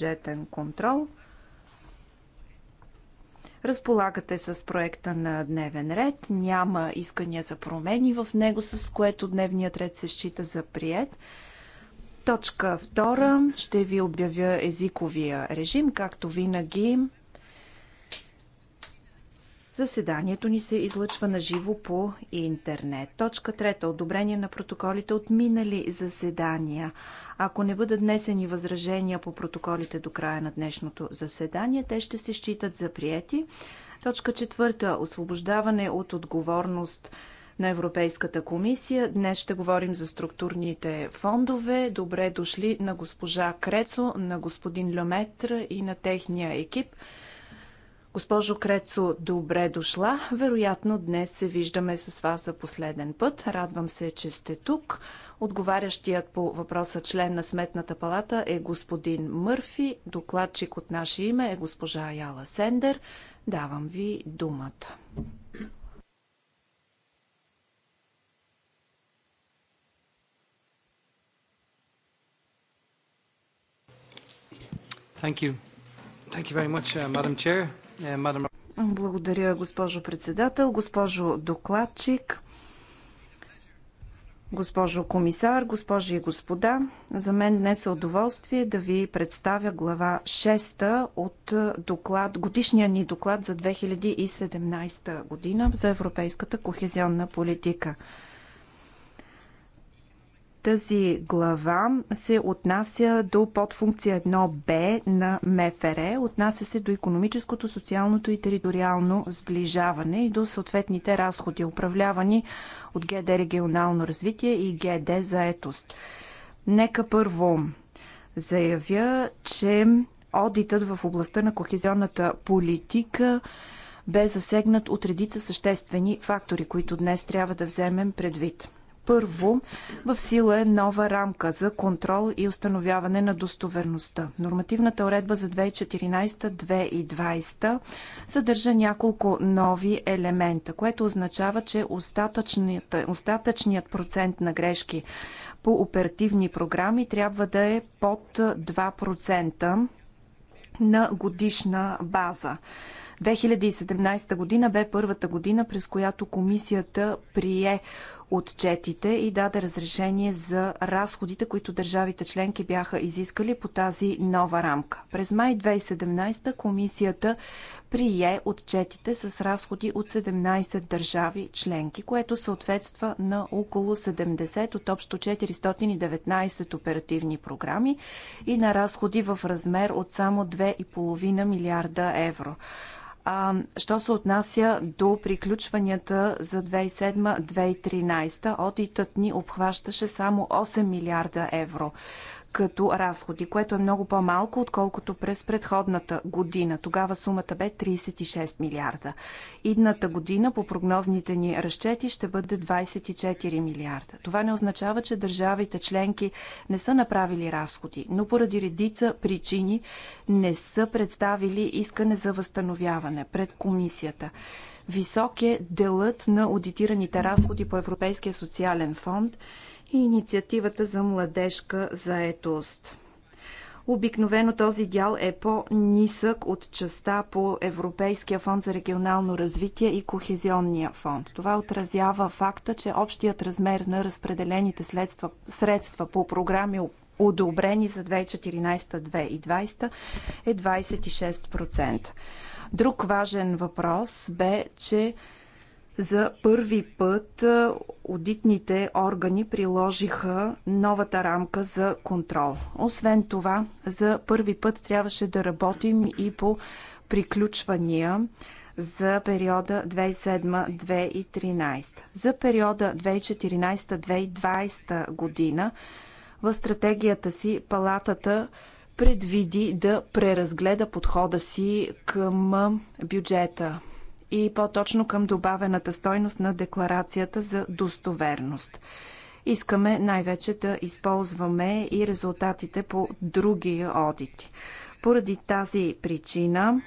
бюджетен контрол. Разполагате с проекта на дневен ред. Няма искания за промени в него, с което дневният ред се счита за прият. Точка 2. Ще ви обявя езиковия режим. Както винаги, Заседанието ни се излъчва на живо по интернет. Точка трета. Одобрение на протоколите от минали заседания. Ако не бъдат днесени възражения по протоколите до края на днешното заседание, те ще се считат за прияти. Точка четвърта. Освобождаване от отговорност на Европейската комисия. Днес ще говорим за структурните фондове. Добре дошли на госпожа Крецо, на господин Леметр и на техния екип. Госпожо Крецо, добре дошла. Вероятно днес се виждаме с вас за последен път. Радвам се, че сте тук. Отговарящият по въпроса член на Сметната палата е господин Мърфи. Докладчик от наше име е госпожа Яла Сендер. Давам ви думата. Thank you. Thank you very much, uh, Madam Chair. Благодаря, госпожо председател, госпожо докладчик, госпожо комисар, госпожи и господа. За мен днес е удоволствие да ви представя глава 6 от доклад, годишния ни доклад за 2017 година за европейската кохезионна политика. Тази глава се отнася до подфункция 1Б на МФР, отнася се до економическото, социалното и териториално сближаване и до съответните разходи, управлявани от ГД регионално развитие и ГД заетост. Нека първо заявя, че одитът в областта на кохезионната политика бе засегнат от редица съществени фактори, които днес трябва да вземем предвид. Първо, в сила е нова рамка за контрол и установяване на достоверността. Нормативната уредба за 2014-2020 съдържа няколко нови елемента, което означава, че остатъчният, остатъчният процент на грешки по оперативни програми трябва да е под 2% на годишна база. 2017 година бе първата година, през която комисията прие отчетите и даде разрешение за разходите, които държавите членки бяха изискали по тази нова рамка. През май 2017 комисията прие отчетите с разходи от 17 държави членки, което съответства на около 70 от общо 419 оперативни програми и на разходи в размер от само 2,5 милиарда евро. А, що се отнася до приключванията за 2007-2013, одитът ни обхващаше само 8 милиарда евро като разходи, което е много по-малко, отколкото през предходната година. Тогава сумата бе 36 милиарда. Идната година по прогнозните ни разчети ще бъде 24 милиарда. Това не означава, че държавите членки не са направили разходи, но поради редица причини не са представили искане за възстановяване пред комисията. Висок е делът на аудитираните разходи по Европейския социален фонд – и инициативата за младежка заетост. Обикновено този дял е по-нисък от частта по Европейския фонд за регионално развитие и Кохезионния фонд. Това отразява факта, че общият размер на разпределените следства, средства по програми одобрени за 2014-2020 е 26%. Друг важен въпрос бе, че за първи път аудитните органи приложиха новата рамка за контрол. Освен това, за първи път трябваше да работим и по приключвания за периода 2007-2013. За периода 2014-2020 година в стратегията си палатата предвиди да преразгледа подхода си към бюджета и по-точно към добавената стойност на декларацията за достоверност. Искаме най-вече да използваме и резултатите по други одити. Поради тази причина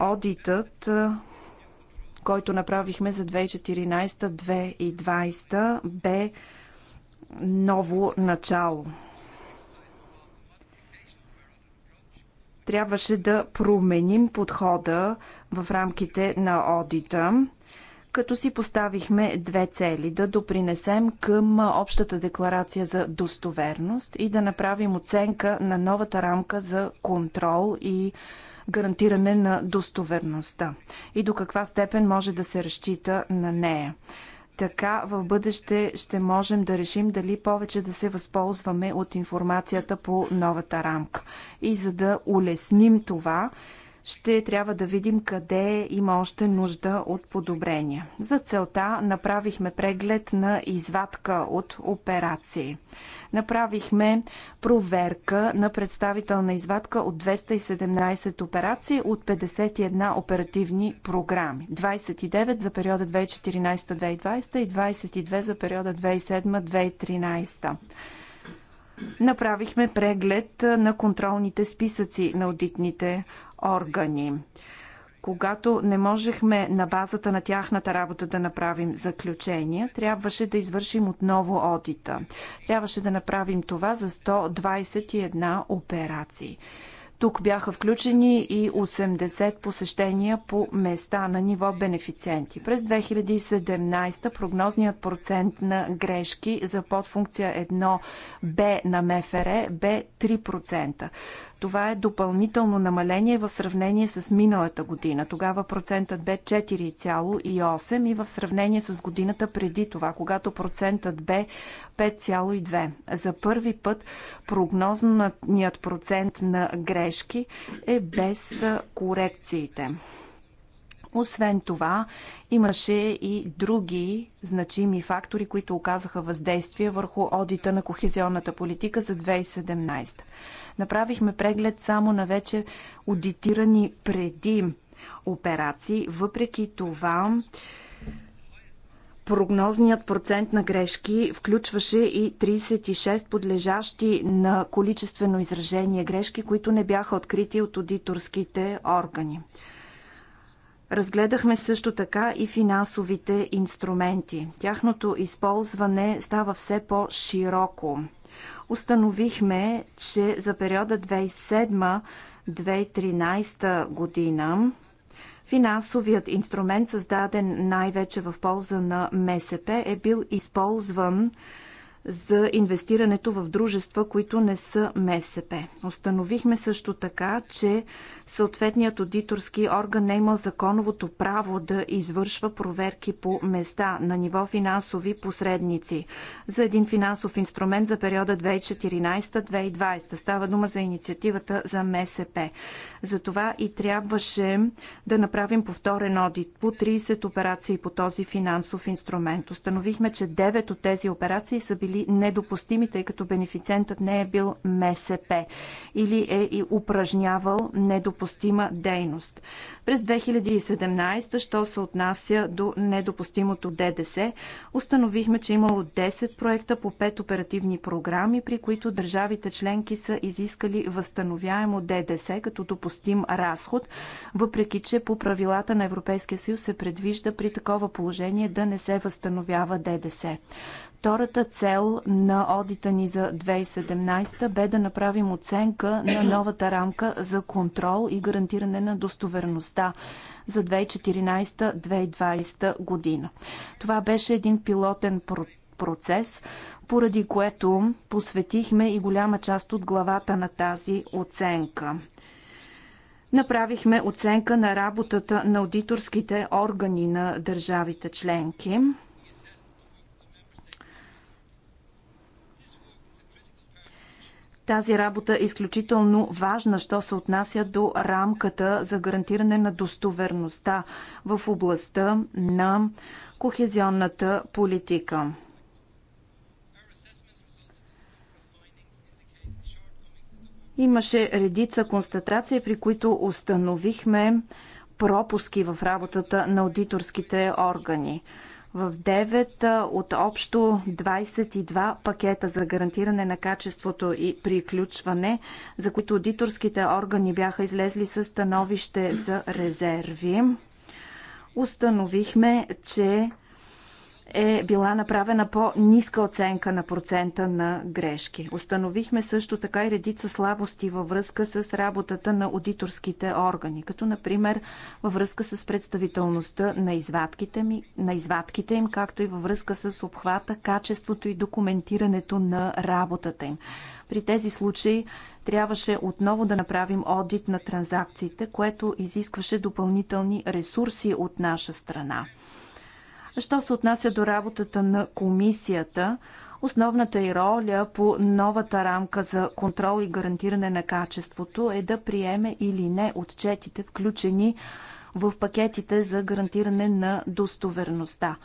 одитът, който направихме за 2014-2020, бе ново начало. Трябваше да променим подхода в рамките на одита, като си поставихме две цели да допринесем към общата декларация за достоверност и да направим оценка на новата рамка за контрол и гарантиране на достоверността и до каква степен може да се разчита на нея. Така в бъдеще ще можем да решим дали повече да се възползваме от информацията по новата рамка. И за да улесним това, ще трябва да видим къде има още нужда от подобрения. За целта направихме преглед на извадка от операции. Направихме проверка на представителна извадка от 217 операции от 51 оперативни програми. 29 за периода 2014-2020 и 22 за периода 2007-2013 направихме преглед на контролните списъци на аудитните органи. Когато не можехме на базата на тяхната работа да направим заключения, трябваше да извършим отново одита. Трябваше да направим това за 121 операции. Тук бяха включени и 80 посещения по места на ниво бенефициенти. През 2017 прогнозният процент на грешки за подфункция 1 Б на МФР е бе 3%. Това е допълнително намаление в сравнение с миналата година. Тогава процентът бе 4,8 и в сравнение с годината преди това, когато процентът бе 5,2. За първи път прогнозният процент на грешки е без корекциите. Освен това, имаше и други значими фактори, които оказаха въздействие върху одита на кохезионната политика за 2017. Направихме преглед само на вече аудитирани преди операции. Въпреки това, прогнозният процент на грешки включваше и 36 подлежащи на количествено изражение грешки, които не бяха открити от аудиторските органи. Разгледахме също така и финансовите инструменти. Тяхното използване става все по-широко. Установихме, че за периода 2007-2013 година финансовият инструмент, създаден най-вече в полза на МСП, е бил използван за инвестирането в дружества, които не са МСП. Установихме също така, че съответният аудиторски орган не има законовото право да извършва проверки по места на ниво финансови посредници за един финансов инструмент за периода 2014-2020. Става дума за инициативата за МСП. Затова и трябваше да направим повторен одит по 30 операции по този финансов инструмент. Установихме, че 9 от тези операции са били били недопустими, тъй като бенефициентът не е бил МСП или е и упражнявал недопустима дейност. През 2017, що се отнася до недопустимото ДДС, установихме, че е имало 10 проекта по 5 оперативни програми, при които държавите членки са изискали възстановяемо ДДС като допустим разход, въпреки че по правилата на Европейския съюз се предвижда при такова положение да не се възстановява ДДС. Втората цел на одита ни за 2017 бе да направим оценка на новата рамка за контрол и гарантиране на достоверността за 2014-2020 година. Това беше един пилотен процес, поради което посветихме и голяма част от главата на тази оценка. Направихме оценка на работата на аудиторските органи на държавите членки – Тази работа е изключително важна, що се отнася до рамката за гарантиране на достоверността в областта на кохезионната политика. Имаше редица констатации, при които установихме пропуски в работата на аудиторските органи в 9 от общо 22 пакета за гарантиране на качеството и приключване, за които аудиторските органи бяха излезли с становище за резерви, установихме, че е била направена по-ниска оценка на процента на грешки. Установихме също така и редица слабости във връзка с работата на аудиторските органи, като например във връзка с представителността на извадките, ми, на извадките им, както и във връзка с обхвата, качеството и документирането на работата им. При тези случаи трябваше отново да направим одит на транзакциите, което изискваше допълнителни ресурси от наша страна. Що се отнася до работата на комисията, Основната и роля по новата рамка за контрол и гарантиране на качеството е да приеме или не отчетите, включени в пакетите за гарантиране на достоверността.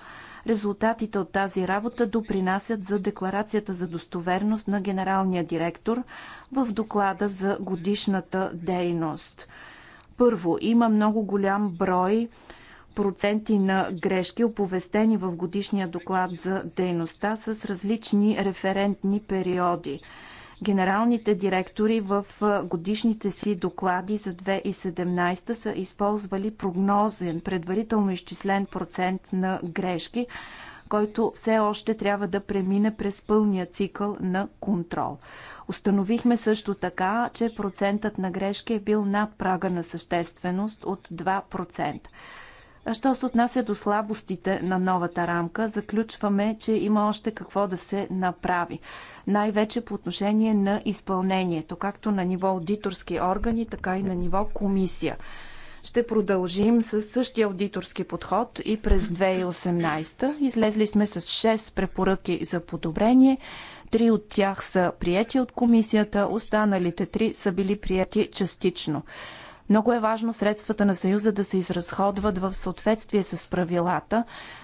Резултатите от тази работа допринасят за декларацията за достоверност на генералния директор в доклада за годишната дейност. Първо, има много голям брой проценти на грешки, оповестени в годишния доклад за дейността с различни референтни периоди. Генералните директори в годишните си доклади за 2017 са използвали прогнозен, предварително изчислен процент на грешки, който все още трябва да премине през пълния цикъл на контрол. Установихме също така, че процентът на грешки е бил над прага на същественост от 2%. Що се отнася до слабостите на новата рамка, заключваме, че има още какво да се направи. Най-вече по отношение на изпълнението, както на ниво аудиторски органи, така и на ниво комисия. Ще продължим с същия аудиторски подход и през 2018. Излезли сме с 6 препоръки за подобрение. Три от тях са прияти от комисията, останалите три са били прияти частично. Много е важно средствата на Съюза да се изразходват в съответствие с правилата,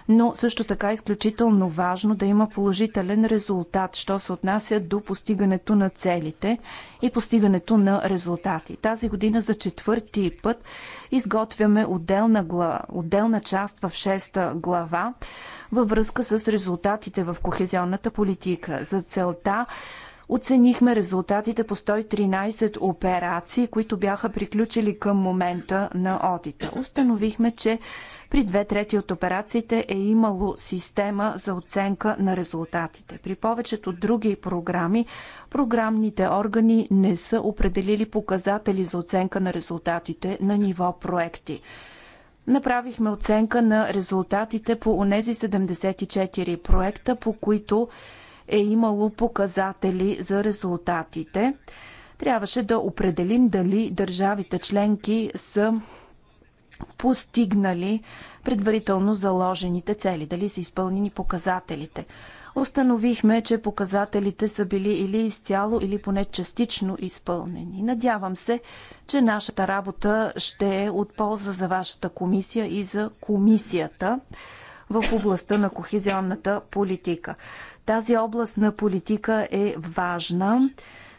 но също така е изключително важно да има положителен резултат, що се отнася до постигането на целите и постигането на резултати. Тази година за четвърти път изготвяме отделна, глава, отделна част в шеста глава във връзка с резултатите в кохезионната политика. За целта Оценихме резултатите по 113 операции, които бяха приключили към момента на одита. Установихме, че при две трети от операциите е имало система за оценка на резултатите. При повечето други програми, програмните органи не са определили показатели за оценка на резултатите на ниво проекти. Направихме оценка на резултатите по онези 74 проекта, по които е имало показатели за резултатите. Трябваше да определим дали държавите членки са постигнали предварително заложените цели, дали са изпълнени показателите. Установихме, че показателите са били или изцяло, или поне частично изпълнени. Надявам се, че нашата работа ще е от полза за вашата комисия и за комисията в областта на кохезионната политика. Тази област на политика е важна.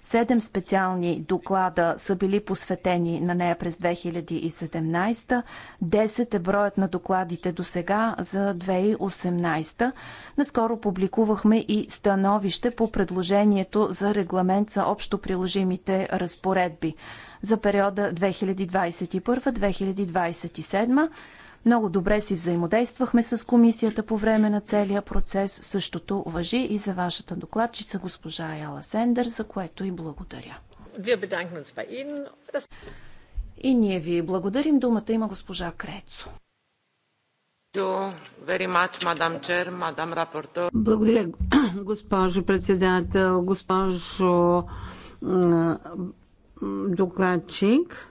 Седем специални доклада са били посветени на нея през 2017. Десет е броят на докладите до сега за 2018. Наскоро публикувахме и становище по предложението за регламент за общо приложимите разпоредби за периода 2021-2027 много добре си взаимодействахме с комисията по време на целия процес. Същото въжи и за вашата докладчица госпожа Яла Сендер, за което и благодаря. И ние ви благодарим. Думата има госпожа Крецо. Благодаря, госпожо председател, госпожо докладчик.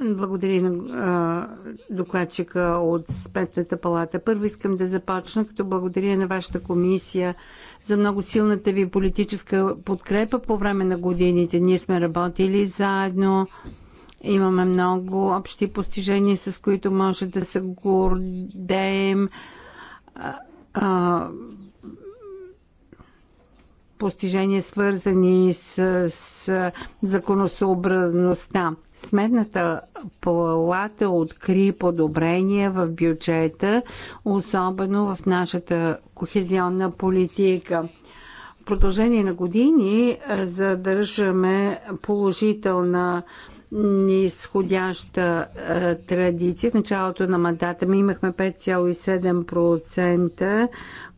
Благодаря на докладчика от Сметната палата. Първо искам да започна, като благодаря на вашата комисия за много силната ви политическа подкрепа по време на годините. Ние сме работили заедно. Имаме много общи постижения, с които може да се гордеем постижения, свързани с, с законосъобразността. Сметната палата откри подобрения в бюджета, особено в нашата кохезионна политика В продължение на години задържаме положителна нисходяща традиция. В началото на мандата ми имахме 5,7%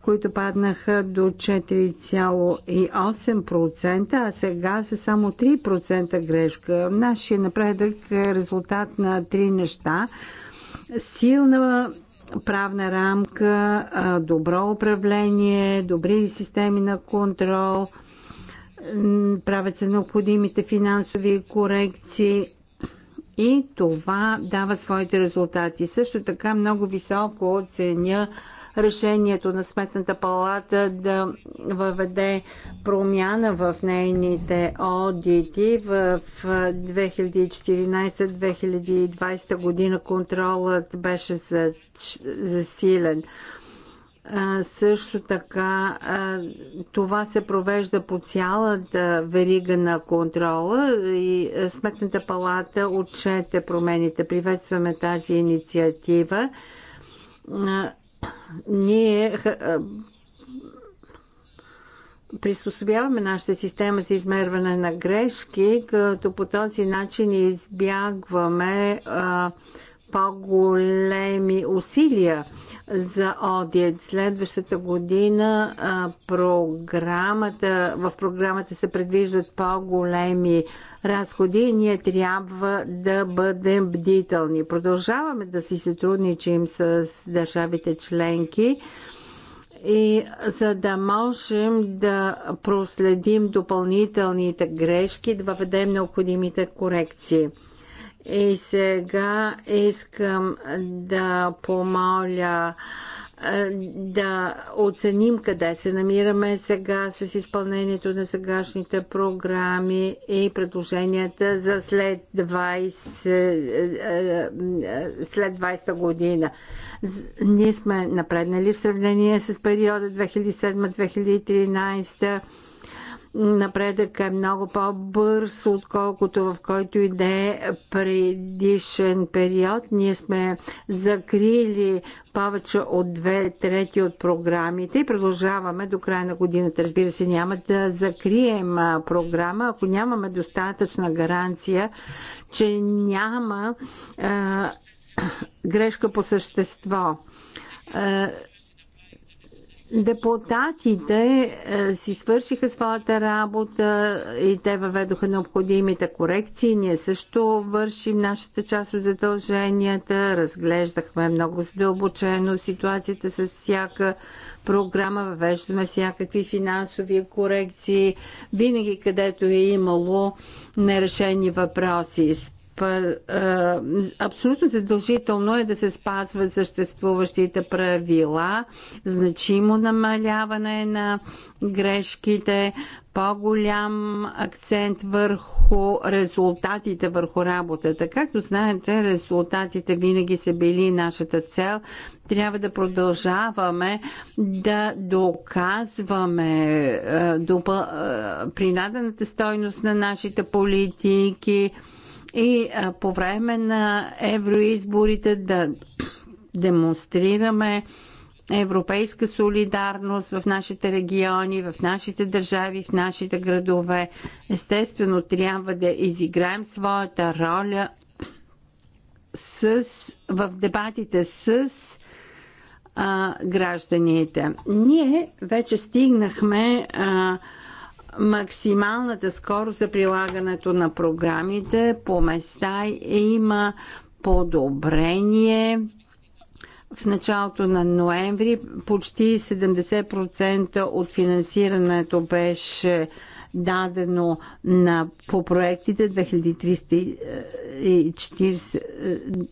които паднаха до 4,8%, а сега са само 3% грешка. Нашия напредък е резултат на три неща. Силна правна рамка, добро управление, добри системи на контрол, правят се необходимите финансови корекции и това дава своите резултати. Също така много високо оценя решението на Сметната палата да въведе промяна в нейните одити в 2014-2020 година контролът беше засилен. също така това се провежда по цялата верига на контрола и Сметната палата отчете промените. Приветстваме тази инициатива ние е, е, приспособяваме нашата система за измерване на грешки, като по този начин избягваме а, по-големи усилия за одит. Следващата година програмата, в програмата се предвиждат по-големи разходи и ние трябва да бъдем бдителни. Продължаваме да си сътрудничим с държавите членки и за да можем да проследим допълнителните грешки, да въведем необходимите корекции. И сега искам да помоля е, да оценим къде се намираме сега с изпълнението на сегашните програми и предложенията за след 20, е, е, след 20 година. Ние сме напреднали в сравнение с периода 2007-2013 напредък е много по-бърз, отколкото в който и да е предишен период. Ние сме закрили повече от две трети от програмите и продължаваме до края на годината. Разбира се, няма да закрием програма, ако нямаме достатъчна гаранция, че няма е, грешка по същество. Е, Депутатите е, си свършиха своята работа и те въведоха необходимите корекции. Ние също вършим нашата част от задълженията. Разглеждахме много задълбочено ситуацията с всяка програма, въвеждаме всякакви финансови корекции, винаги където е имало нерешени въпроси. Е, абсолютно задължително е да се спазват съществуващите правила, значимо намаляване на грешките, по-голям акцент върху резултатите, върху работата. Както знаете, резултатите винаги са били нашата цел. Трябва да продължаваме да доказваме е, допъл... Е, принадената стойност на нашите политики, и а, по време на евроизборите да демонстрираме европейска солидарност в нашите региони, в нашите държави, в нашите градове. Естествено, трябва да изиграем своята роля с, в дебатите с а, гражданите. Ние вече стигнахме а, максималната скорост за прилагането на програмите по места има подобрение. В началото на ноември почти 70% от финансирането беше дадено на, по проектите 2340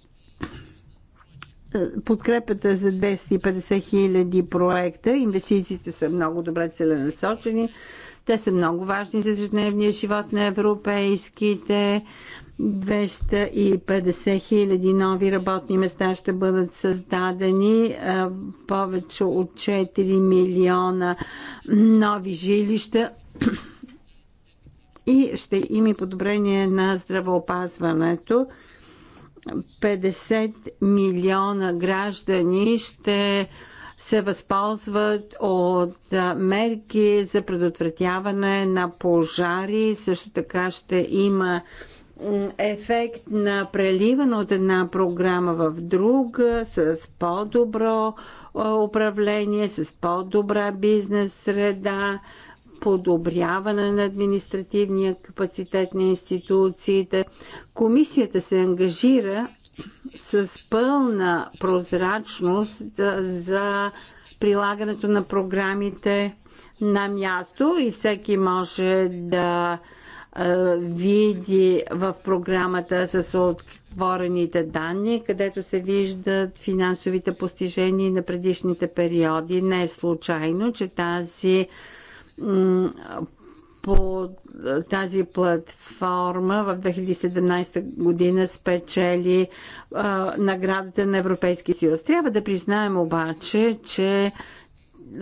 подкрепата за 250 хиляди проекта. Инвестициите са много добре целенасочени. Те са много важни за ежедневния живот на европейските. 250 хиляди нови работни места ще бъдат създадени, повече от 4 милиона нови жилища и ще има подобрение на здравеопазването. 50 милиона граждани ще се възползват от мерки за предотвратяване на пожари. Също така ще има ефект на преливане от една програма в друга с по-добро управление, с по-добра бизнес среда, подобряване на административния капацитет на институциите. Комисията се ангажира с пълна прозрачност за прилагането на програмите на място и всеки може да види в програмата с отворените данни, където се виждат финансовите постижения на предишните периоди. Не е случайно, че тази по е, тази платформа в 2017 година спечели а, е, наградата на Европейския съюз. Трябва да признаем обаче, че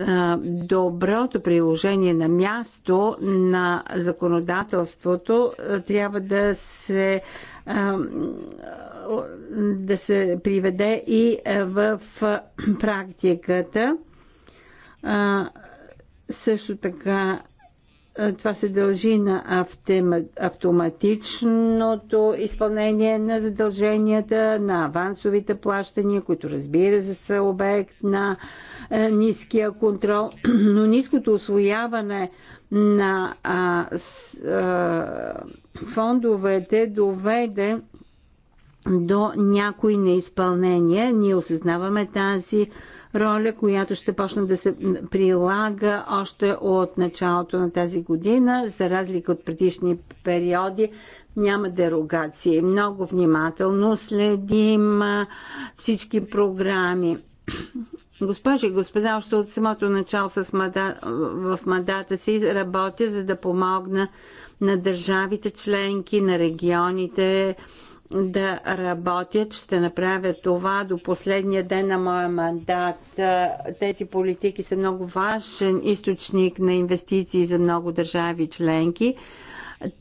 а, е, доброто приложение на място на законодателството а, трябва да се а, да се приведе и в практиката. Също така е, това се дължи на автоматичното изпълнение на задълженията, на авансовите плащания, които разбира се са обект на е, ниския контрол, но ниското освояване на фондовете доведе до някои неизпълнения. Ние осъзнаваме тази роля, която ще почне да се прилага още от началото на тази година, за разлика от предишни периоди. Няма дерогации. Много внимателно следим всички програми. Госпожи и господа, още от самото начало с мада, в мандата си работя, за да помогна на държавите членки, на регионите, да работят. Ще направя това до последния ден на моя мандат. Тези политики са много важен източник на инвестиции за много държави членки.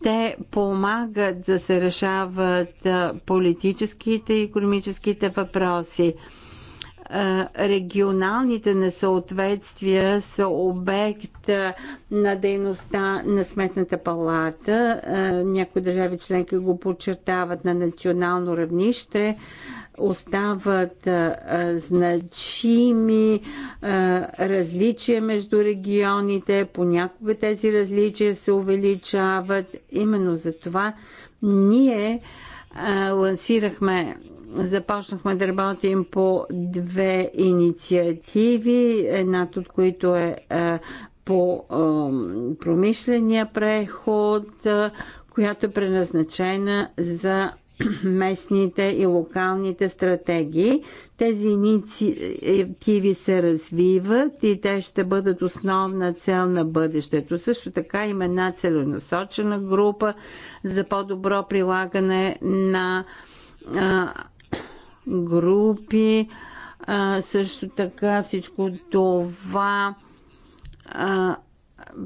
Те помагат да се решават политическите и економическите въпроси регионалните несъответствия са обект на дейността на Сметната палата. Някои държави членки го подчертават на национално равнище. Остават значими различия между регионите. Понякога тези различия се увеличават. Именно за това ние лансирахме започнахме да работим по две инициативи, едната от които е, е по е, промишления преход, е, която е предназначена за местните и локалните стратегии. Тези инициативи се развиват и те ще бъдат основна цел на бъдещето. Също така има една целенасочена група за по-добро прилагане на групи. А, също така всичко това а,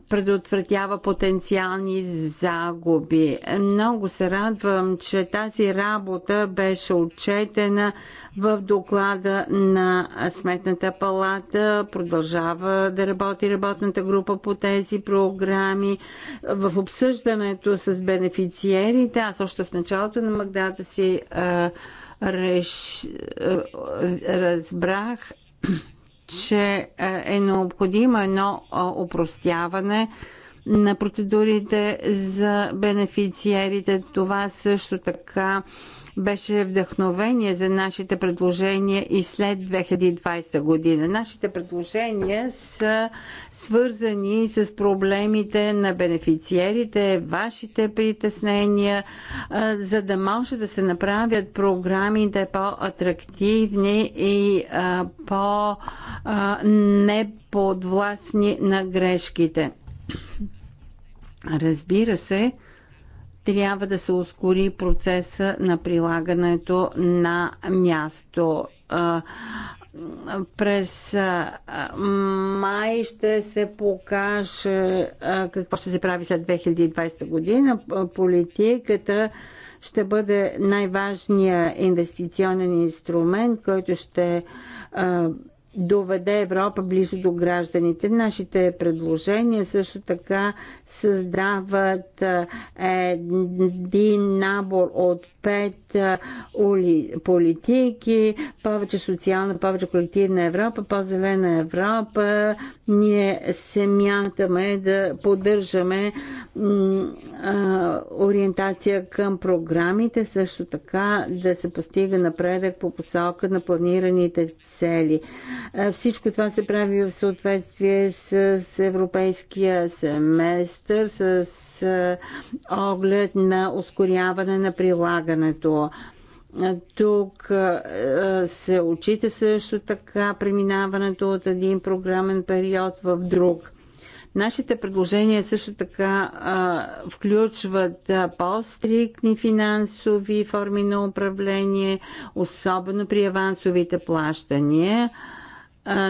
предотвратява потенциални загуби. Много се радвам, че тази работа беше отчетена в доклада на Сметната палата. Продължава да работи работната група по тези програми. В обсъждането с бенефициерите, аз още в началото на магдата си реш... Е, е, разбрах, че е, е необходимо едно опростяване на процедурите за бенефициерите. Това също така беше вдъхновение за нашите предложения и след 2020 година. Нашите предложения са свързани с проблемите на бенефициерите, вашите притеснения, за да може да се направят програмите по-атрактивни и по-неподвластни на грешките. Разбира се, трябва да се ускори процеса на прилагането на място. През май ще се покаже какво ще се прави след 2020 година. Политиката ще бъде най-важният инвестиционен инструмент, който ще доведе Европа близо до гражданите. Нашите предложения също така създават един набор от пет политики, повече социална, повече колективна Европа, по-зелена Европа. Ние се мятаме да поддържаме ориентация към програмите, също така да се постига напредък по посока на планираните цели. Всичко това се прави в съответствие с европейския семестър, с с оглед на ускоряване на прилагането. Тук се очите също така преминаването от един програмен период в друг. Нашите предложения също така а, включват по-стриктни финансови форми на управление, особено при авансовите плащания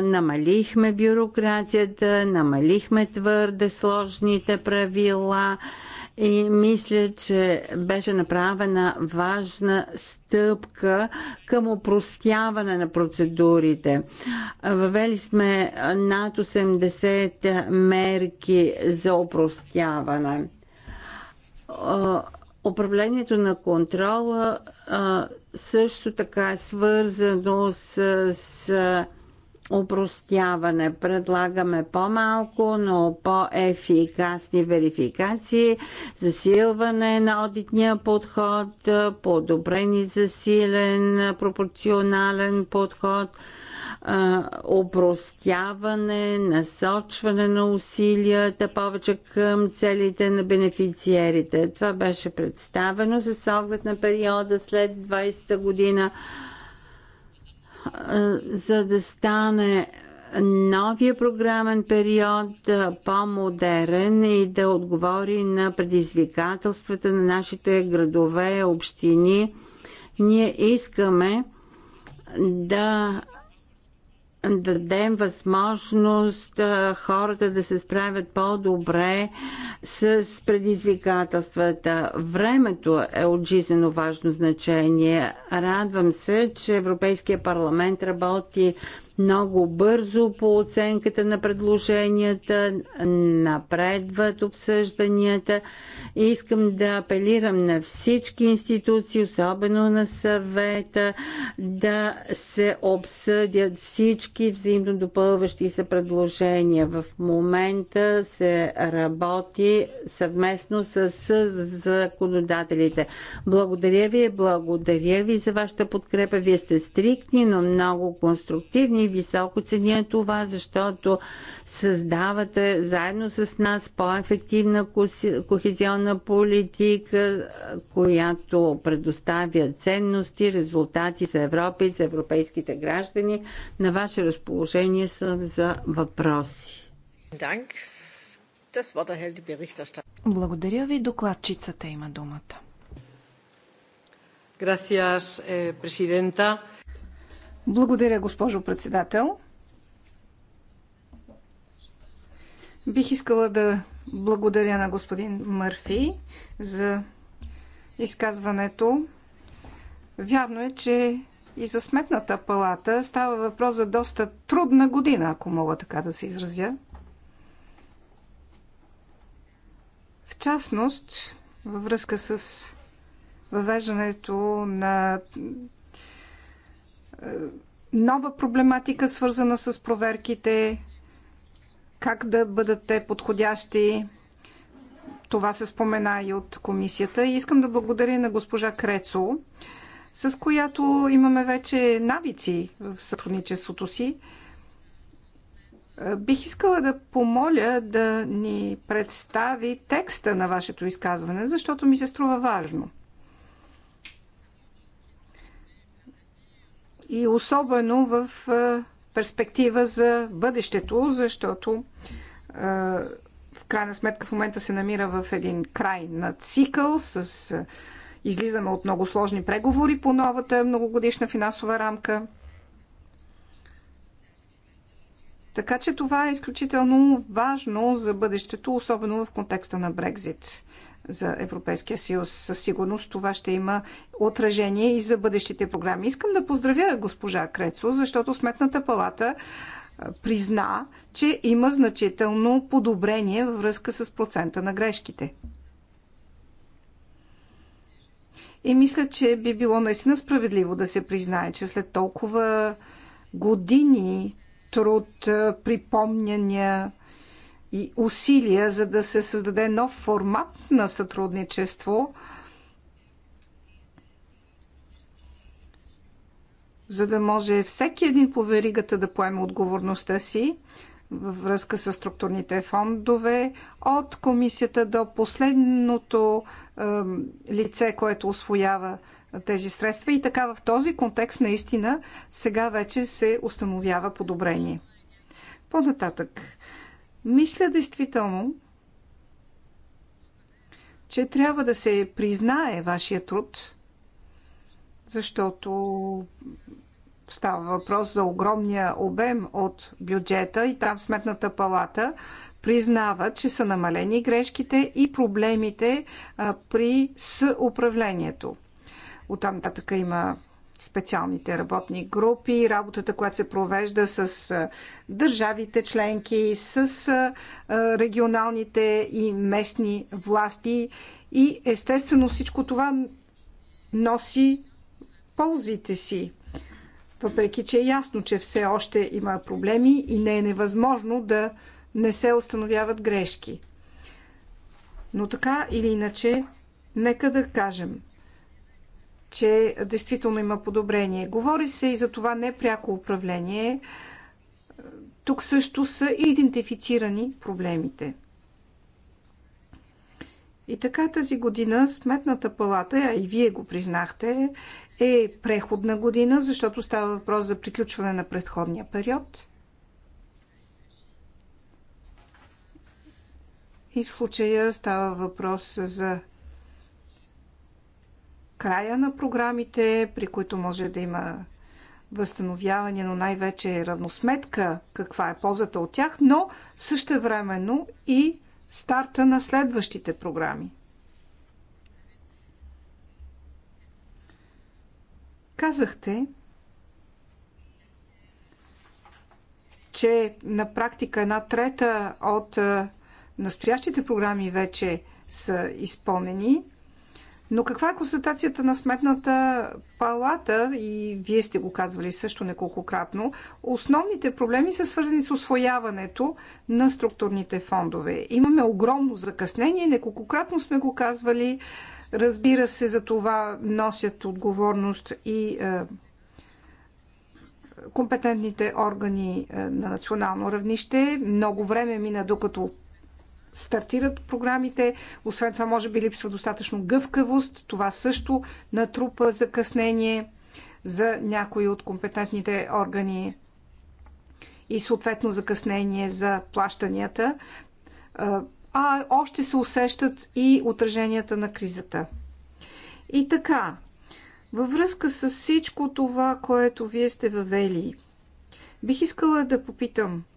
намалихме бюрокрацията, намалихме твърде сложните правила и мисля, че беше направена важна стъпка към упростяване на процедурите. Въвели сме над 80 мерки за упростяване. Управлението на контрола също така е свързано с, с упростяване. Предлагаме по-малко, но по-ефикасни верификации, засилване на одитния подход, подобрен и засилен пропорционален подход, упростяване, насочване на усилията повече към целите на бенефициерите. Това беше представено с оглед на периода след 20-та година е, за да стане новия програмен период по-модерен и да отговори на предизвикателствата на нашите градове, общини. Ние искаме да дадем възможност хората да се справят по-добре с предизвикателствата. Времето е от жизнено важно значение. Радвам се, че Европейския парламент работи много бързо по оценката на предложенията, напредват обсъжданията. Искам да апелирам на всички институции, особено на съвета, да се обсъдят всички взаимно допълващи се предложения. В момента се работи съвместно с законодателите. Благодаря ви, благодаря ви за вашата подкрепа. Вие сте стриктни, но много конструктивни Високо ценя това, защото създавате заедно с нас по-ефективна кохезионна политика, която предоставя ценности, резултати за Европа и за европейските граждани. На ваше разположение съм за въпроси. Благодаря ви. Докладчицата има думата. Gracias, eh, presidenta. Благодаря, госпожо председател. Бих искала да благодаря на господин Мърфи за изказването. Вярно е, че и за сметната палата става въпрос за доста трудна година, ако мога така да се изразя. В частност, във връзка с въвеждането на нова проблематика, свързана с проверките, как да бъдат те подходящи. Това се спомена и от комисията. И искам да благодаря на госпожа Крецо, с която имаме вече навици в сътрудничеството си. Бих искала да помоля да ни представи текста на вашето изказване, защото ми се струва важно. и особено в е, перспектива за бъдещето, защото е, в крайна сметка в момента се намира в един край на цикъл с е, излизаме от много сложни преговори по новата многогодишна финансова рамка. Така че това е изключително важно за бъдещето, особено в контекста на Брекзит за Европейския съюз. Със сигурност това ще има отражение и за бъдещите програми. Искам да поздравя госпожа Крецо, защото Сметната палата призна, че има значително подобрение във връзка с процента на грешките. И мисля, че би било наистина справедливо да се признае, че след толкова години труд, припомняния, и усилия, за да се създаде нов формат на сътрудничество, за да може всеки един по веригата да поеме отговорността си във връзка с структурните фондове, от комисията до последното е, лице, което освоява тези средства. И така в този контекст наистина сега вече се установява подобрение. По-нататък, мисля действително, че трябва да се признае вашия труд, защото става въпрос за огромния обем от бюджета и там Сметната палата признава, че са намалени грешките и проблемите при съуправлението. Оттам нататък има специалните работни групи, работата, която се провежда с държавите членки, с регионалните и местни власти. И естествено всичко това носи ползите си. Въпреки, че е ясно, че все още има проблеми и не е невъзможно да не се установяват грешки. Но така или иначе, нека да кажем, че действително има подобрение. Говори се и за това непряко управление. Тук също са идентифицирани проблемите. И така тази година Сметната палата, а и вие го признахте, е преходна година, защото става въпрос за приключване на предходния период. И в случая става въпрос за края на програмите, при които може да има възстановяване, но най-вече е равносметка каква е ползата от тях, но същевременно и старта на следващите програми. Казахте, че на практика една трета от настоящите програми вече са изпълнени – но каква е констатацията на сметната палата, и вие сте го казвали също неколкократно, основните проблеми са свързани с освояването на структурните фондове. Имаме огромно закъснение, неколкократно сме го казвали. Разбира се, за това носят отговорност и е, компетентните органи е, на национално равнище. Много време мина, докато стартират програмите. Освен това, може би липсва достатъчно гъвкавост. Това също натрупа закъснение за някои от компетентните органи и съответно закъснение за плащанията. А още се усещат и отраженията на кризата. И така, във връзка с всичко това, което вие сте въвели, бих искала да попитам –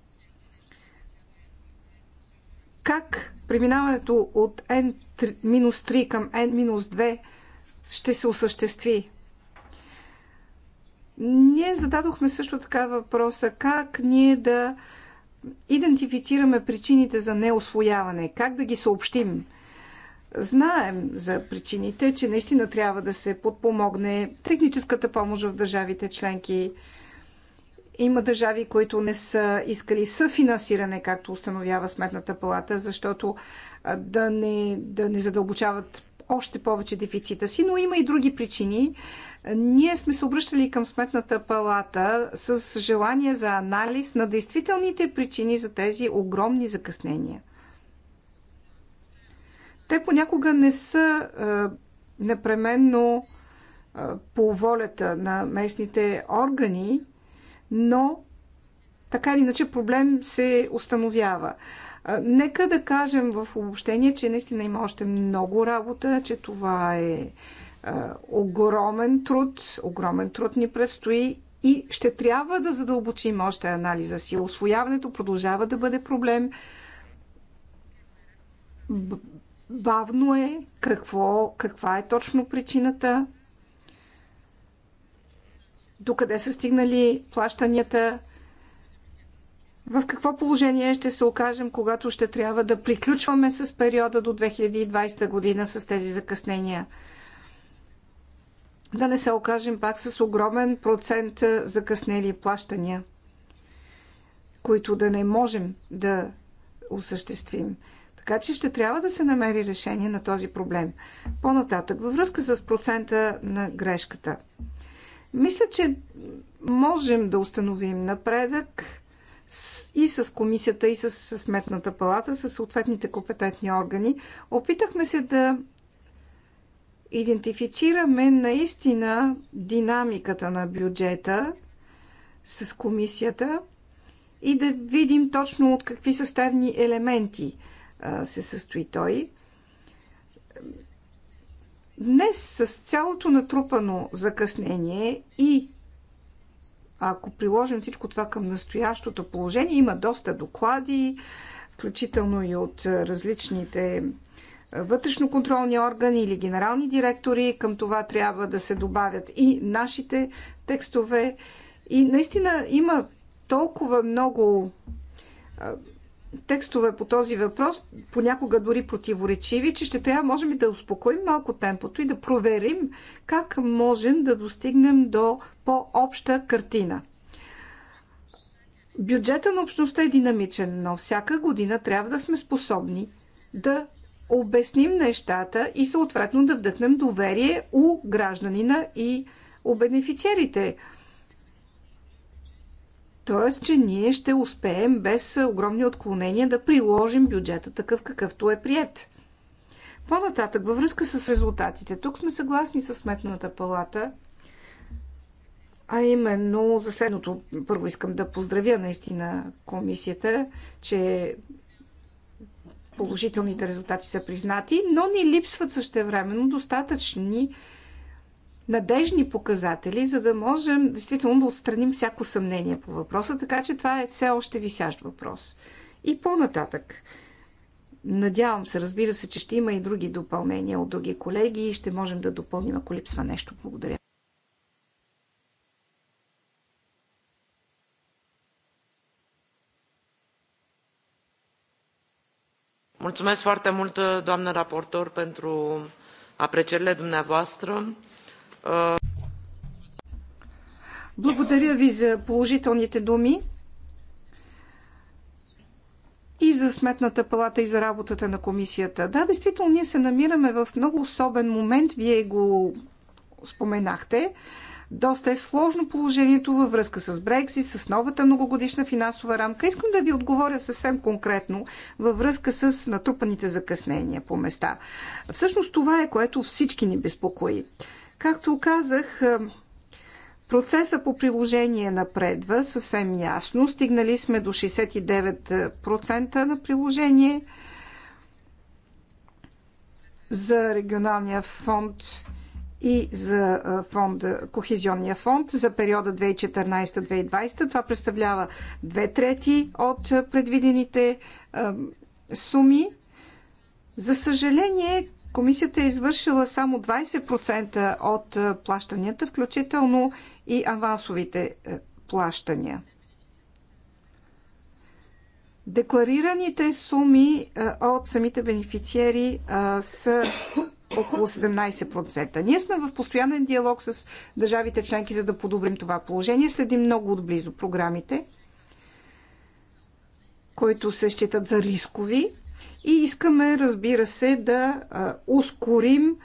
как преминаването от N-3 към N-2 ще се осъществи? Ние зададохме също така въпроса как ние да идентифицираме причините за неосвояване, как да ги съобщим. Знаем за причините, че наистина трябва да се подпомогне техническата помощ в държавите членки, има държави, които не са искали съфинансиране, както установява Сметната палата, защото да не, да не задълбочават още повече дефицита си, но има и други причини. Ние сме се обръщали към Сметната палата с желание за анализ на действителните причини за тези огромни закъснения. Те понякога не са е, непременно е, по волята на местните органи, но така или иначе проблем се установява. Нека да кажем в обобщение, че наистина има още много работа, че това е огромен труд, огромен труд ни предстои и ще трябва да задълбочим още анализа си. Освояването продължава да бъде проблем. Бавно е какво, каква е точно причината докъде са стигнали плащанията, в какво положение ще се окажем, когато ще трябва да приключваме с периода до 2020 година с тези закъснения. Да не се окажем пак с огромен процент закъснели плащания, които да не можем да осъществим. Така че ще трябва да се намери решение на този проблем. По-нататък, във връзка с процента на грешката – мисля, че можем да установим напредък и с комисията, и с сметната палата, с съответните компетентни органи. Опитахме се да идентифицираме наистина динамиката на бюджета с комисията и да видим точно от какви съставни елементи се състои той. Днес с цялото натрупано закъснение и ако приложим всичко това към настоящото положение, има доста доклади, включително и от различните вътрешноконтролни органи или генерални директори. Към това трябва да се добавят и нашите текстове. И наистина има толкова много текстове по този въпрос, понякога дори противоречиви, че ще трябва, можем и да успокоим малко темпото и да проверим как можем да достигнем до по-обща картина. Бюджета на общността е динамичен, но всяка година трябва да сме способни да обясним нещата и съответно да вдъхнем доверие у гражданина и у бенефициерите. Тоест, че ние ще успеем без огромни отклонения да приложим бюджета такъв какъвто е прият. По-нататък, във връзка с резултатите, тук сме съгласни с Сметната палата, а именно за следното. Първо искам да поздравя наистина комисията, че положителните резултати са признати, но ни липсват същевременно достатъчни надежни показатели, за да можем действително да отстраним всяко съмнение по въпроса, така че това е все още висящ въпрос. И по-нататък. Надявам се, разбира се, че ще има и други допълнения от други колеги и ще можем да допълним, ако липсва нещо. Благодаря. Mulțumesc foarte mult, doamnă raportor, pentru aprecierile dumneavoastră. Благодаря ви за положителните думи и за Сметната палата и за работата на комисията. Да, действително, ние се намираме в много особен момент. Вие го споменахте. Доста е сложно положението във връзка с Брекси, с новата многогодишна финансова рамка. Искам да ви отговоря съвсем конкретно във връзка с натрупаните закъснения по места. Всъщност това е, което всички ни безпокои. Както казах, е, Процеса по приложение напредва съвсем ясно. Стигнали сме до 69% на приложение. За регионалния фонд и за е, фонд, Кохезионния фонд за периода 2014-2020. Това представлява две трети от предвидените е, суми. За съжаление, Комисията е извършила само 20% от е, плащанията, включително и авансовите е, плащания. Декларираните суми е, от самите бенефициери са около 17%. Ние сме в постоянен диалог с държавите членки, за да подобрим това положение. Следим много отблизо програмите, които се считат за рискови и искаме, разбира се, да ускорим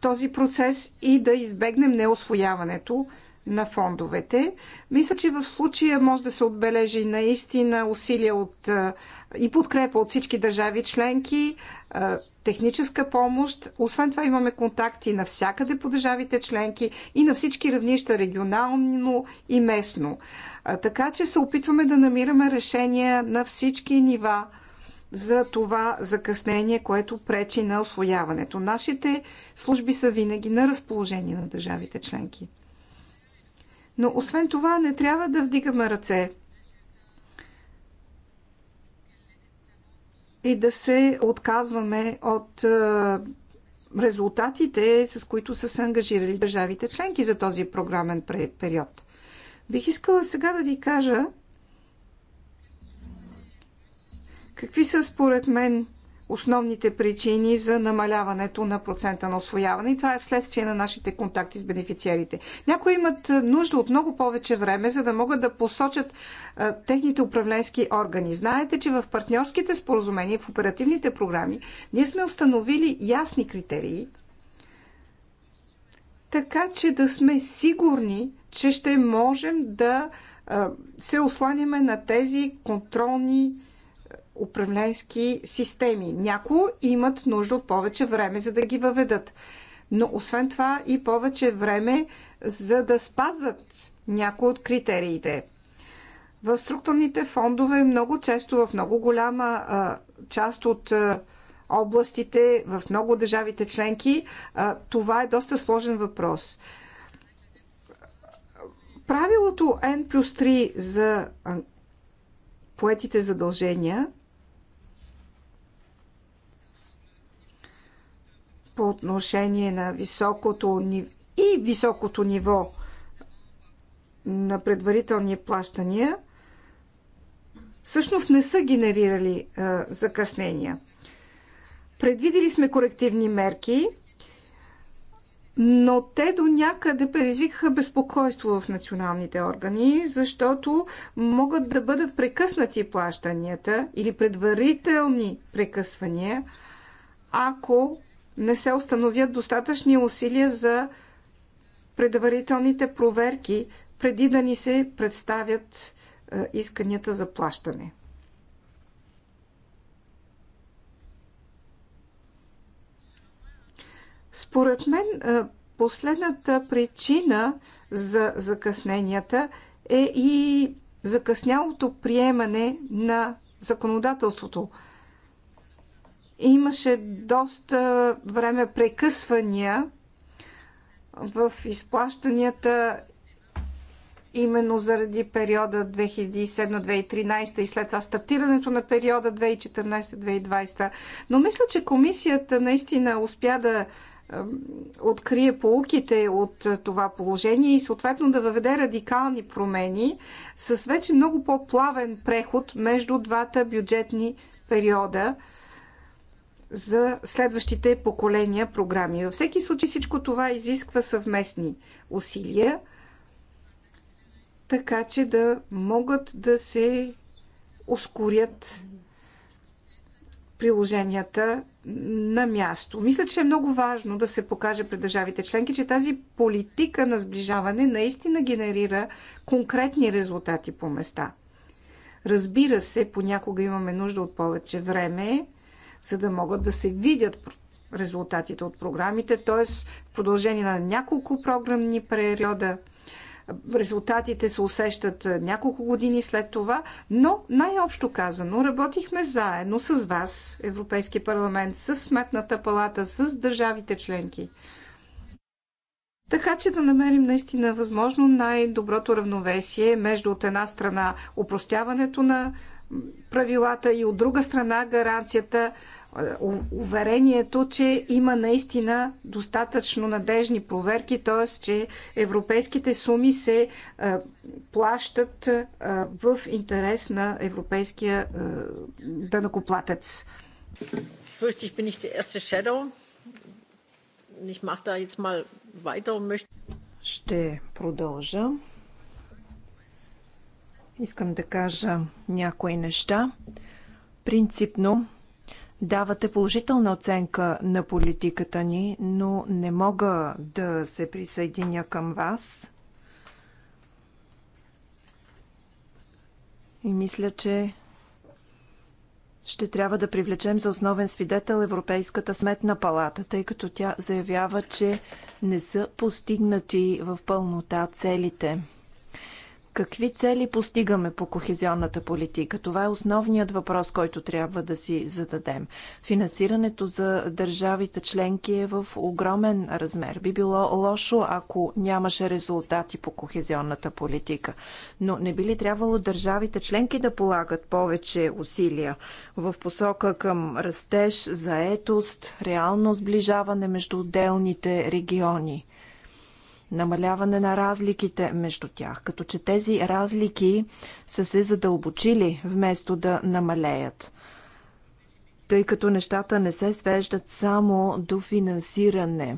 този процес и да избегнем неосвояването на фондовете. Мисля, че в случая може да се отбележи наистина усилия от, и подкрепа от всички държави членки, техническа помощ. Освен това имаме контакти навсякъде по държавите членки и на всички равнища, регионално и местно. Така че се опитваме да намираме решения на всички нива за това закъснение, което пречи на освояването. Нашите служби са винаги на разположение на държавите членки. Но освен това не трябва да вдигаме ръце и да се отказваме от е, резултатите, с които са се ангажирали държавите членки за този програмен период. Бих искала сега да ви кажа какви са според мен основните причини за намаляването на процента на освояване и това е вследствие на нашите контакти с бенефициерите. Някои имат нужда от много повече време, за да могат да посочат а, техните управленски органи. Знаете, че в партньорските споразумения, в оперативните програми, ние сме установили ясни критерии, така че да сме сигурни, че ще можем да а, се осланяме на тези контролни а, управленски системи. Някои имат нужда от повече време, за да ги въведат. Но освен това и повече време, за да спазат някои от критериите. В структурните фондове много често, в много голяма а, част от а, областите, в много държавите членки, а, това е доста сложен въпрос. Правилото N плюс 3 за поетите задължения по отношение на високото и високото ниво на предварителни плащания, всъщност не са генерирали а, закъснения. Предвидели сме корективни мерки, но те до някъде предизвикаха безпокойство в националните органи, защото могат да бъдат прекъснати плащанията или предварителни прекъсвания, ако не се установят достатъчни усилия за предварителните проверки, преди да ни се представят е, исканията за плащане. Според мен, е, последната причина за закъсненията е и закъснялото приемане на законодателството – Имаше доста време прекъсвания в изплащанията именно заради периода 2007-2013 и след това стартирането на периода 2014-2020. Но мисля, че комисията наистина успя да открие полуките от това положение и съответно да въведе радикални промени с вече много по-плавен преход между двата бюджетни периода – за следващите поколения програми. Във всеки случай всичко това изисква съвместни усилия, така че да могат да се ускорят приложенията на място. Мисля, че е много важно да се покаже пред държавите членки, че тази политика на сближаване наистина генерира конкретни резултати по места. Разбира се, понякога имаме нужда от повече време, за да могат да се видят резултатите от програмите, т.е. в продължение на няколко програмни периода резултатите се усещат няколко години след това, но най-общо казано работихме заедно с вас, Европейски парламент, с Сметната палата, с държавите членки. Така че да намерим наистина възможно най-доброто равновесие между от една страна упростяването на правилата и от друга страна гаранцията, е, уверението, че има наистина достатъчно надежни проверки, т.е. че европейските суми се е, плащат е, в интерес на европейския дънакоплатец. ich bin die erste Shadow. Ich da jetzt mal weiter und möchte. Ще продължа. Искам да кажа някои неща. Принципно давате положителна оценка на политиката ни, но не мога да се присъединя към вас. И мисля, че ще трябва да привлечем за основен свидетел Европейската сметна палата, тъй като тя заявява, че не са постигнати в пълнота целите. Какви цели постигаме по кохезионната политика? Това е основният въпрос, който трябва да си зададем. Финансирането за държавите членки е в огромен размер. Би било лошо, ако нямаше резултати по кохезионната политика. Но не би ли трябвало държавите членки да полагат повече усилия в посока към растеж, заетост, реално сближаване между отделните региони? намаляване на разликите между тях, като че тези разлики са се задълбочили вместо да намалеят. Тъй като нещата не се свеждат само до финансиране.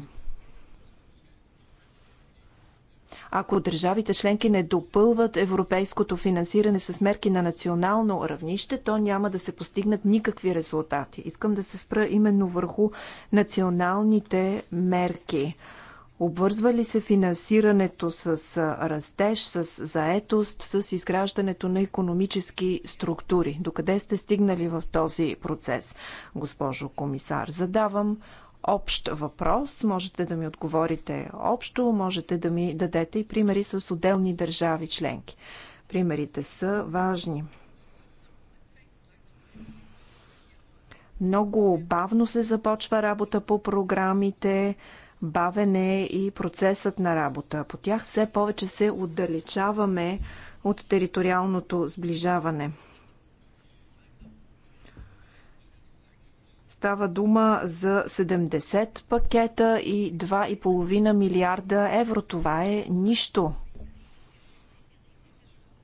Ако държавите членки не допълват европейското финансиране с мерки на национално равнище, то няма да се постигнат никакви резултати. Искам да се спра именно върху националните мерки. Обвързва ли се финансирането с растеж, с заетост, с изграждането на економически структури? Докъде сте стигнали в този процес, госпожо комисар? Задавам общ въпрос. Можете да ми отговорите общо, можете да ми дадете и примери с отделни държави членки. Примерите са важни. Много бавно се започва работа по програмите, Бавен е и процесът на работа. По тях все повече се отдалечаваме от териториалното сближаване. Става дума за 70 пакета и 2,5 милиарда евро. Това е нищо.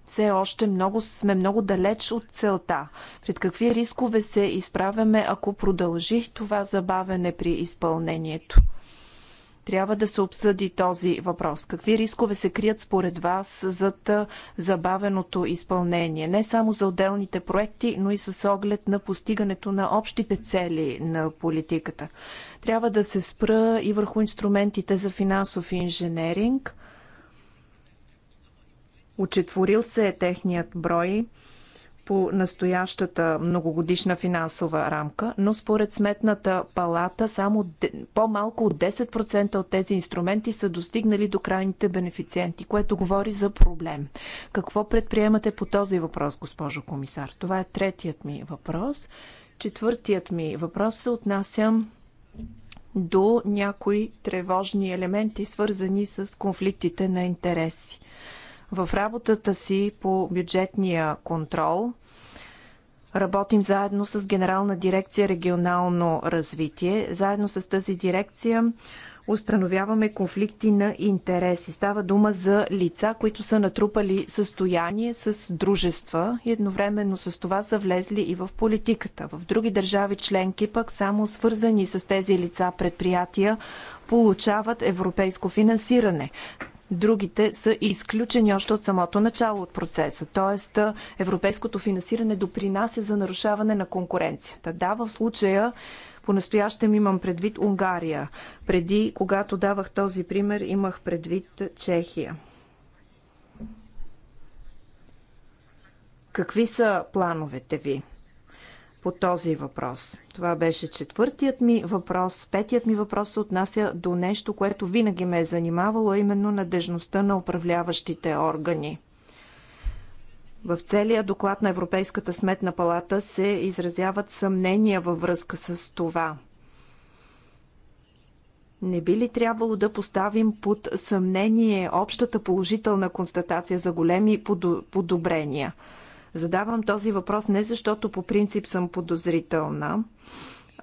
Все още много, сме много далеч от целта. Пред какви рискове се изправяме, ако продължи това забавене при изпълнението? Трябва да се обсъди този въпрос. Какви рискове се крият според вас за забавеното изпълнение? Не само за отделните проекти, но и с оглед на постигането на общите цели на политиката. Трябва да се спра и върху инструментите за финансов инженеринг. учетворил се е техният брой по настоящата многогодишна финансова рамка, но според сметната палата само по-малко от 10% от тези инструменти са достигнали до крайните бенефициенти, което говори за проблем. Какво предприемате по този въпрос, госпожо комисар? Това е третият ми въпрос. Четвъртият ми въпрос се отнася до някои тревожни елементи, свързани с конфликтите на интереси. В работата си по бюджетния контрол работим заедно с Генерална дирекция регионално развитие. Заедно с тази дирекция установяваме конфликти на интереси. Става дума за лица, които са натрупали състояние с дружества и едновременно с това са влезли и в политиката. В други държави членки пък само свързани с тези лица предприятия получават европейско финансиране другите са изключени още от самото начало от процеса. Тоест, европейското финансиране допринася за нарушаване на конкуренцията. Да, в случая по-настоящем имам предвид Унгария. Преди, когато давах този пример, имах предвид Чехия. Какви са плановете ви? по този въпрос. Това беше четвъртият ми въпрос. Петият ми въпрос се отнася до нещо, което винаги ме е занимавало, а именно надежността на управляващите органи. В целия доклад на Европейската сметна палата се изразяват съмнения във връзка с това. Не би ли трябвало да поставим под съмнение общата положителна констатация за големи подобрения – Задавам този въпрос не защото по принцип съм подозрителна,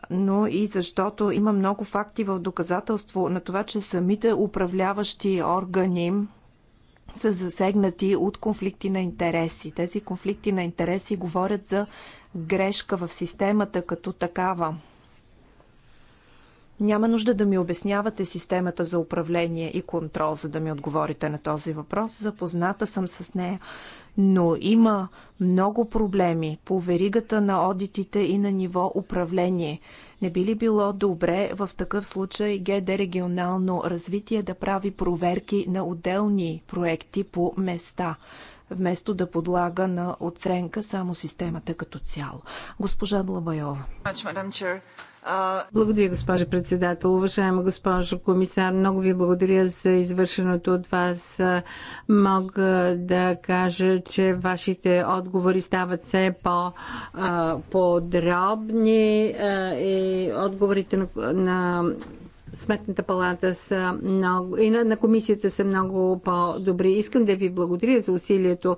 но и защото има много факти в доказателство на това, че самите управляващи органи са засегнати от конфликти на интереси. Тези конфликти на интереси говорят за грешка в системата като такава. Няма нужда да ми обяснявате системата за управление и контрол, за да ми отговорите на този въпрос. Запозната съм с нея но има много проблеми по веригата на одитите и на ниво управление. Не би ли било добре в такъв случай ГД регионално развитие да прави проверки на отделни проекти по места? вместо да подлага на оценка само системата като цяло. Госпожа Длабайова. Благодаря, госпожа председател. Уважаема госпожо комисар, много ви благодаря за извършеното от вас. Мога да кажа, че вашите отговори стават все по-подробни и отговорите на, на Сметната палата са много, и на, на комисията са много по-добри. Искам да ви благодаря за усилието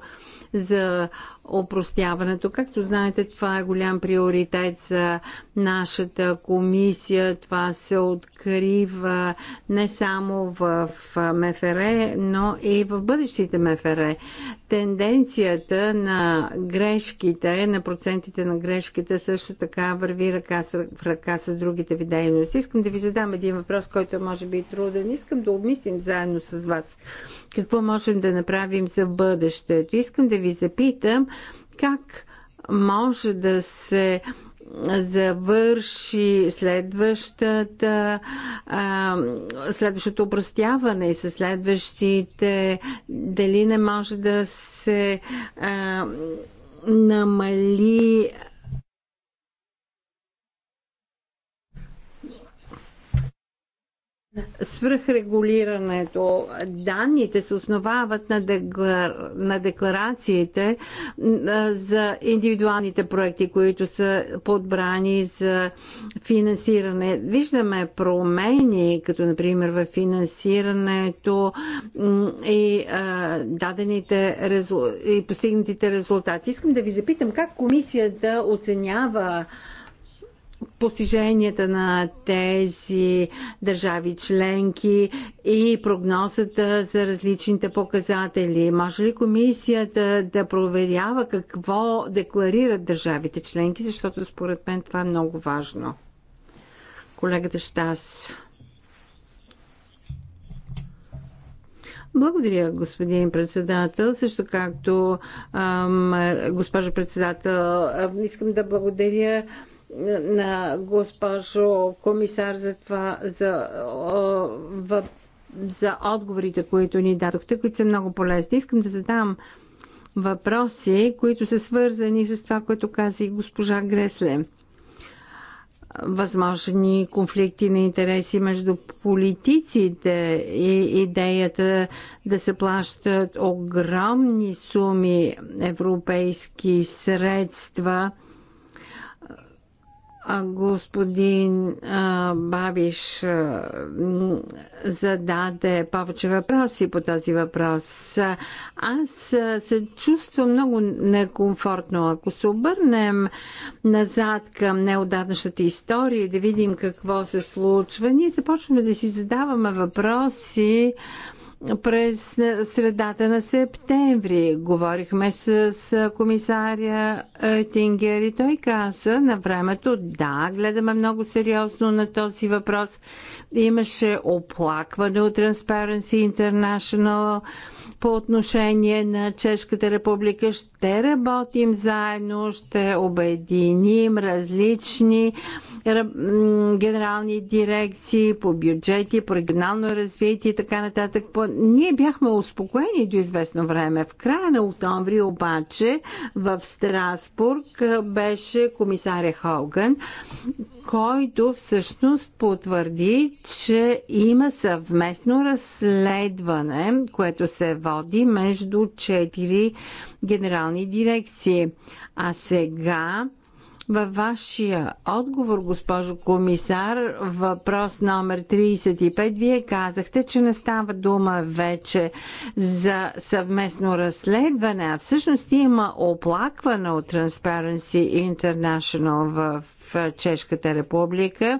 за опростяването. Както знаете, това е голям приоритет за нашата комисия. Това се открива не само в МФР, но и в бъдещите МФР. Тенденцията на грешките, на процентите на грешките също така върви ръка с, в ръка с другите ви дейности. Искам да ви задам един въпрос, който е може би е труден. Искам да обмислим заедно с вас какво можем да направим за бъдещето. Искам да ви запитам как може да се завърши следващата, а, следващото обръстяване и със следващите, дали не може да се а, намали свръхрегулирането. Данните се основават на, деклар... на декларациите за индивидуалните проекти, които са подбрани за финансиране. Виждаме промени, като например в финансирането и дадените резу... и постигнатите резултати. Искам да ви запитам как комисията оценява постиженията на тези държави членки и прогнозата за различните показатели? Може ли комисията да проверява какво декларират държавите членки, защото според мен това е много важно? Колегата Штас. Благодаря, господин председател. Също както ам, госпожа председател, искам да благодаря на госпожо комисар за това, за, за, за отговорите, които ни дадохте, които са много полезни. Искам да задам въпроси, които са свързани с това, което каза и госпожа Гресле. Възможни конфликти на интереси между политиците и идеята да се плащат огромни суми европейски средства – господин Бабиш зададе повече въпроси по този въпрос. Аз се чувствам много некомфортно. Ако се обърнем назад към неодавнашната история и да видим какво се случва, ние започваме да си задаваме въпроси, през средата на септември. Говорихме с комисаря е, Тингер и той каза на времето, да, гледаме много сериозно на този въпрос. Имаше оплакване от Transparency International по отношение на Чешката република. Ще работим заедно, ще обединим различни генерални дирекции по бюджети, по регионално развитие и така нататък. Ние бяхме успокоени до известно време. В края на октомври обаче в Страсбург беше комисаря Холган който всъщност потвърди, че има съвместно разследване, което се води между четири генерални дирекции. А сега във вашия отговор, госпожо комисар, въпрос номер 35, вие казахте, че не става дума вече за съвместно разследване, а всъщност има оплакване от Transparency International в Чешката република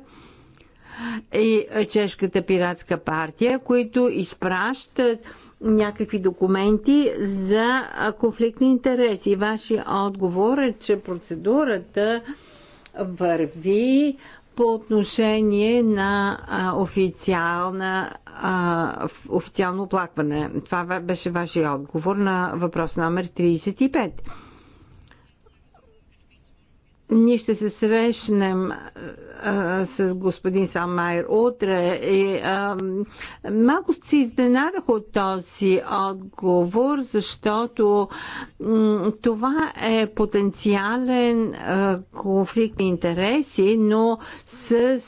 и Чешката пиратска партия, които изпращат някакви документи за конфликт на интереси. Вашия отговор е, че процедурата върви по отношение на официална, официално оплакване. Това беше вашия отговор на въпрос номер 35. Ние ще се срещнем а, с господин Салмайер утре и а, малко се изненадах от този отговор, защото това е потенциален а, конфликт на интереси, но с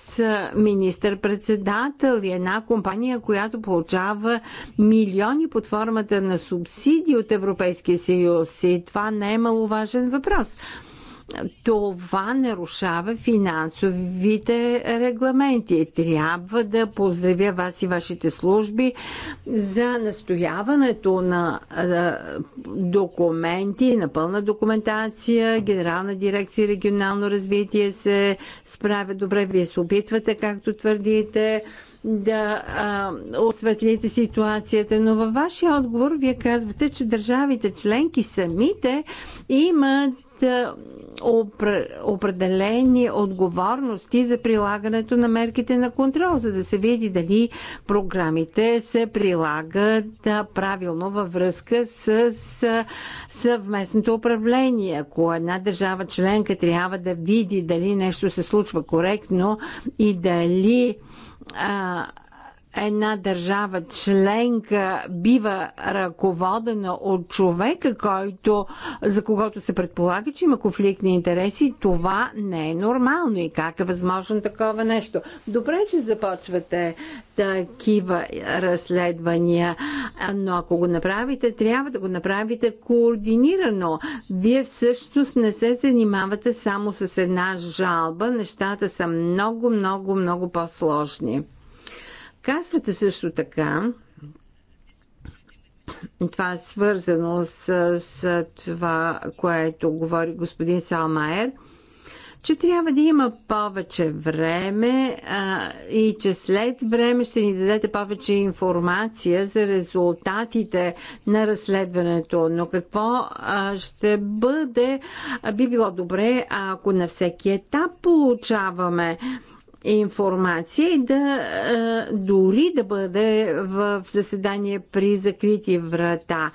министър-председател и една компания, която получава милиони под формата на субсидии от Европейския съюз. И това не е маловажен въпрос това нарушава финансовите регламенти. Трябва да поздравя вас и вашите служби за настояването на документи, на пълна документация. Генерална дирекция регионално развитие се справя добре. Вие се опитвате, както твърдите, да а, осветлите ситуацията, но във вашия отговор вие казвате, че държавите членки самите имат определени отговорности за прилагането на мерките на контрол, за да се види дали програмите се прилагат правилно във връзка с съвместното управление. Ако една държава членка трябва да види дали нещо се случва коректно и дали а, една държава членка бива ръководена от човека, който, за когото се предполага, че има конфликт на интереси, това не е нормално. И как е възможно такова нещо? Добре, че започвате такива разследвания, но ако го направите, трябва да го направите координирано. Вие всъщност не се занимавате само с една жалба. Нещата са много, много, много по-сложни. Казвате също така, това е свързано с, с това, което говори господин Салмайер, че трябва да има повече време а, и че след време ще ни дадете повече информация за резултатите на разследването. Но какво а, ще бъде, а, би било добре, ако на всеки етап получаваме информация и да дори да бъде в заседание при закрити врата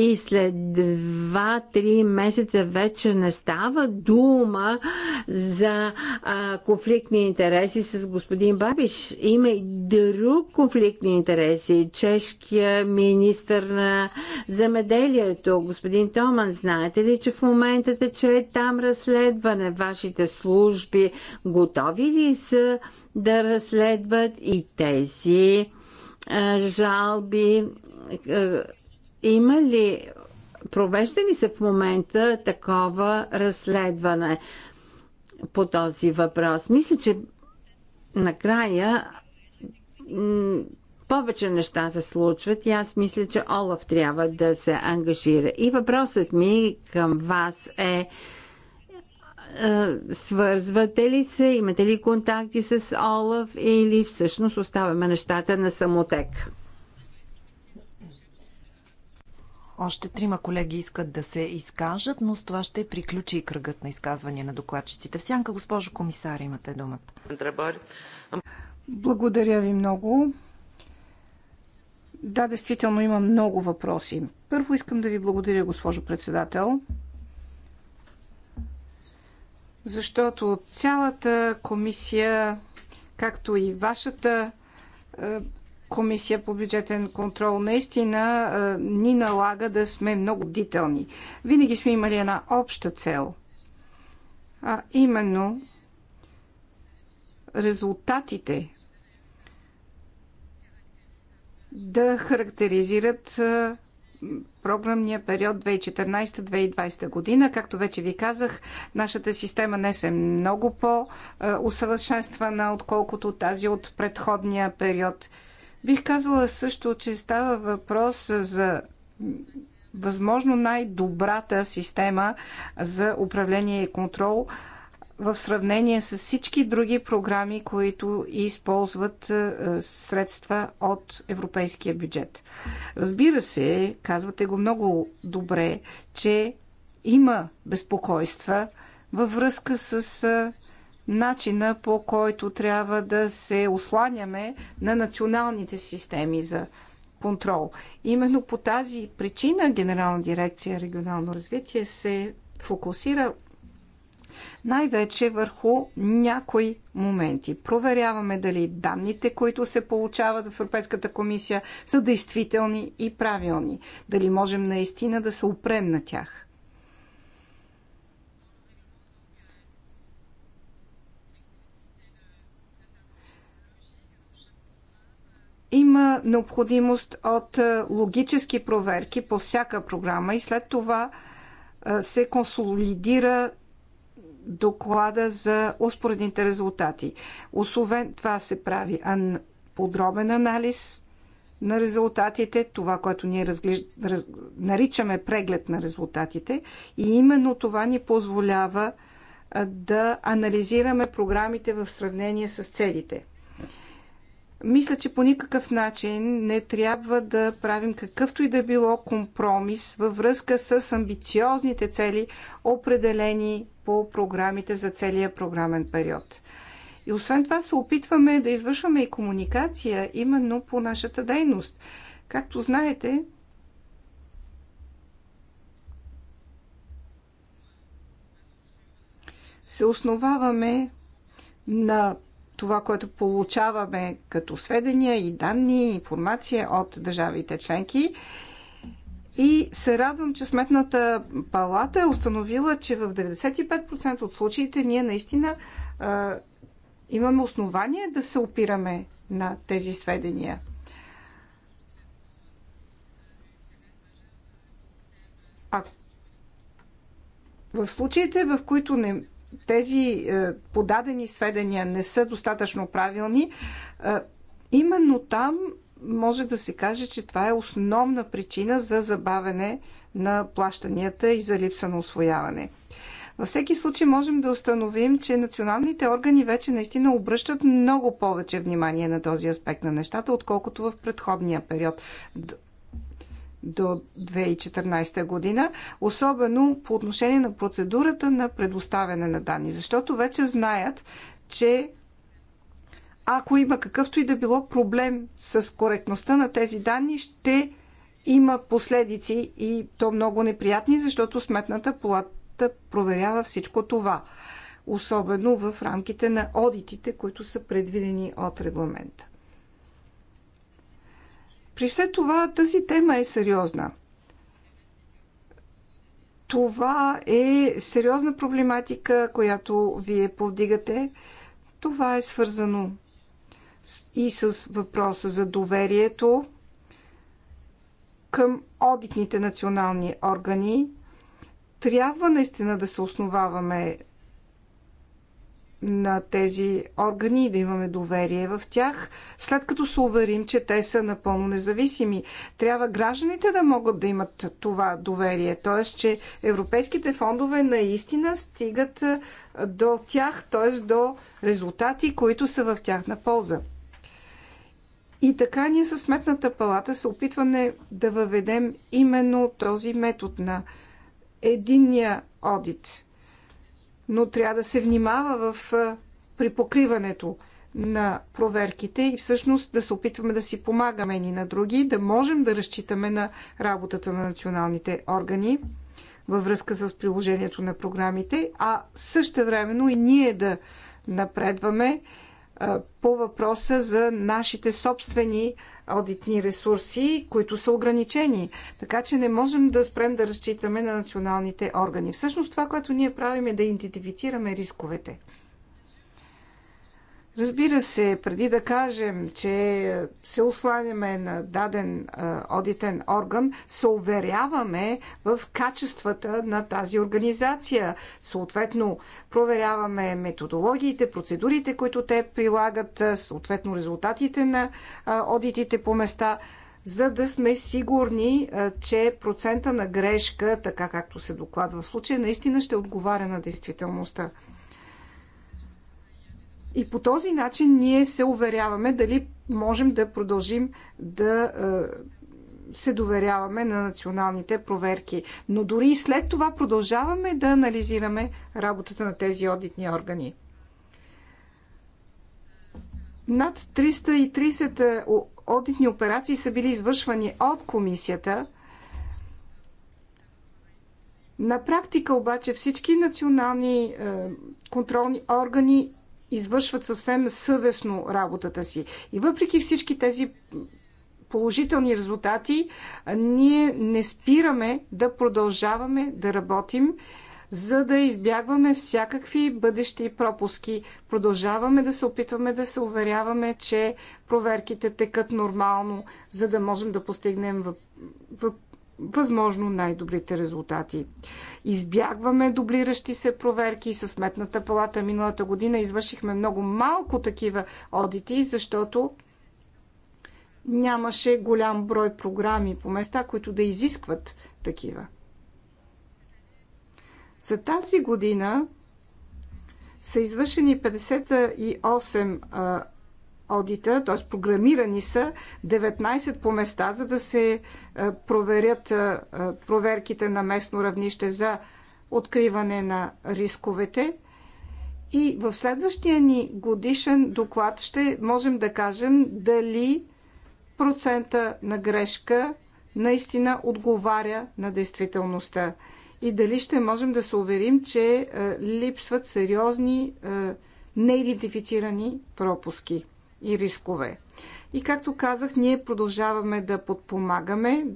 и след 2-3 месеца вече не става дума за а, конфликтни интереси с господин Бабиш. Има и друг конфликтни интереси. Чешкия министр на замеделието, господин Томан, знаете ли, че в момента тече е там разследване? Вашите служби готови ли са да разследват и тези жалби? Има ли, провежда ли се в момента такова разследване по този въпрос? Мисля, че накрая повече неща се случват и аз мисля, че Олаф трябва да се ангажира. И въпросът ми към вас е, е свързвате ли се, имате ли контакти с Олаф или всъщност оставяме нещата на самотек? Още трима колеги искат да се изкажат, но с това ще приключи и кръгът на изказвания на докладчиците. Всянка, сянка, госпожо комисар, имате думата. Благодаря ви много. Да, действително има много въпроси. Първо искам да ви благодаря, госпожо председател, защото цялата комисия, както и вашата комисия по бюджетен контрол наистина ни налага да сме много бдителни. Винаги сме имали една обща цел, а именно резултатите да характеризират програмния период 2014-2020 година. Както вече ви казах, нашата система днес е много по-усъвършенствана, отколкото тази от предходния период – Бих казала също, че става въпрос за възможно най-добрата система за управление и контрол в сравнение с всички други програми, които използват е, средства от европейския бюджет. Разбира се, казвате го много добре, че има безпокойства във връзка с е, начина по който трябва да се осланяме на националните системи за контрол. Именно по тази причина Генерална дирекция регионално развитие се фокусира най-вече върху някои моменти. Проверяваме дали данните, които се получават в Европейската комисия, са действителни и правилни. Дали можем наистина да се опрем на тях. Има необходимост от е, логически проверки по всяка програма и след това е, се консолидира доклада за успоредните резултати. Освен това се прави подробен анализ на резултатите, това, което ние разглеж... раз... наричаме преглед на резултатите. И именно това ни позволява е, да анализираме програмите в сравнение с целите. Мисля, че по никакъв начин не трябва да правим какъвто и да било компромис във връзка с амбициозните цели, определени по програмите за целия програмен период. И освен това се опитваме да извършваме и комуникация именно по нашата дейност. Както знаете, се основаваме на това, което получаваме като сведения и данни, информация от държавите членки. И се радвам, че Сметната палата е установила, че в 95% от случаите ние наистина е, имаме основание да се опираме на тези сведения. А в случаите, в които не тези е, подадени сведения не са достатъчно правилни, е, именно там може да се каже, че това е основна причина за забавене на плащанията и за липса на освояване. Във всеки случай можем да установим, че националните органи вече наистина обръщат много повече внимание на този аспект на нещата, отколкото в предходния период до 2014 година, особено по отношение на процедурата на предоставяне на данни, защото вече знаят, че ако има какъвто и да било проблем с коректността на тези данни, ще има последици и то много неприятни, защото сметната палата проверява всичко това. Особено в рамките на одитите, които са предвидени от регламента. При все това тази тема е сериозна. Това е сериозна проблематика, която вие повдигате. Това е свързано и с въпроса за доверието към одитните национални органи. Трябва наистина да се основаваме на тези органи и да имаме доверие в тях, след като се уверим, че те са напълно независими. Трябва гражданите да могат да имат това доверие, т.е. че европейските фондове наистина стигат до тях, т.е. до резултати, които са в тях на полза. И така ние със Сметната палата се опитваме да въведем именно този метод на единния одит – но трябва да се внимава в припокриването на проверките и всъщност да се опитваме да си помагаме ни на други, да можем да разчитаме на работата на националните органи във връзка с приложението на програмите, а също времено и ние да напредваме по въпроса за нашите собствени аудитни ресурси, които са ограничени. Така че не можем да спрем да разчитаме на националните органи. Всъщност това, което ние правим е да идентифицираме рисковете – Разбира се, преди да кажем, че се осланяме на даден одитен орган, се уверяваме в качествата на тази организация. Съответно, проверяваме методологиите, процедурите, които те прилагат, съответно резултатите на одитите по места, за да сме сигурни, че процента на грешка, така както се докладва в случая, наистина ще отговаря на действителността. И по този начин ние се уверяваме дали можем да продължим да е, се доверяваме на националните проверки. Но дори и след това продължаваме да анализираме работата на тези одитни органи. Над 330 е, одитни операции са били извършвани от комисията. На практика обаче всички национални е, контролни органи извършват съвсем съвестно работата си. И въпреки всички тези положителни резултати, ние не спираме да продължаваме да работим, за да избягваме всякакви бъдещи пропуски. Продължаваме да се опитваме да се уверяваме, че проверките текат нормално, за да можем да постигнем възможно най-добрите резултати. Избягваме дублиращи се проверки с Сметната палата. Миналата година извършихме много малко такива одити, защото нямаше голям брой програми по места, които да изискват такива. За тази година са извършени 58 одита, т.е. програмирани са 19 по места, за да се е, проверят е, е, проверките на местно равнище за откриване на рисковете. И в следващия ни годишен доклад ще можем да кажем дали процента на грешка наистина отговаря на действителността и дали ще можем да се уверим, че липсват сериозни неидентифицирани пропуски и рискове. И както казах, ние продължаваме да подпомагаме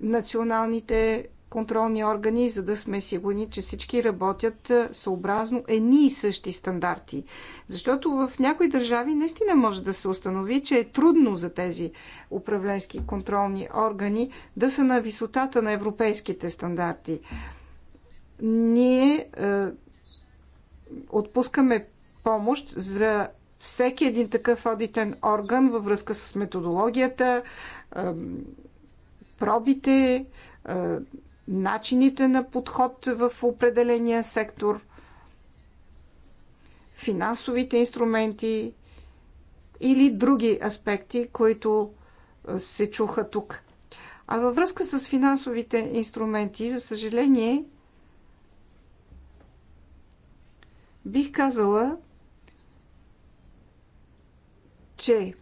националните контролни органи, за да сме сигурни, че всички работят съобразно едни и същи стандарти. Защото в някои държави наистина може да се установи, че е трудно за тези управленски контролни органи да са на висотата на европейските стандарти. Ние е, отпускаме помощ за всеки един такъв одитен орган във връзка с методологията, пробите, начините на подход в определения сектор, финансовите инструменти или други аспекти, които се чуха тук. А във връзка с финансовите инструменти, за съжаление, бих казала, че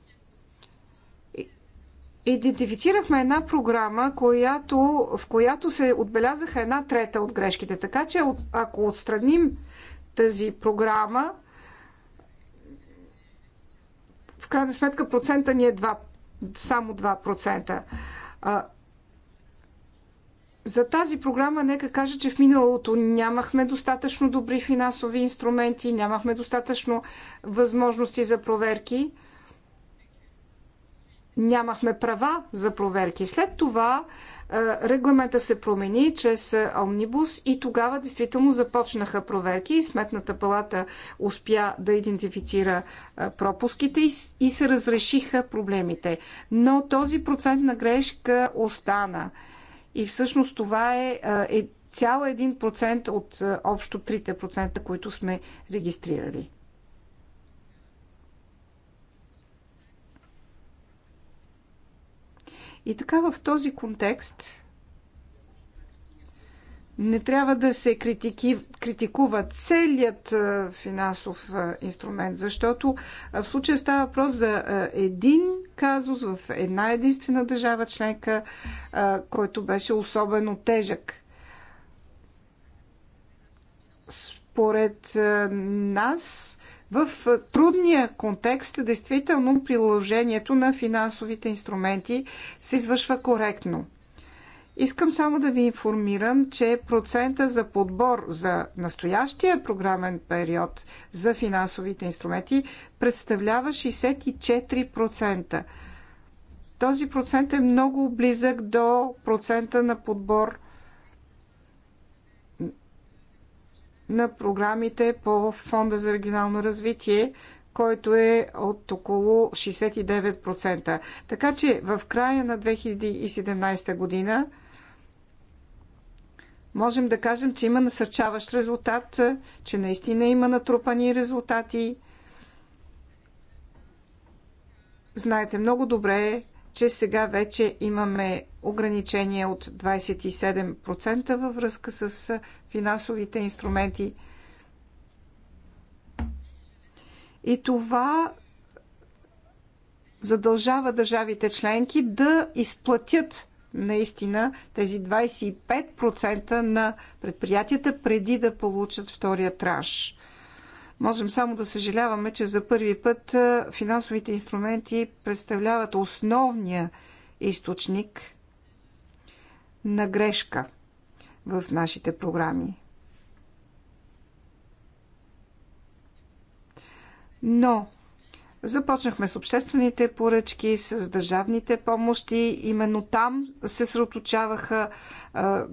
идентифицирахме една програма, която, в която се отбелязаха една трета от грешките. Така че ако отстраним тази програма, в крайна сметка процента ни е 2, само 2%. А, за тази програма нека кажа, че в миналото нямахме достатъчно добри финансови инструменти, нямахме достатъчно възможности за проверки нямахме права за проверки. След това е, регламента се промени чрез омнибус и тогава действително започнаха проверки и Сметната палата успя да идентифицира е, пропуските и се разрешиха проблемите. Но този процент на грешка остана. И всъщност това е, е цял процент от е, общо 3%, които сме регистрирали. И така в този контекст не трябва да се критики, критикува целият финансов инструмент, защото в случая става въпрос за един казус в една единствена държава членка, който беше особено тежък. Според нас в трудния контекст, действително, приложението на финансовите инструменти се извършва коректно. Искам само да ви информирам, че процента за подбор за настоящия програмен период за финансовите инструменти представлява 64%. Този процент е много близък до процента на подбор на програмите по Фонда за регионално развитие, който е от около 69%. Така че в края на 2017 година можем да кажем, че има насърчаващ резултат, че наистина има натрупани резултати. Знаете много добре, че сега вече имаме ограничение от 27% във връзка с финансовите инструменти. И това задължава държавите членки да изплатят наистина тези 25% на предприятията преди да получат втория транш. Можем само да съжаляваме, че за първи път финансовите инструменти представляват основния източник на грешка в нашите програми. Но започнахме с обществените поръчки, с държавните помощи. Именно там се сръточаваха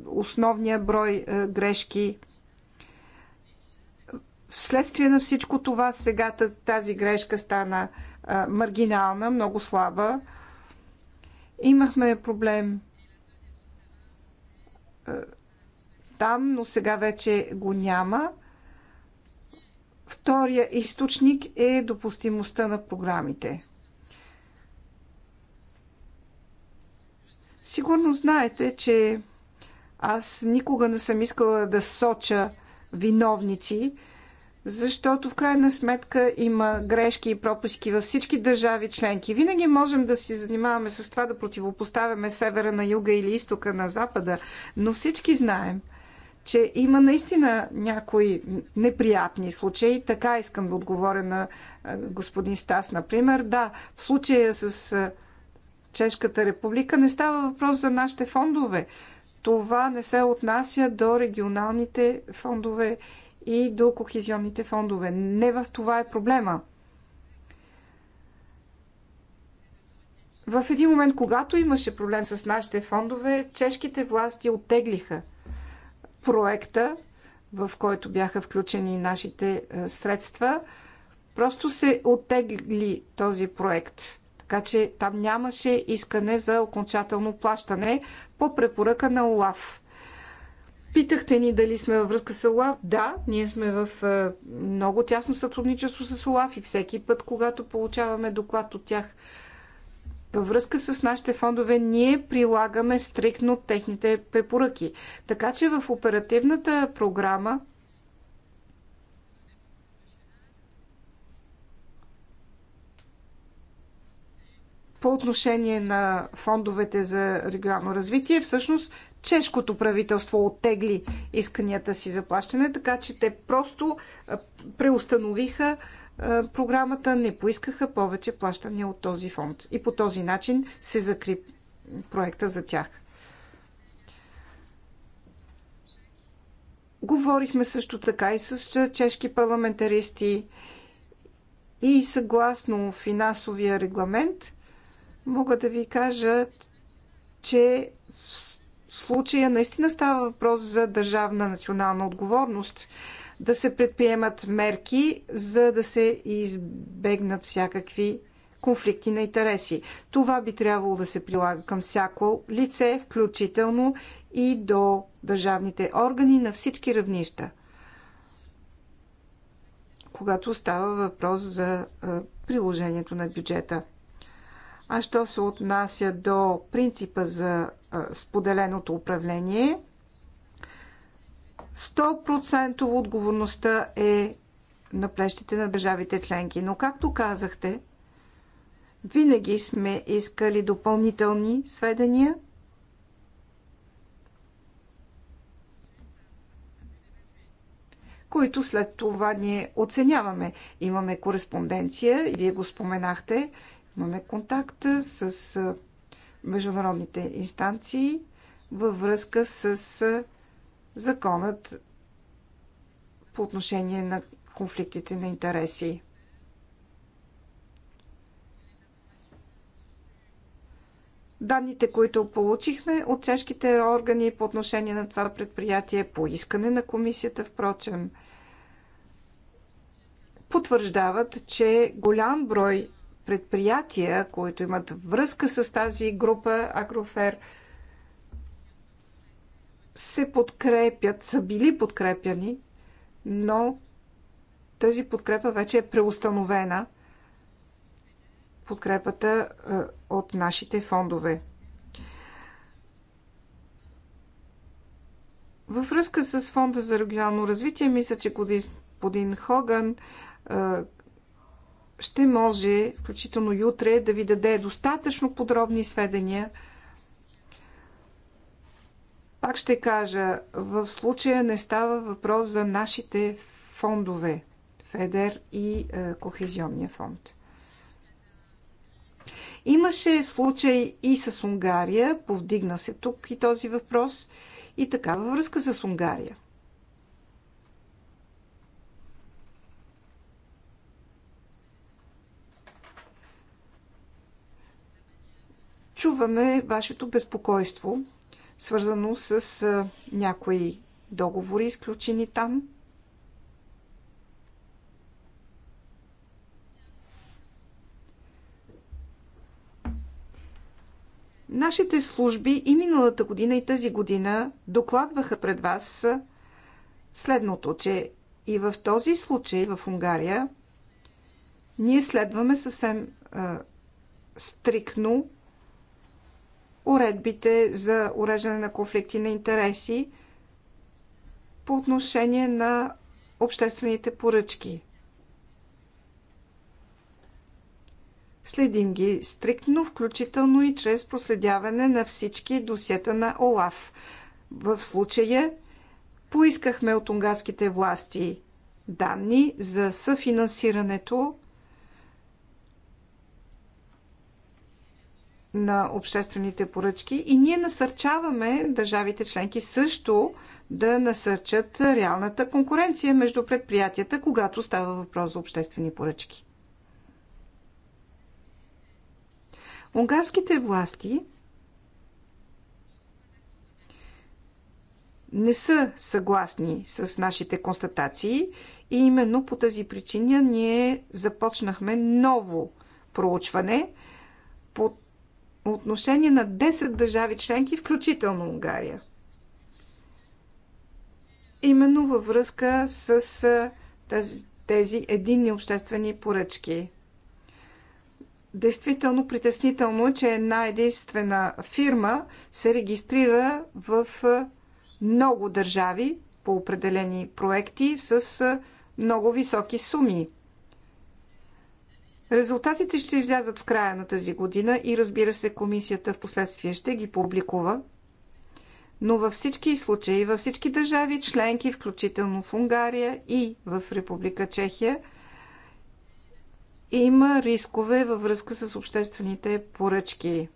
основния брой грешки. Вследствие на всичко това, сега тази грешка стана а, маргинална, много слаба. Имахме проблем а, там, но сега вече го няма. Втория източник е допустимостта на програмите. Сигурно знаете, че аз никога не съм искала да соча виновници, защото в крайна сметка има грешки и пропуски във всички държави членки. Винаги можем да се занимаваме с това да противопоставяме севера на юга или изтока на запада, но всички знаем, че има наистина някои неприятни случаи. Така искам да отговоря на господин Стас, например. Да, в случая с Чешката република не става въпрос за нашите фондове. Това не се отнася до регионалните фондове и до кохезионните фондове. Не в това е проблема. В един момент, когато имаше проблем с нашите фондове, чешките власти оттеглиха проекта, в който бяха включени нашите е, средства. Просто се оттегли този проект. Така че там нямаше искане за окончателно плащане по препоръка на ОЛАФ. Питахте ни дали сме във връзка с ОЛАФ. Да, ние сме в е, много тясно сътрудничество с ОЛАФ и всеки път, когато получаваме доклад от тях във връзка с нашите фондове, ние прилагаме стрикно техните препоръки. Така че в оперативната програма по отношение на фондовете за регионално развитие, всъщност чешкото правителство оттегли исканията си за плащане, така че те просто преустановиха програмата, не поискаха повече плащания от този фонд. И по този начин се закри проекта за тях. Говорихме също така и с чешки парламентаристи и съгласно финансовия регламент мога да ви кажа, че случая наистина става въпрос за държавна национална отговорност. Да се предприемат мерки, за да се избегнат всякакви конфликти на интереси. Това би трябвало да се прилага към всяко лице, включително и до държавните органи на всички равнища. Когато става въпрос за приложението на бюджета. А що се отнася до принципа за споделеното управление, 100% отговорността е на плещите на държавите членки. Но, както казахте, винаги сме искали допълнителни сведения. които след това ние оценяваме. Имаме кореспонденция, и вие го споменахте, Имаме контакт с международните инстанции във връзка с законът по отношение на конфликтите на интереси. Данните, които получихме от чешките органи по отношение на това предприятие, по искане на комисията, впрочем, потвърждават, че голям брой предприятия, които имат връзка с тази група Агрофер, се подкрепят, са били подкрепяни, но тази подкрепа вече е преустановена. Подкрепата е, от нашите фондове. Във връзка с Фонда за регионално развитие, мисля, че господин Хоган е, ще може, включително и утре, да ви даде достатъчно подробни сведения. Пак ще кажа, в случая не става въпрос за нашите фондове ФЕДЕР и е, Кохезионния фонд. Имаше случай и с Унгария, повдигна се тук и този въпрос, и така във връзка с Унгария – Чуваме вашето безпокойство, свързано с някои договори, изключени там. Нашите служби и миналата година и тази година докладваха пред вас следното, че и в този случай в Унгария ние следваме съвсем а, стрикно уредбите за уреждане на конфликти на интереси по отношение на обществените поръчки. Следим ги стриктно, включително и чрез проследяване на всички досиета на ОЛАФ. В случая поискахме от унгарските власти данни за съфинансирането на обществените поръчки и ние насърчаваме държавите членки също да насърчат реалната конкуренция между предприятията, когато става въпрос за обществени поръчки. Унгарските власти не са съгласни с нашите констатации и именно по тази причина ние започнахме ново проучване под отношение на 10 държави членки, включително Унгария. Именно във връзка с тези, тези единни обществени поръчки. Действително притеснително е, че една единствена фирма се регистрира в много държави по определени проекти с много високи суми. Резултатите ще излязат в края на тази година и разбира се, комисията в последствие ще ги публикува. Но във всички случаи, във всички държави членки, включително в Унгария и в Република Чехия, има рискове във връзка с обществените поръчки.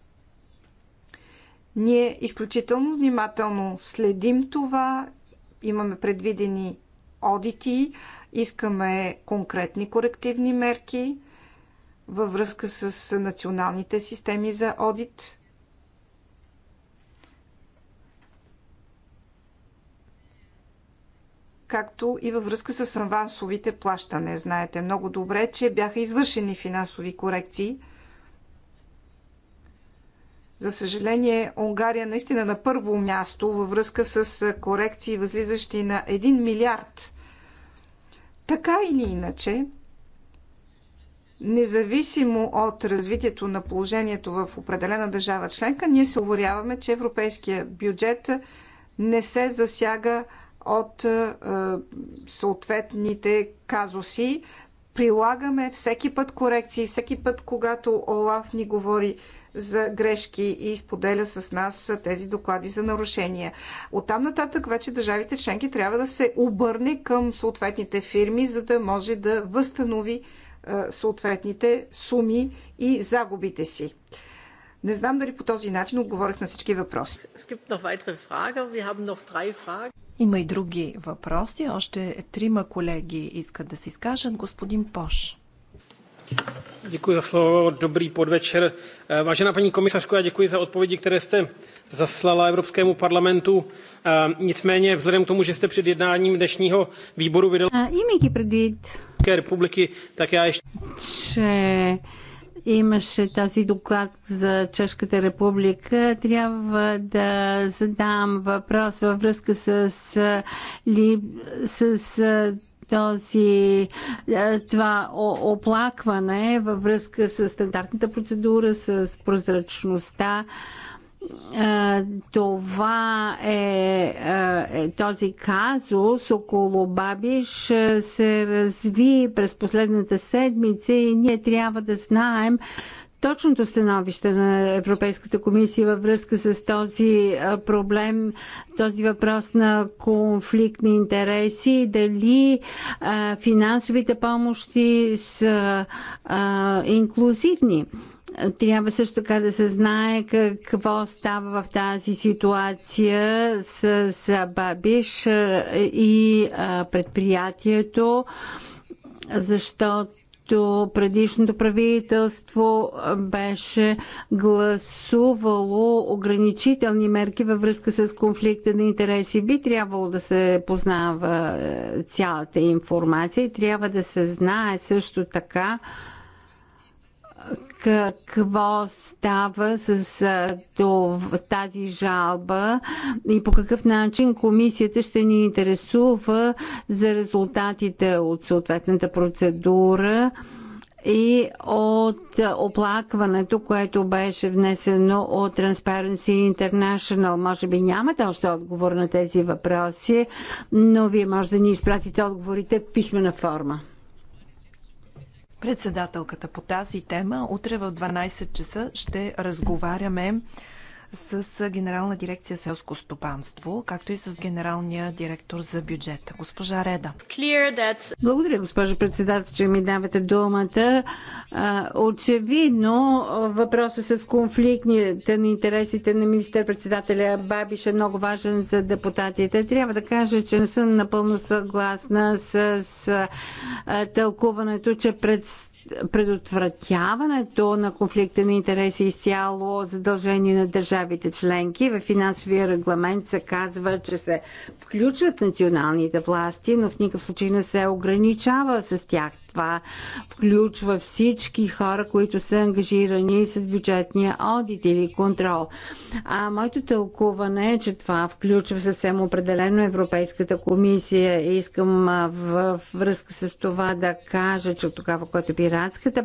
Ние изключително внимателно следим това, имаме предвидени одити, искаме конкретни корективни мерки – във връзка с националните системи за одит. както и във връзка с авансовите плащане. Знаете много добре, че бяха извършени финансови корекции. За съжаление, Унгария наистина на първо място във връзка с корекции, възлизащи на 1 милиард. Така или иначе, независимо от развитието на положението в определена държава членка, ние се уверяваме, че европейския бюджет не се засяга от е, съответните казуси. Прилагаме всеки път корекции, всеки път, когато Олаф ни говори за грешки и споделя с нас тези доклади за нарушения. От там нататък вече държавите членки трябва да се обърне към съответните фирми, за да може да възстанови съответните суми и загубите си. Не знам дали по този начин отговорих на всички въпроси. Има и други въпроси. Още трима колеги искат да се изкажат. Господин Пош. Děkuji za slovo, dobrý podvečer. Vážená paní komisařko, já děkuji za odpovědi, které jste zaslala Evropskému parlamentu. Nicméně, vzhledem k tomu, že jste před jednáním dnešního výboru vydala... Uh, републики, така и ще... Че имаше този доклад за Чешката република, трябва да задам въпрос във връзка с, ли, с този, е, това оплакване във връзка с стандартната процедура, с прозрачността това е, е, този казус около Бабиш се разви през последната седмица и ние трябва да знаем точното становище на Европейската комисия във връзка с този проблем, този въпрос на конфликт на интереси, дали финансовите помощи са инклюзивни. Трябва също така да се знае какво става в тази ситуация с, с Бабиш и предприятието, защото предишното правителство беше гласувало ограничителни мерки във връзка с конфликта на интереси. Би трябвало да се познава е, цялата информация и трябва да се знае също така какво става с тази жалба и по какъв начин комисията ще ни интересува за резултатите от съответната процедура и от оплакването, което беше внесено от Transparency International. Може би нямате още отговор на тези въпроси, но вие може да ни изпратите отговорите в писмена форма. Председателката по тази тема утре в 12 часа ще разговаряме с Генерална дирекция селско стопанство, както и с генералния директор за бюджета. Госпожа Реда. That... Благодаря, госпожа председател, че ми давате думата. Очевидно, въпросът с конфликтните на интересите на министър-председателя Бабиш е много важен за депутатите. Трябва да кажа, че не съм напълно съгласна с тълкуването, че предстои предотвратяването на конфликта на интереси е изцяло задължение на държавите членки. В финансовия регламент се казва, че се включват националните власти, но в никакъв случай не се ограничава с тях. Това включва всички хора, които са ангажирани с бюджетния одит или контрол. А моето тълкуване е, че това включва съвсем определено Европейската комисия. Искам в връзка с това да кажа, че от тогава, което бира демократската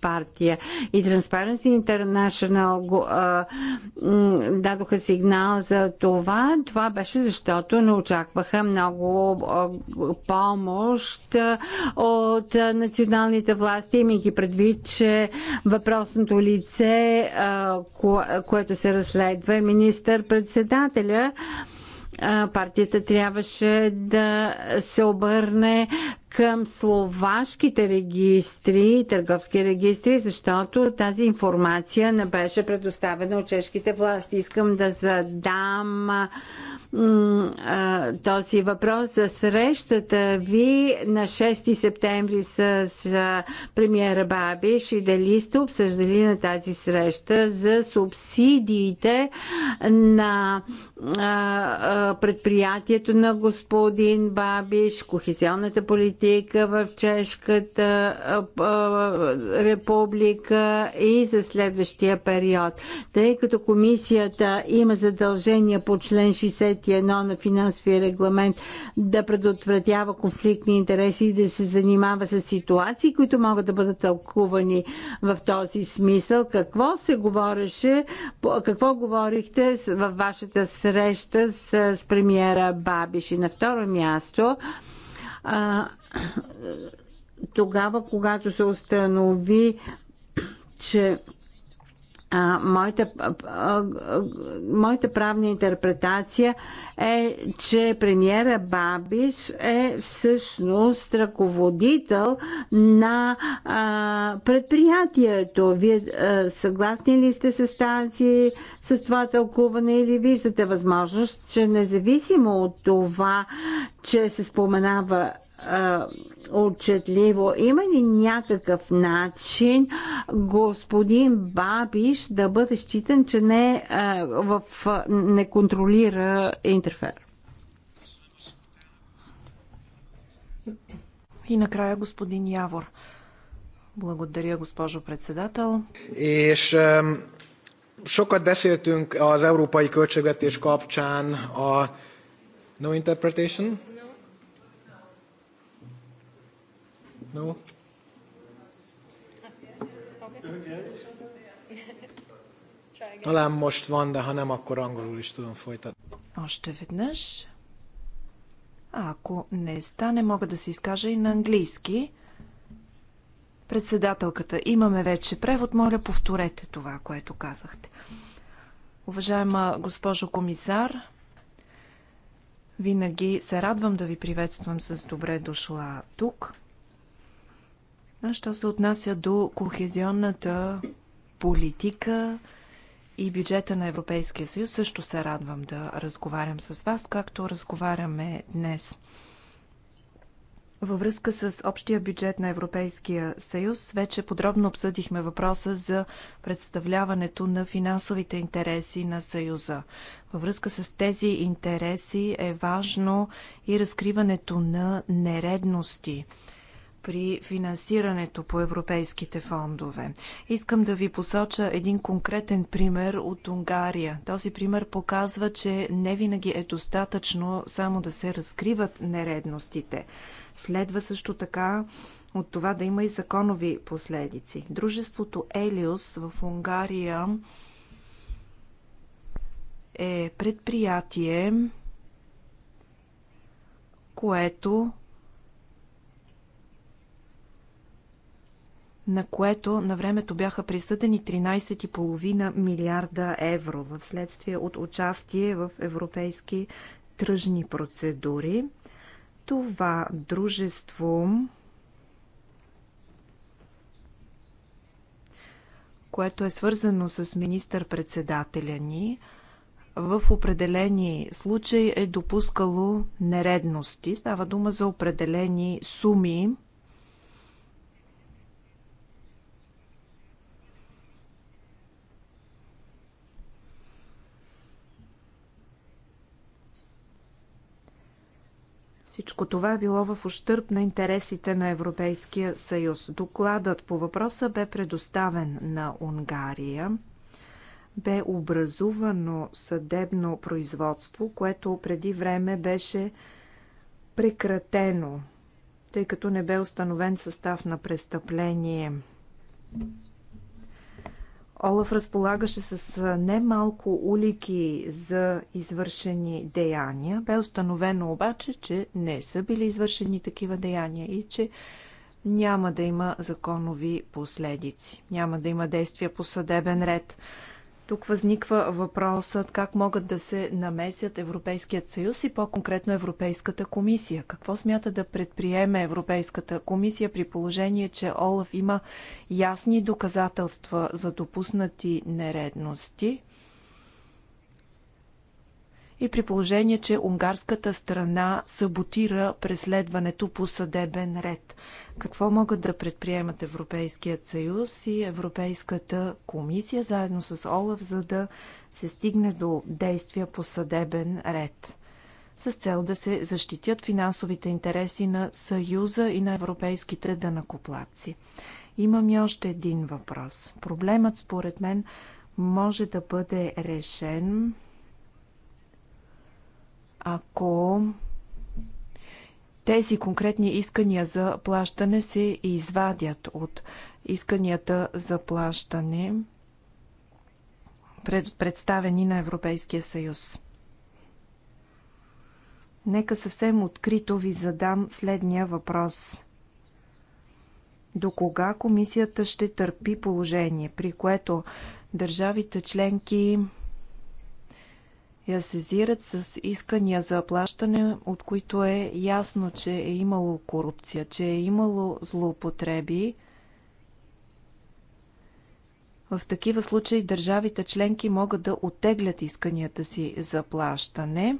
партия и Transparency International го, а, дадоха сигнал за това. Това беше защото не очакваха много а, помощ от националните власти, имайки предвид, че въпросното лице, а, кое, което се разследва е министър-председателя. А, партията трябваше да се обърне към словашките регистри, търговски регистри, защото тази информация не беше предоставена от чешките власти. Искам да задам този въпрос за срещата ви на 6 септември с премиера Бабиш и дали сте обсъждали на тази среща за субсидиите на предприятието на господин Бабиш, кохезионната политика в Чешката република и за следващия период. Тъй като комисията има задължения по член 60 51 на финансовия регламент да предотвратява конфликтни интереси и да се занимава с ситуации, които могат да бъдат тълкувани в този смисъл. Какво се говореше, какво говорихте във вашата среща с, с премиера Бабиш? И на второ място, а, тогава, когато се установи, че а, моята, а, моята правна интерпретация е, че премиера Бабиш е всъщност ръководител на а, предприятието. Вие а, съгласни ли сте с тази, с това тълкуване или виждате възможност, че независимо от това, че се споменава отчетливо. Има ли някакъв начин господин Бабиш да бъде считан, че не, а, в, не контролира интерфер? И накрая господин Явор. Благодаря, госпожо председател. И ще... sokat beszéltünk az európai költségvetés kapcsán a no interpretation, No? Talán most van, de ha nem, akkor angolul is tudom folytatni. Още веднъж. А ако не стане, мога да се изкажа и на английски. Председателката, имаме вече превод, моля повторете това, което казахте. Уважаема госпожо комисар, винаги се радвам да ви приветствам с добре дошла тук. А що се отнася до кохезионната политика и бюджета на Европейския съюз, също се радвам да разговарям с вас, както разговаряме днес. Във връзка с общия бюджет на Европейския съюз, вече подробно обсъдихме въпроса за представляването на финансовите интереси на съюза. Във връзка с тези интереси е важно и разкриването на нередности – при финансирането по европейските фондове. Искам да ви посоча един конкретен пример от Унгария. Този пример показва, че не винаги е достатъчно само да се разкриват нередностите. Следва също така от това да има и законови последици. Дружеството Елиус в Унгария е предприятие, което на което на времето бяха присъдени 13,5 милиарда евро в следствие от участие в европейски тръжни процедури. Това дружество, което е свързано с министър-председателя ни, в определени случаи е допускало нередности. Става дума за определени суми, Всичко това е било в ущърп на интересите на Европейския съюз. Докладът по въпроса бе предоставен на Унгария. Бе образувано съдебно производство, което преди време беше прекратено, тъй като не бе установен състав на престъпление. Олаф разполагаше с немалко улики за извършени деяния. Бе установено обаче, че не са били извършени такива деяния и че няма да има законови последици. Няма да има действия по съдебен ред. Тук възниква въпросът как могат да се намесят Европейският съюз и по-конкретно Европейската комисия. Какво смята да предприеме Европейската комисия при положение, че Олаф има ясни доказателства за допуснати нередности? и при положение, че унгарската страна саботира преследването по съдебен ред. Какво могат да предприемат Европейският съюз и Европейската комисия заедно с ОЛАФ, за да се стигне до действия по съдебен ред? с цел да се защитят финансовите интереси на Съюза и на европейските данакоплаци. Имам и още един въпрос. Проблемът, според мен, може да бъде решен ако тези конкретни искания за плащане се извадят от исканията за плащане, представени на Европейския съюз. Нека съвсем открито ви задам следния въпрос. До кога комисията ще търпи положение, при което държавите членки я сезират с искания за плащане, от които е ясно, че е имало корупция, че е имало злоупотреби. В такива случаи държавите членки могат да оттеглят исканията си за плащане.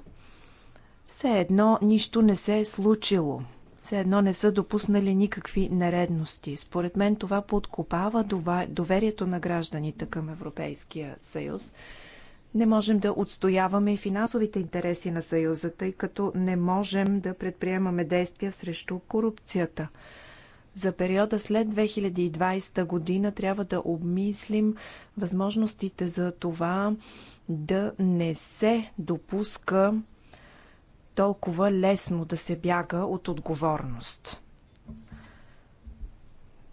Все едно нищо не се е случило. Все едно не са допуснали никакви нередности. Според мен това подкопава доверието на гражданите към Европейския съюз. Не можем да отстояваме и финансовите интереси на Съюза, тъй като не можем да предприемаме действия срещу корупцията. За периода след 2020 година трябва да обмислим възможностите за това да не се допуска толкова лесно да се бяга от отговорност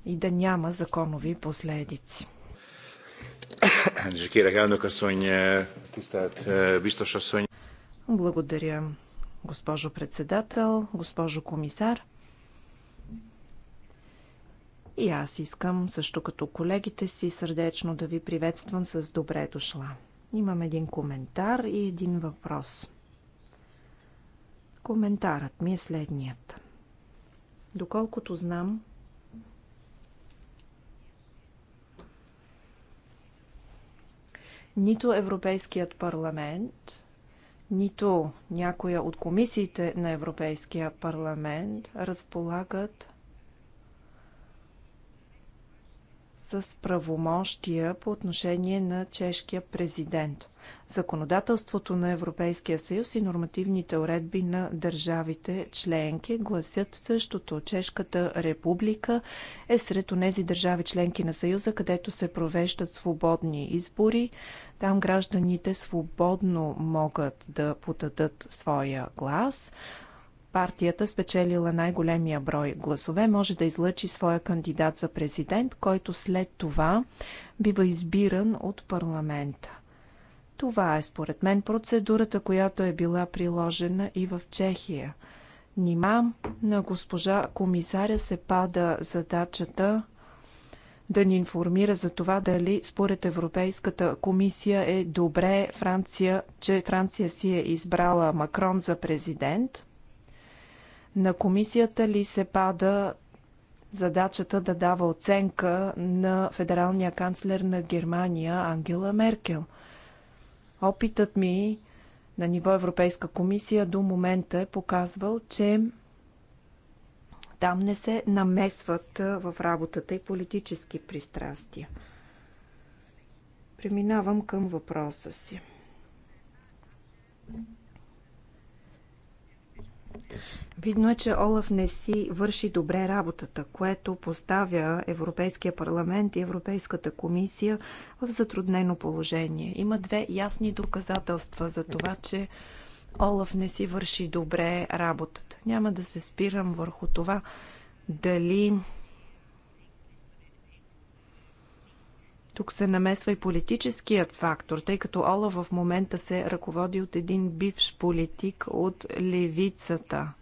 и да няма законови последици. Eh, eh, Благодаря, госпожо председател, госпожо комисар. И аз искам, също като колегите си, сърдечно да ви приветствам с добре дошла. Имам един коментар и един въпрос. Коментарът ми е следният. Доколкото знам, нито Европейският парламент, нито някоя от комисиите на Европейския парламент разполагат с правомощия по отношение на чешкия президент. Законодателството на Европейския съюз и нормативните уредби на държавите членки гласят същото. Чешката република е сред онези държави членки на съюза, където се провеждат свободни избори. Там гражданите свободно могат да подадат своя глас партията, спечелила най-големия брой гласове, може да излъчи своя кандидат за президент, който след това бива избиран от парламента. Това е според мен процедурата, която е била приложена и в Чехия. Нима на госпожа комисаря се пада задачата да ни информира за това дали според Европейската комисия е добре Франция, че Франция си е избрала Макрон за президент. На комисията ли се пада задачата да дава оценка на федералния канцлер на Германия Ангела Меркел? Опитът ми на ниво Европейска комисия до момента е показвал, че там не се намесват в работата и политически пристрастия. Преминавам към въпроса си. Видно е, че Олаф не си върши добре работата, което поставя Европейския парламент и Европейската комисия в затруднено положение. Има две ясни доказателства за това, че Олаф не си върши добре работата. Няма да се спирам върху това дали Тук се намесва и политическият фактор, тъй като Ола в момента се ръководи от един бивш политик от левицата.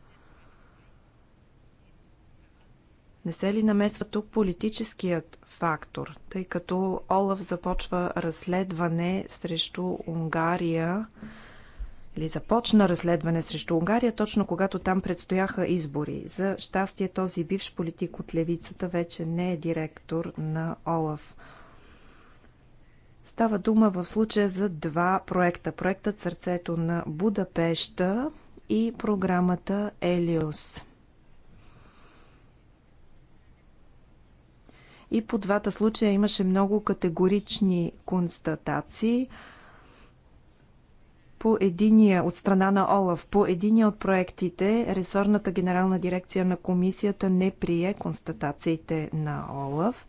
Не се ли намесва тук политическият фактор, тъй като Олаф започва разследване срещу Унгария или започна разследване срещу Унгария, точно когато там предстояха избори. За щастие този бивш политик от левицата вече не е директор на Олаф. Става дума в случая за два проекта. Проектът Сърцето на Будапешта и програмата Елиос. И по двата случая имаше много категорични констатации по единия от страна на Олаф, по единия от проектите, ресорната генерална дирекция на комисията не прие констатациите на Олаф.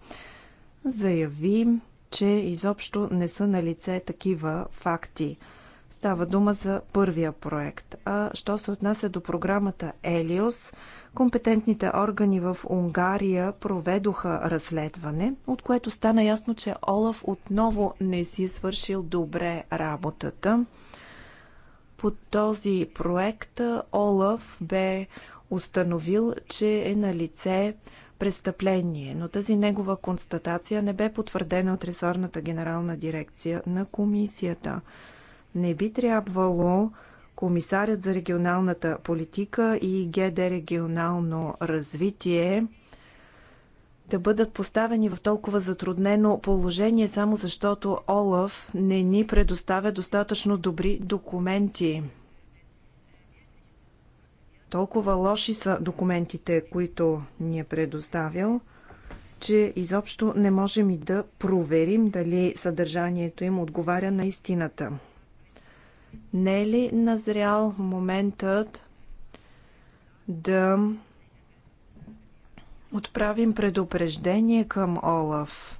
Заяви, че изобщо не са на лице такива факти. Става дума за първия проект. А що се отнася до програмата Елиос, компетентните органи в Унгария проведоха разследване, от което стана ясно, че Олаф отново не си е свършил добре работата. По този проект Олаф бе установил, че е на лице престъпление, но тази негова констатация не бе потвърдена от ресорната генерална дирекция на комисията. Не би трябвало комисарят за регионалната политика и ГД регионално развитие да бъдат поставени в толкова затруднено положение, само защото Олаф не ни предоставя достатъчно добри документи. Толкова лоши са документите, които ни е предоставил, че изобщо не можем и да проверим дали съдържанието им отговаря на истината. Не е ли назрял моментът да отправим предупреждение към Олаф?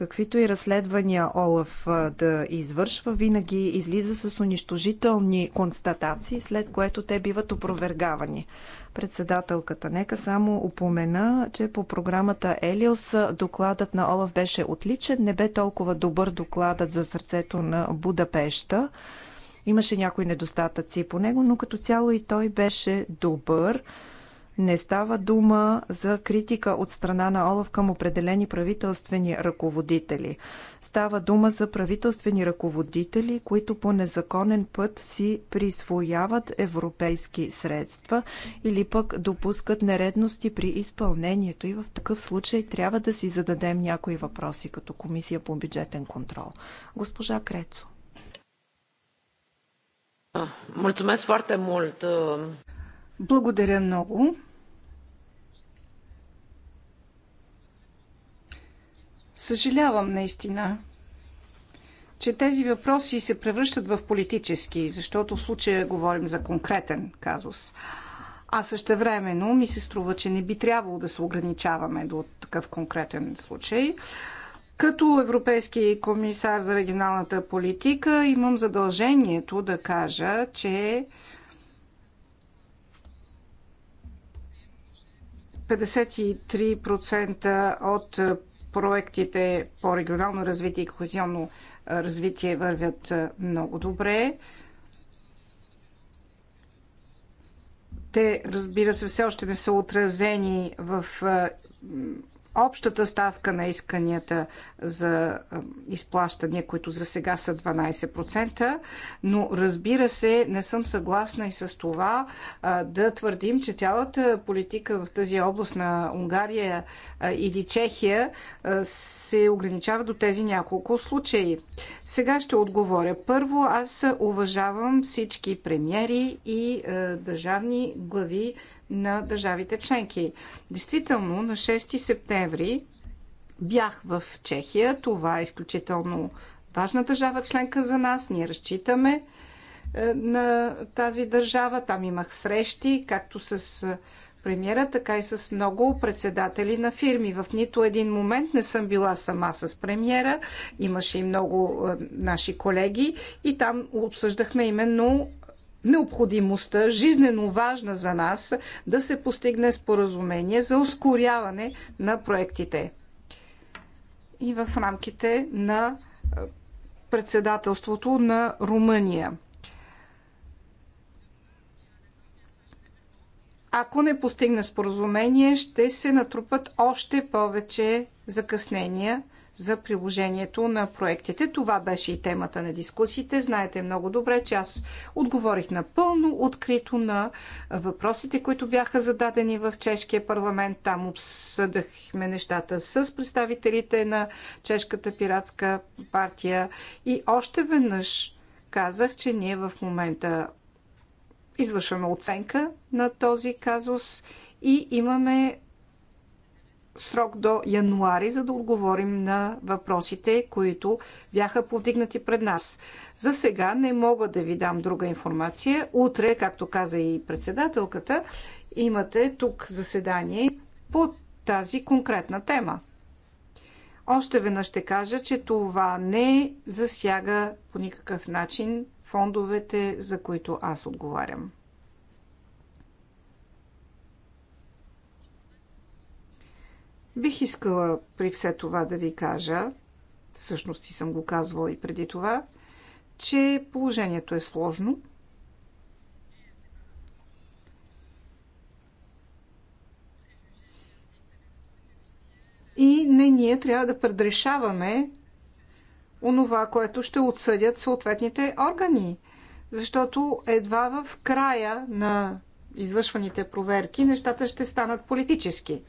Каквито и разследвания Олаф да извършва, винаги излиза с унищожителни констатации, след което те биват опровергавани. Председателката, нека само упомена, че по програмата Елиос докладът на Олаф беше отличен, не бе толкова добър докладът за сърцето на Будапешта. Имаше някои недостатъци по него, но като цяло и той беше добър. Не става дума за критика от страна на Олаф към определени правителствени ръководители. Става дума за правителствени ръководители, които по незаконен път си присвояват европейски средства или пък допускат нередности при изпълнението и в такъв случай трябва да си зададем някои въпроси като Комисия по бюджетен контрол. Госпожа Крецо. Мулțumesc foarte мулт. Благодаря много. Съжалявам наистина, че тези въпроси се превръщат в политически, защото в случая говорим за конкретен казус. А също времено ми се струва, че не би трябвало да се ограничаваме до такъв конкретен случай. Като европейски комисар за регионалната политика имам задължението да кажа, че 53% от проектите по регионално развитие и кохезионно развитие вървят много добре. Те, разбира се, все още не са отразени в общата ставка на исканията за изплащания, които за сега са 12%, но разбира се, не съм съгласна и с това да твърдим, че цялата политика в тази област на Унгария или Чехия се ограничава до тези няколко случаи. Сега ще отговоря. Първо, аз уважавам всички премиери и държавни глави на държавите членки. Действително, на 6 септември бях в Чехия. Това е изключително важна държава членка за нас. Ние разчитаме е, на тази държава. Там имах срещи, както с е, премьера, така и с много председатели на фирми. В нито един момент не съм била сама с премиера. Имаше и много е, наши колеги и там обсъждахме именно необходимостта, жизнено важна за нас, да се постигне споразумение за ускоряване на проектите. И в рамките на председателството на Румъния. Ако не постигне споразумение, ще се натрупат още повече закъснения – за приложението на проектите. Това беше и темата на дискусиите. Знаете много добре, че аз отговорих напълно открито на въпросите, които бяха зададени в Чешкия парламент. Там обсъдахме нещата с представителите на Чешката пиратска партия и още веднъж казах, че ние в момента извършваме оценка на този казус и имаме срок до януари, за да отговорим на въпросите, които бяха повдигнати пред нас. За сега не мога да ви дам друга информация. Утре, както каза и председателката, имате тук заседание по тази конкретна тема. Още веднъж ще кажа, че това не засяга по никакъв начин фондовете, за които аз отговарям. Бих искала при все това да ви кажа, всъщност и съм го казвала и преди това, че положението е сложно. И не ние трябва да предрешаваме онова, което ще отсъдят съответните органи. Защото едва в края на извършваните проверки нещата ще станат политически.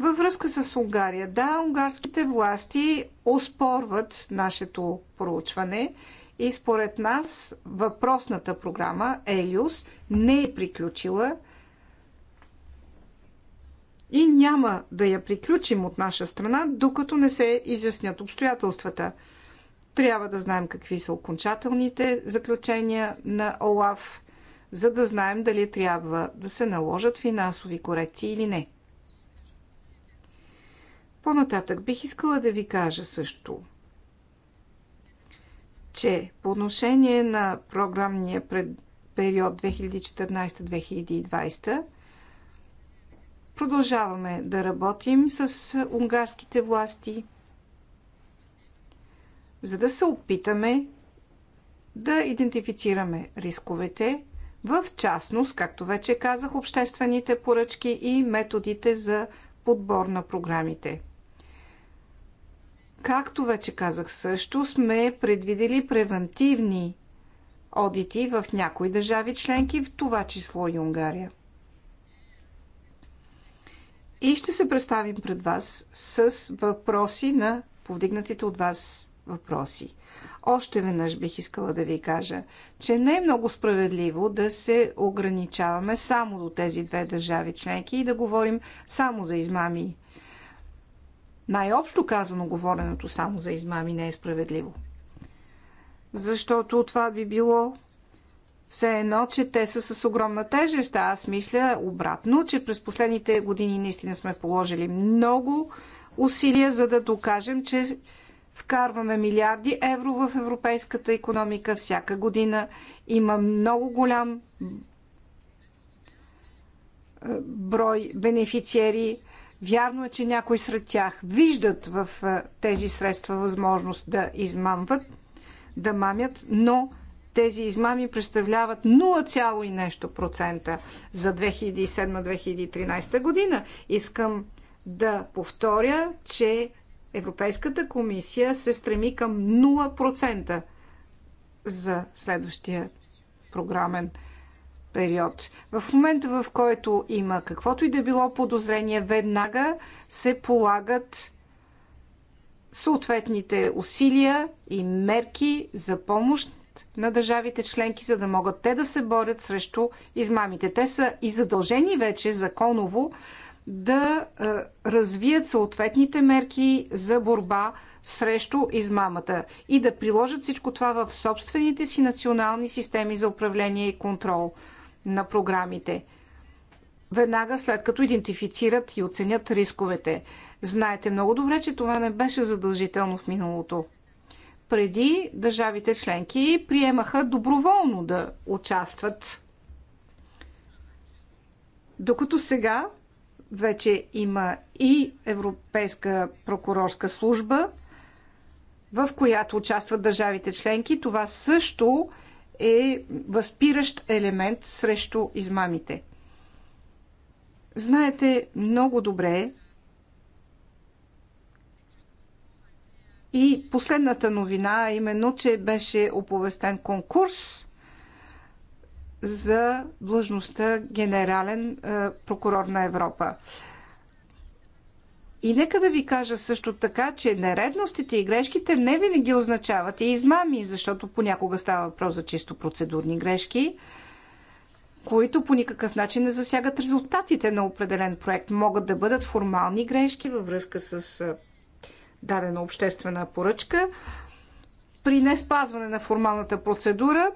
Във връзка с Унгария, да, унгарските власти оспорват нашето проучване и според нас въпросната програма Елиус не е приключила и няма да я приключим от наша страна, докато не се изяснят обстоятелствата. Трябва да знаем какви са окончателните заключения на ОЛАФ, за да знаем дали трябва да се наложат финансови корекции или не. По-нататък бих искала да ви кажа също, че по отношение на програмния пред период 2014-2020 продължаваме да работим с унгарските власти, за да се опитаме да идентифицираме рисковете, в частност, както вече казах, обществените поръчки и методите за подбор на програмите. Както вече казах също, сме предвидели превентивни одити в някои държави членки, в това число и Унгария. И ще се представим пред вас с въпроси на повдигнатите от вас въпроси. Още веднъж бих искала да ви кажа, че не е много справедливо да се ограничаваме само до тези две държави членки и да говорим само за измами най-общо казано, говоренето само за измами не е справедливо. Защото това би било все едно, че те са с огромна тежест. Аз мисля обратно, че през последните години наистина сме положили много усилия, за да докажем, че вкарваме милиарди евро в европейската економика всяка година. Има много голям е, брой бенефициери Вярно е, че някои сред тях виждат в тези средства възможност да измамват, да мамят, но тези измами представляват 0, и нещо процента за 2007-2013 година. Искам да повторя, че Европейската комисия се стреми към 0% за следващия програмен период. В момента, в който има каквото и да било подозрение, веднага се полагат съответните усилия и мерки за помощ на държавите членки, за да могат те да се борят срещу измамите. Те са и задължени вече законово да е, развият съответните мерки за борба срещу измамата и да приложат всичко това в собствените си национални системи за управление и контрол на програмите веднага след като идентифицират и оценят рисковете. Знаете много добре, че това не беше задължително в миналото. Преди държавите членки приемаха доброволно да участват. Докато сега вече има и Европейска прокурорска служба, в която участват държавите членки, това също е възпиращ елемент срещу измамите. Знаете много добре и последната новина, именно, че беше оповестен конкурс за длъжността генерален е, прокурор на Европа. И нека да ви кажа също така, че нередностите и грешките не винаги означават и измами, защото понякога става въпрос за чисто процедурни грешки, които по никакъв начин не засягат резултатите на определен проект. Могат да бъдат формални грешки във връзка с дадена обществена поръчка. При не спазване на формалната процедура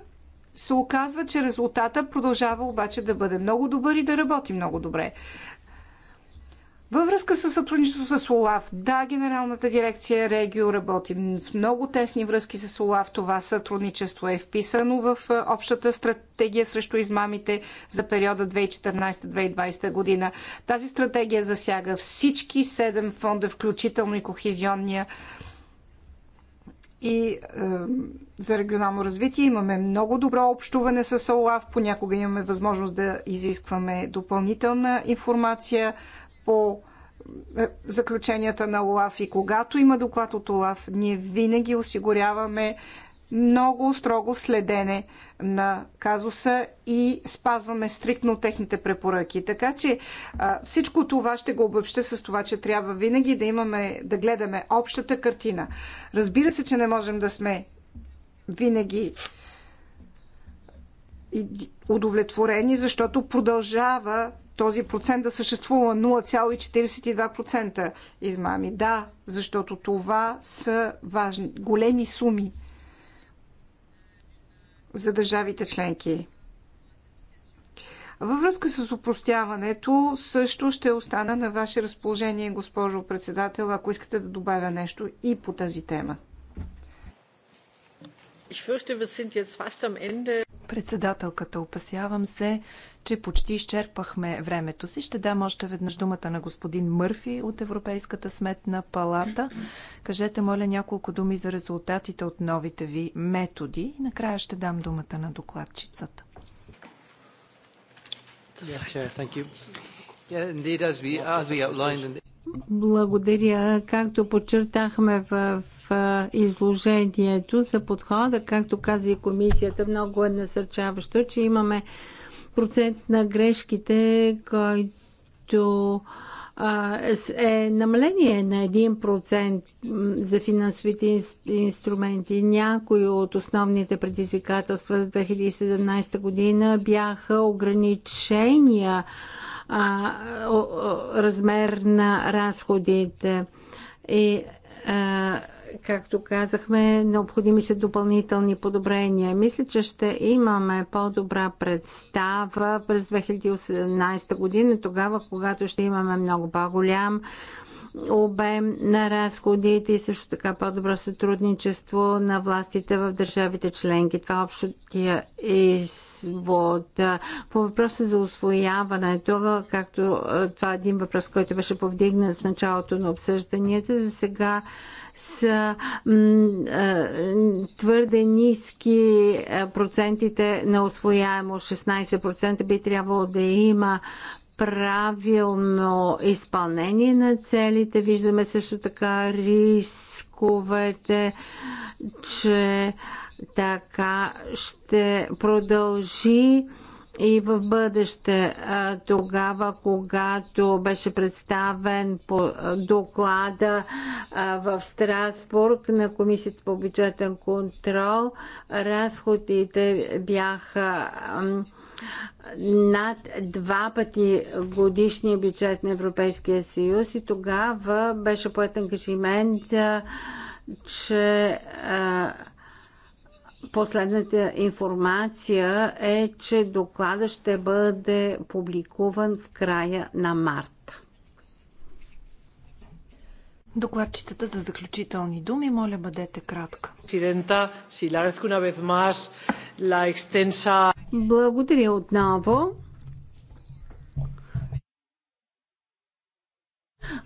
се оказва, че резултата продължава обаче да бъде много добър и да работи много добре. Във връзка с сътрудничество с ОЛАВ, да, Генералната дирекция Регио работи в много тесни връзки с ОЛАВ. Това сътрудничество е вписано в е, общата стратегия срещу измамите за периода 2014-2020 година. Тази стратегия засяга всички седем фонда, включително и кохезионния и е, за регионално развитие. Имаме много добро общуване с ОЛАВ. Понякога имаме възможност да изискваме допълнителна информация по е, заключенията на ОЛАФ и когато има доклад от ОЛАФ, ние винаги осигуряваме много строго следене на казуса и спазваме стриктно техните препоръки. Така че а, всичко това ще го обобща с това, че трябва винаги да имаме, да гледаме общата картина. Разбира се, че не можем да сме винаги удовлетворени, защото продължава този процент да съществува 0,42% измами. Да, защото това са важни, големи суми за държавите членки. Във връзка с упростяването също ще остана на ваше разположение, госпожо председател, ако искате да добавя нещо и по тази тема. Председателката, опасявам се, че почти изчерпахме времето си. Ще дам още веднъж думата на господин Мърфи от Европейската сметна палата. Кажете, моля, няколко думи за резултатите от новите ви методи. и Накрая ще дам думата на докладчицата. Yes, sure. Thank you. Yeah, indeed, as we, as we outlined in the благодаря. Както подчертахме в, изложението за подхода, както каза и комисията, много е насърчаващо, че имаме процент на грешките, който е намаление на 1% за финансовите инструменти. Някои от основните предизвикателства за 2017 година бяха ограничения а, размер на разходите. И а, както казахме, необходими са допълнителни подобрения. Мисля, че ще имаме по-добра представа през 2018 година, тогава, когато ще имаме много по-голям обем на разходите и също така по-добро сътрудничество на властите в държавите членки. Това е общия извод. По въпроса за освояването, както това е един въпрос, който беше повдигнат в началото на обсъжданията, за сега са твърде ниски процентите на освояемо. 16% би трябвало да има правилно изпълнение на целите. Виждаме също така рисковете, че така ще продължи и в бъдеще, тогава, когато беше представен по доклада в Страсбург на Комисията по бюджетен контрол, разходите бяха над два пъти годишния бюджет на Европейския съюз и тогава беше поет ангажимент, че последната информация е, че доклада ще бъде публикуван в края на март. Докладчицата за заключителни думи, моля бъдете кратка. Благодаря отново.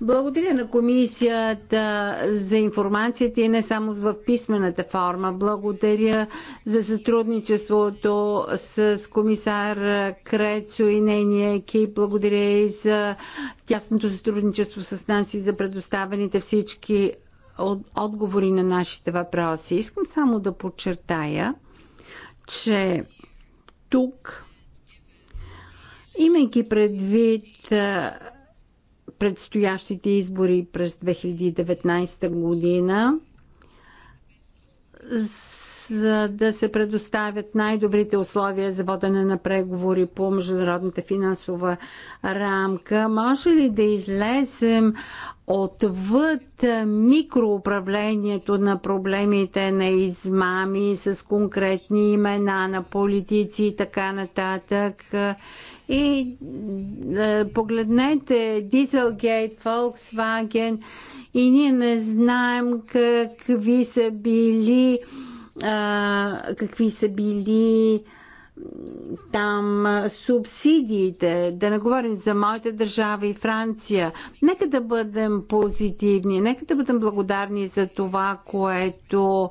Благодаря на комисията за информацията и не само в писмената форма. Благодаря за сътрудничеството с комисар Крецо и нейния екип. Благодаря и за тясното сътрудничество с нас и за предоставените всички отговори на нашите въпроси. Искам само да подчертая, че тук, имайки предвид предстоящите избори през 2019 година, за да се предоставят най-добрите условия за водене на преговори по международната финансова рамка. Може ли да излезем отвъд микроуправлението на проблемите на измами с конкретни имена на политици и така нататък и да, е, погледнете Дизелгейт, Volkswagen и ние не знаем какви са били а, какви са били там субсидиите, да не говорим за моята държава и Франция. Нека да бъдем позитивни, нека да бъдем благодарни за това, което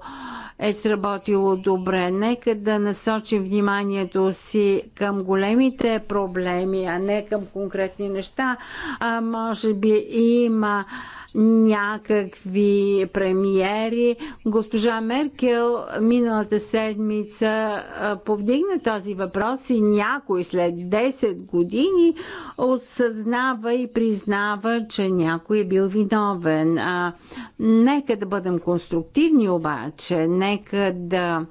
е сработило добре. Нека да насочим вниманието си към големите проблеми, а не към конкретни неща. А може би има някакви премиери. Госпожа Меркел миналата седмица повдигна този въпрос и някой след 10 години осъзнава и признава, че някой е бил виновен. А, нека да бъдем конструктивни обаче, нека да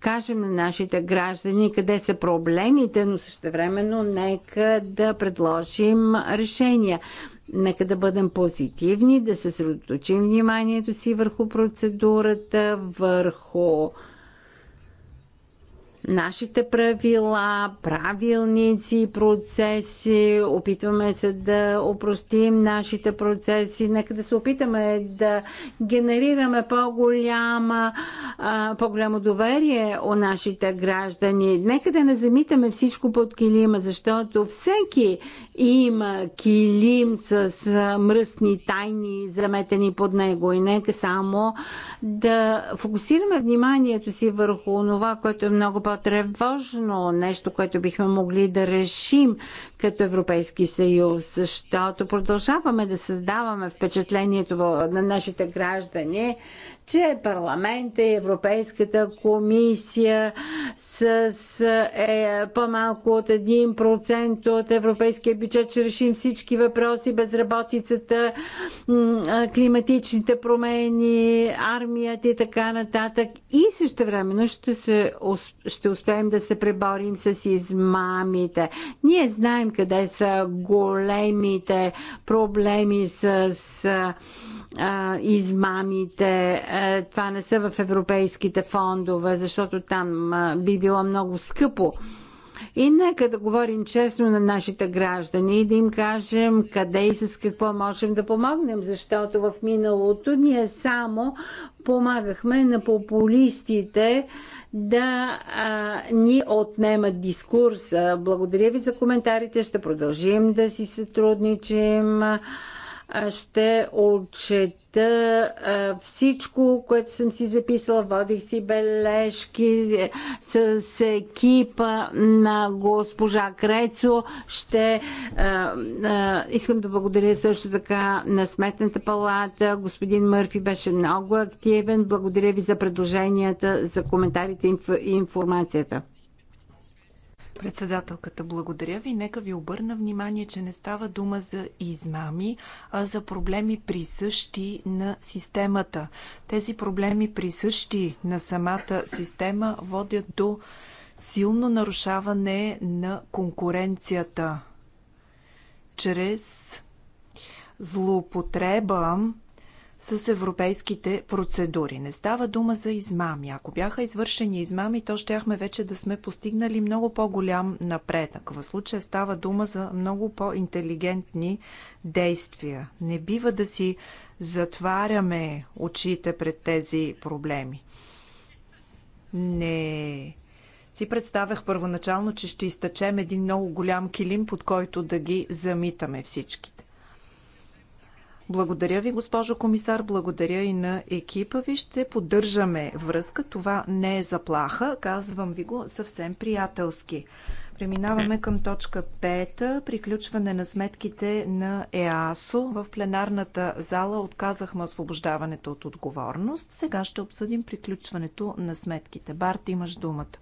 кажем на нашите граждани къде са проблемите, но същевременно нека да предложим решения. Нека да бъдем позитивни, да съсредоточим вниманието си върху процедурата, върху нашите правила, правилници, процеси, опитваме се да опростим нашите процеси, нека да се опитаме да генерираме по-голяма, по-голямо доверие у нашите граждани. Нека да не замитаме всичко под килима, защото всеки има килим с мръсни тайни, заметени под него. И нека само да фокусираме вниманието си върху това, което е много по по-тревожно нещо, което бихме могли да решим като Европейски съюз, защото продължаваме да създаваме впечатлението на нашите граждани, че парламента и Европейската комисия с е, по-малко от 1% от европейския бюджет ще решим всички въпроси, безработицата, климатичните промени, армията и така нататък. И също времено ще, се, ще успеем да се преборим с измамите. Ние знаем къде са големите проблеми с а, измамите. А, това не са в европейските фондове, защото там а, би било много скъпо. И нека да говорим честно на нашите граждани и да им кажем къде и с какво можем да помогнем, защото в миналото ние само помагахме на популистите да а, ни отнемат дискурса. Благодаря ви за коментарите, ще продължим да си сътрудничим ще отчета всичко, което съм си записала. Водих си бележки е, с, с екипа на госпожа Крецо. Ще а, а, искам да благодаря също така на Сметната палата. Господин Мърфи беше много активен. Благодаря ви за предложенията, за коментарите и информацията. Председателката, благодаря ви. Нека ви обърна внимание, че не става дума за измами, а за проблеми присъщи на системата. Тези проблеми присъщи на самата система водят до силно нарушаване на конкуренцията чрез злоупотреба с европейските процедури. Не става дума за измами. Ако бяха извършени измами, то щяхме вече да сме постигнали много по-голям напредък. В случая става дума за много по-интелигентни действия. Не бива да си затваряме очите пред тези проблеми. Не си представях първоначално, че ще изтъчем един много голям килим, под който да ги замитаме всичките. Благодаря ви, госпожо комисар, благодаря и на екипа ви. Ще поддържаме връзка. Това не е заплаха, казвам ви го съвсем приятелски. Преминаваме към точка 5. Приключване на сметките на ЕАСО. В пленарната зала отказахме освобождаването от отговорност. Сега ще обсъдим приключването на сметките. Барт, имаш думата.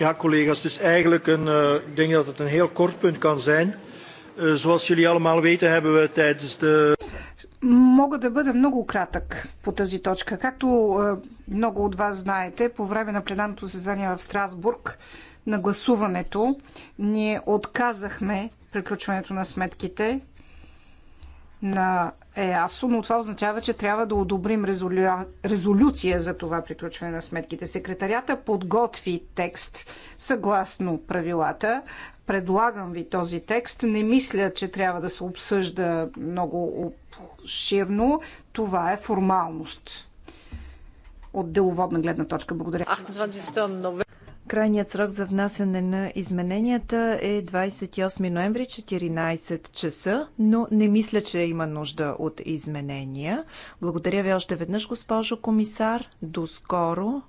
Ja, collega's, het is eigenlijk een, eh, ik denk dat het een heel kort punt kan zijn. Eh, zoals jullie allemaal weten hebben we tijdens de... Мога да бъда много кратък по тази точка. Както е, много от вас знаете, по време на пленарното заседание в Страсбург на гласуването ние отказахме приключването на сметките на ЕАСО, но това означава, че трябва да одобрим резолю... резолюция за това приключване на сметките. Секретарята подготви текст съгласно правилата. Предлагам ви този текст. Не мисля, че трябва да се обсъжда много ширно. Това е формалност. От деловодна гледна точка. Благодаря. Крайният срок за внасяне на измененията е 28 ноември 14 часа, но не мисля, че има нужда от изменения. Благодаря ви още веднъж, госпожо комисар. До скоро.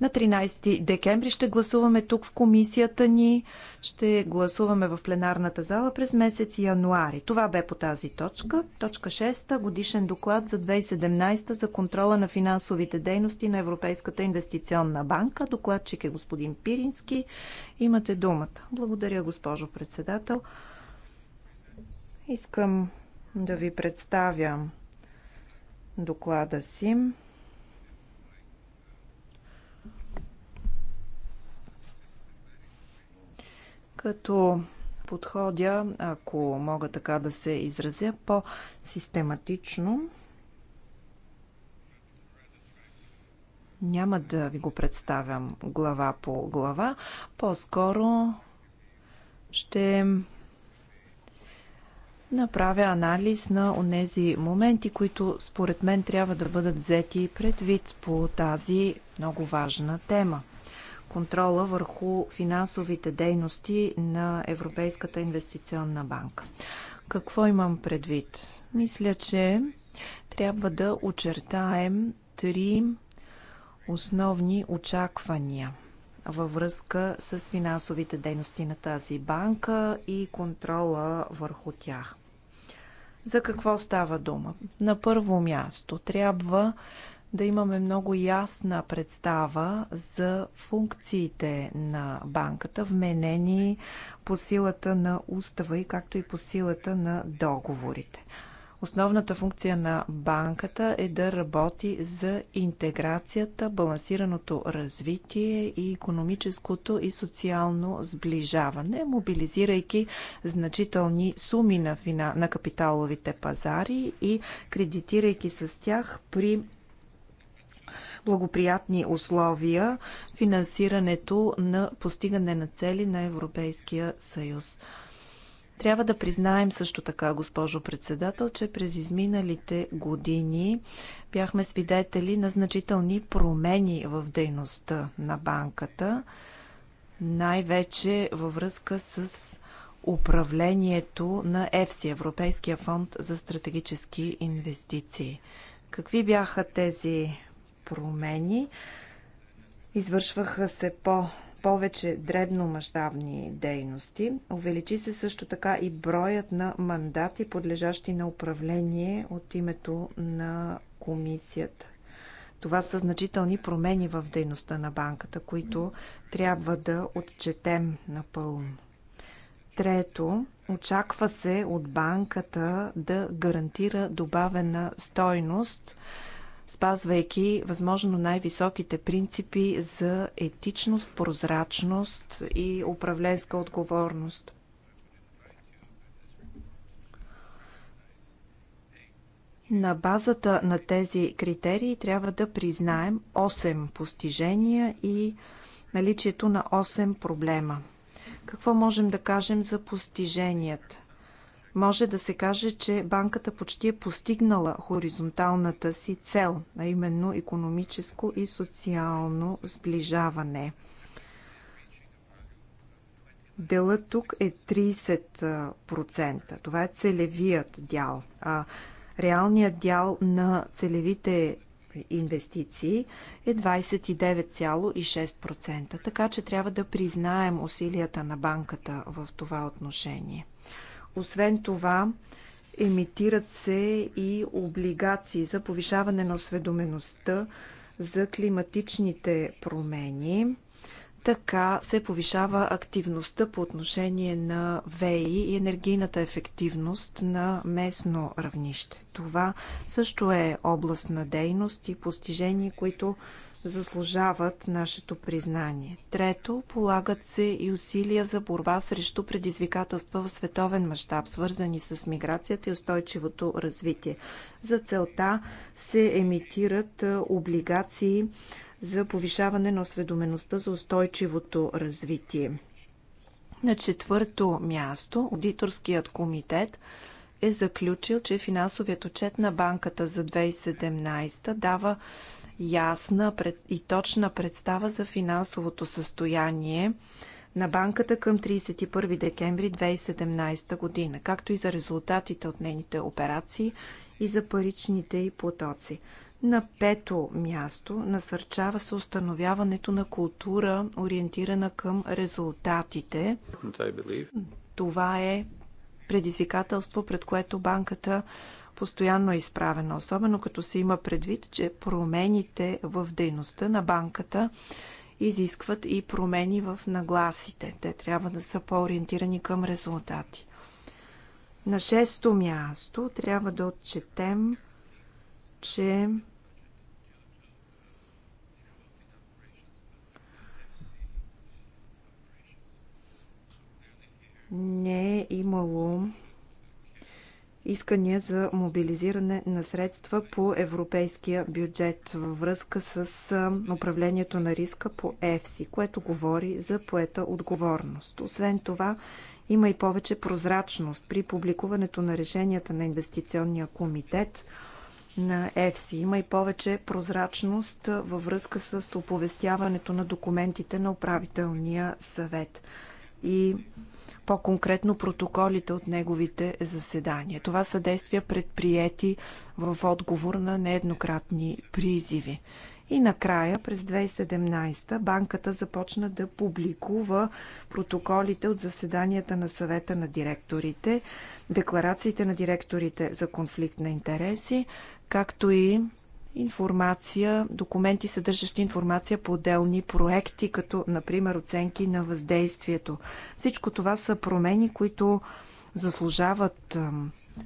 На 13 декември ще гласуваме тук в комисията ни, ще гласуваме в пленарната зала през месец януари. Това бе по тази точка. Точка 6. Годишен доклад за 2017 за контрола на финансовите дейности на Европейската инвестиционна банка. Докладчик е господин Пирински. Имате думата. Благодаря, госпожо председател. Искам да ви представя доклада си. като подходя, ако мога така да се изразя, по-систематично. Няма да ви го представям глава по глава. По-скоро ще направя анализ на онези моменти, които според мен трябва да бъдат взети предвид по тази много важна тема контрола върху финансовите дейности на Европейската инвестиционна банка. Какво имам предвид? Мисля, че трябва да очертаем три основни очаквания във връзка с финансовите дейности на тази банка и контрола върху тях. За какво става дума? На първо място трябва да имаме много ясна представа за функциите на банката, вменени по силата на устава и както и по силата на договорите. Основната функция на банката е да работи за интеграцията, балансираното развитие и економическото и социално сближаване, мобилизирайки значителни суми на, фина... на капиталовите пазари и кредитирайки с тях при благоприятни условия финансирането на постигане на цели на Европейския съюз. Трябва да признаем също така, госпожо председател, че през изминалите години бяхме свидетели на значителни промени в дейността на банката, най-вече във връзка с управлението на ЕФСИ, Европейския фонд за стратегически инвестиции. Какви бяха тези промени. Извършваха се по повече дребномащабни дейности. Увеличи се също така и броят на мандати, подлежащи на управление от името на комисията. Това са значителни промени в дейността на банката, които трябва да отчетем напълно. Трето, очаква се от банката да гарантира добавена стойност – спазвайки възможно най-високите принципи за етичност, прозрачност и управленска отговорност. На базата на тези критерии трябва да признаем 8 постижения и наличието на 8 проблема. Какво можем да кажем за постиженията? може да се каже, че банката почти е постигнала хоризонталната си цел, а именно економическо и социално сближаване. Делът тук е 30%. Това е целевият дял. А реалният дял на целевите инвестиции е 29,6%. Така че трябва да признаем усилията на банката в това отношение. Освен това, емитират се и облигации за повишаване на осведомеността за климатичните промени. Така се повишава активността по отношение на ВЕИ и енергийната ефективност на местно равнище. Това също е област на дейност и постижение, които заслужават нашето признание. Трето, полагат се и усилия за борба срещу предизвикателства в световен мащаб, свързани с миграцията и устойчивото развитие. За целта се емитират облигации за повишаване на осведомеността за устойчивото развитие. На четвърто място, аудиторският комитет е заключил, че финансовият отчет на банката за 2017 дава ясна и точна представа за финансовото състояние на банката към 31 декември 2017 година, както и за резултатите от нейните операции и за паричните и потоци. На пето място насърчава се установяването на култура, ориентирана към резултатите. Това е предизвикателство, пред което банката постоянно е изправена, особено като се има предвид, че промените в дейността на банката изискват и промени в нагласите. Те трябва да са по-ориентирани към резултати. На шесто място трябва да отчетем, че не е имало искания за мобилизиране на средства по европейския бюджет във връзка с управлението на риска по ЕФСИ, което говори за поета отговорност. Освен това, има и повече прозрачност при публикуването на решенията на инвестиционния комитет на ЕФСИ. Има и повече прозрачност във връзка с оповестяването на документите на управителния съвет. И по-конкретно протоколите от неговите заседания. Това са действия предприяти в отговор на нееднократни призиви. И накрая, през 2017, банката започна да публикува протоколите от заседанията на съвета на директорите, декларациите на директорите за конфликт на интереси, както и информация, документи съдържащи информация по отделни проекти, като например оценки на въздействието. Всичко това са промени, които заслужават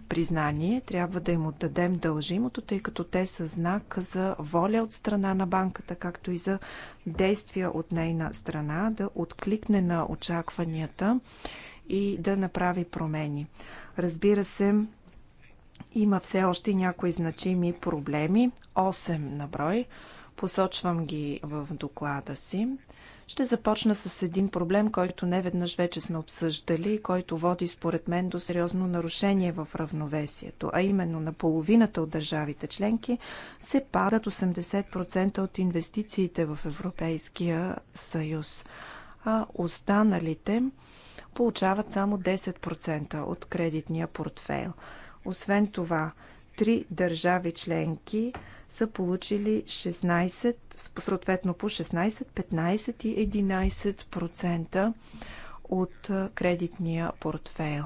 признание. Трябва да им отдадем дължимото, тъй като те са знак за воля от страна на банката, както и за действия от нейна страна да откликне на очакванията и да направи промени. Разбира се, има все още някои значими проблеми, 8 на брой. Посочвам ги в доклада си. Ще започна с един проблем, който не веднъж вече сме обсъждали и който води според мен до сериозно нарушение в равновесието, а именно на половината от държавите членки се падат 80% от инвестициите в Европейския съюз, а останалите получават само 10% от кредитния портфейл. Освен това, три държави членки са получили 16, съответно по 16, 15 и 11% от кредитния портфейл.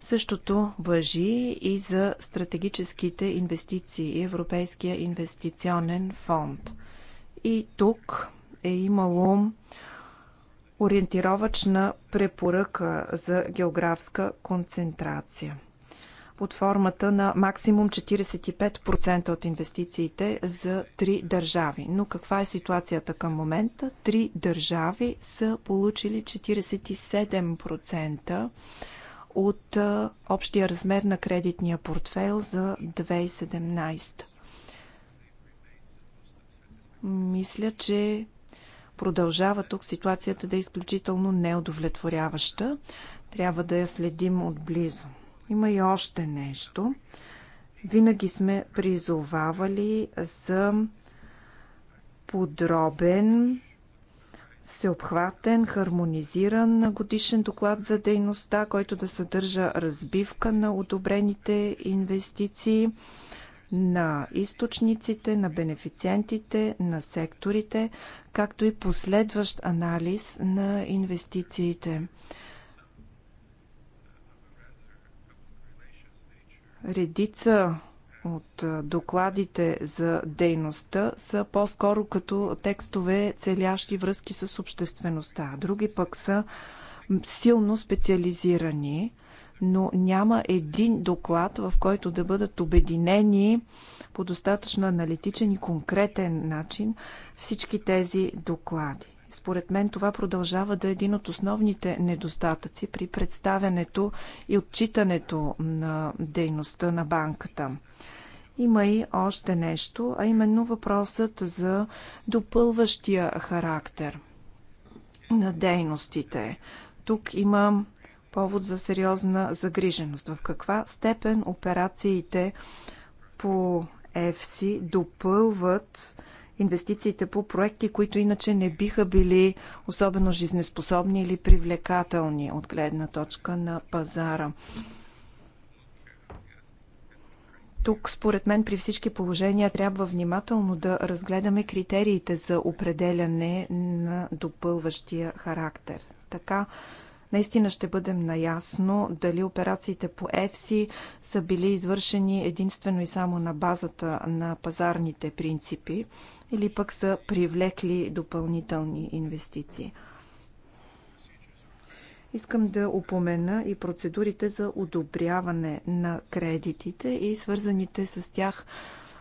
Същото въжи и за стратегическите инвестиции, Европейския инвестиционен фонд. И тук е имало ориентировачна препоръка за географска концентрация под формата на максимум 45% от инвестициите за три държави. Но каква е ситуацията към момента? Три държави са получили 47% от общия размер на кредитния портфейл за 2017. Мисля, че продължава тук ситуацията да е изключително неудовлетворяваща. Трябва да я следим отблизо. Има и още нещо. Винаги сме призовавали за подробен, всеобхватен, хармонизиран годишен доклад за дейността, който да съдържа разбивка на одобрените инвестиции на източниците, на бенефициентите, на секторите, както и последващ анализ на инвестициите. Редица от докладите за дейността са по-скоро като текстове, целящи връзки с обществеността. Други пък са силно специализирани но няма един доклад, в който да бъдат обединени по достатъчно аналитичен и конкретен начин всички тези доклади. Според мен това продължава да е един от основните недостатъци при представянето и отчитането на дейността на банката. Има и още нещо, а именно въпросът за допълващия характер на дейностите. Тук има повод за сериозна загриженост. В каква степен операциите по ЕФСИ допълват инвестициите по проекти, които иначе не биха били особено жизнеспособни или привлекателни от гледна точка на пазара. Тук, според мен, при всички положения трябва внимателно да разгледаме критериите за определяне на допълващия характер. Така наистина ще бъдем наясно дали операциите по ЕФСИ са били извършени единствено и само на базата на пазарните принципи или пък са привлекли допълнителни инвестиции. Искам да упомена и процедурите за одобряване на кредитите и свързаните с тях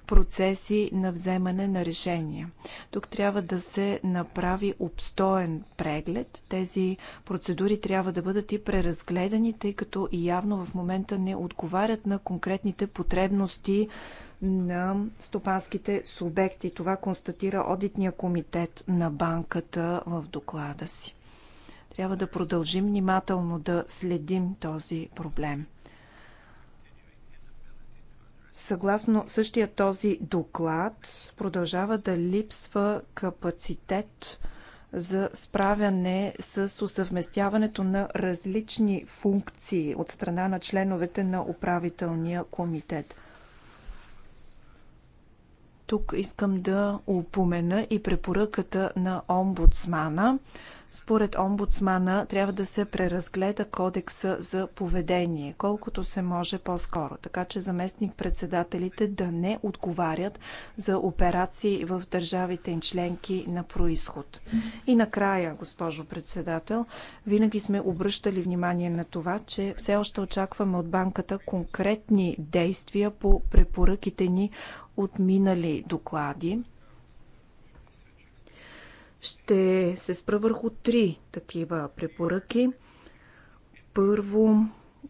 процеси на вземане на решения. Тук трябва да се направи обстоен преглед. Тези процедури трябва да бъдат и преразгледани, тъй като и явно в момента не отговарят на конкретните потребности на стопанските субекти. Това констатира Одитния комитет на банката в доклада си. Трябва да продължим внимателно да следим този проблем. Съгласно същия този доклад продължава да липсва капацитет за справяне с усъвместяването на различни функции от страна на членовете на управителния комитет. Тук искам да упомена и препоръката на омбудсмана – според омбудсмана трябва да се преразгледа кодекса за поведение, колкото се може по-скоро, така че заместник-председателите да не отговарят за операции в държавите им членки на происход. И накрая, госпожо председател, винаги сме обръщали внимание на това, че все още очакваме от банката конкретни действия по препоръките ни от минали доклади. Ще се спра върху три такива препоръки. Първо,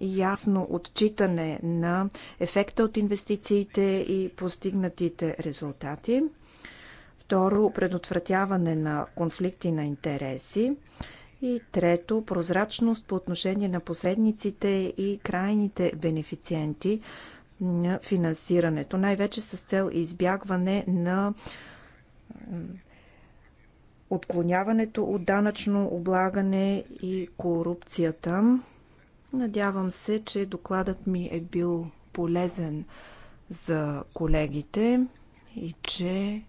ясно отчитане на ефекта от инвестициите и постигнатите резултати. Второ, предотвратяване на конфликти на интереси. И трето, прозрачност по отношение на посредниците и крайните бенефициенти на финансирането, най-вече с цел избягване на отклоняването от данъчно облагане и корупцията. Надявам се, че докладът ми е бил полезен за колегите и че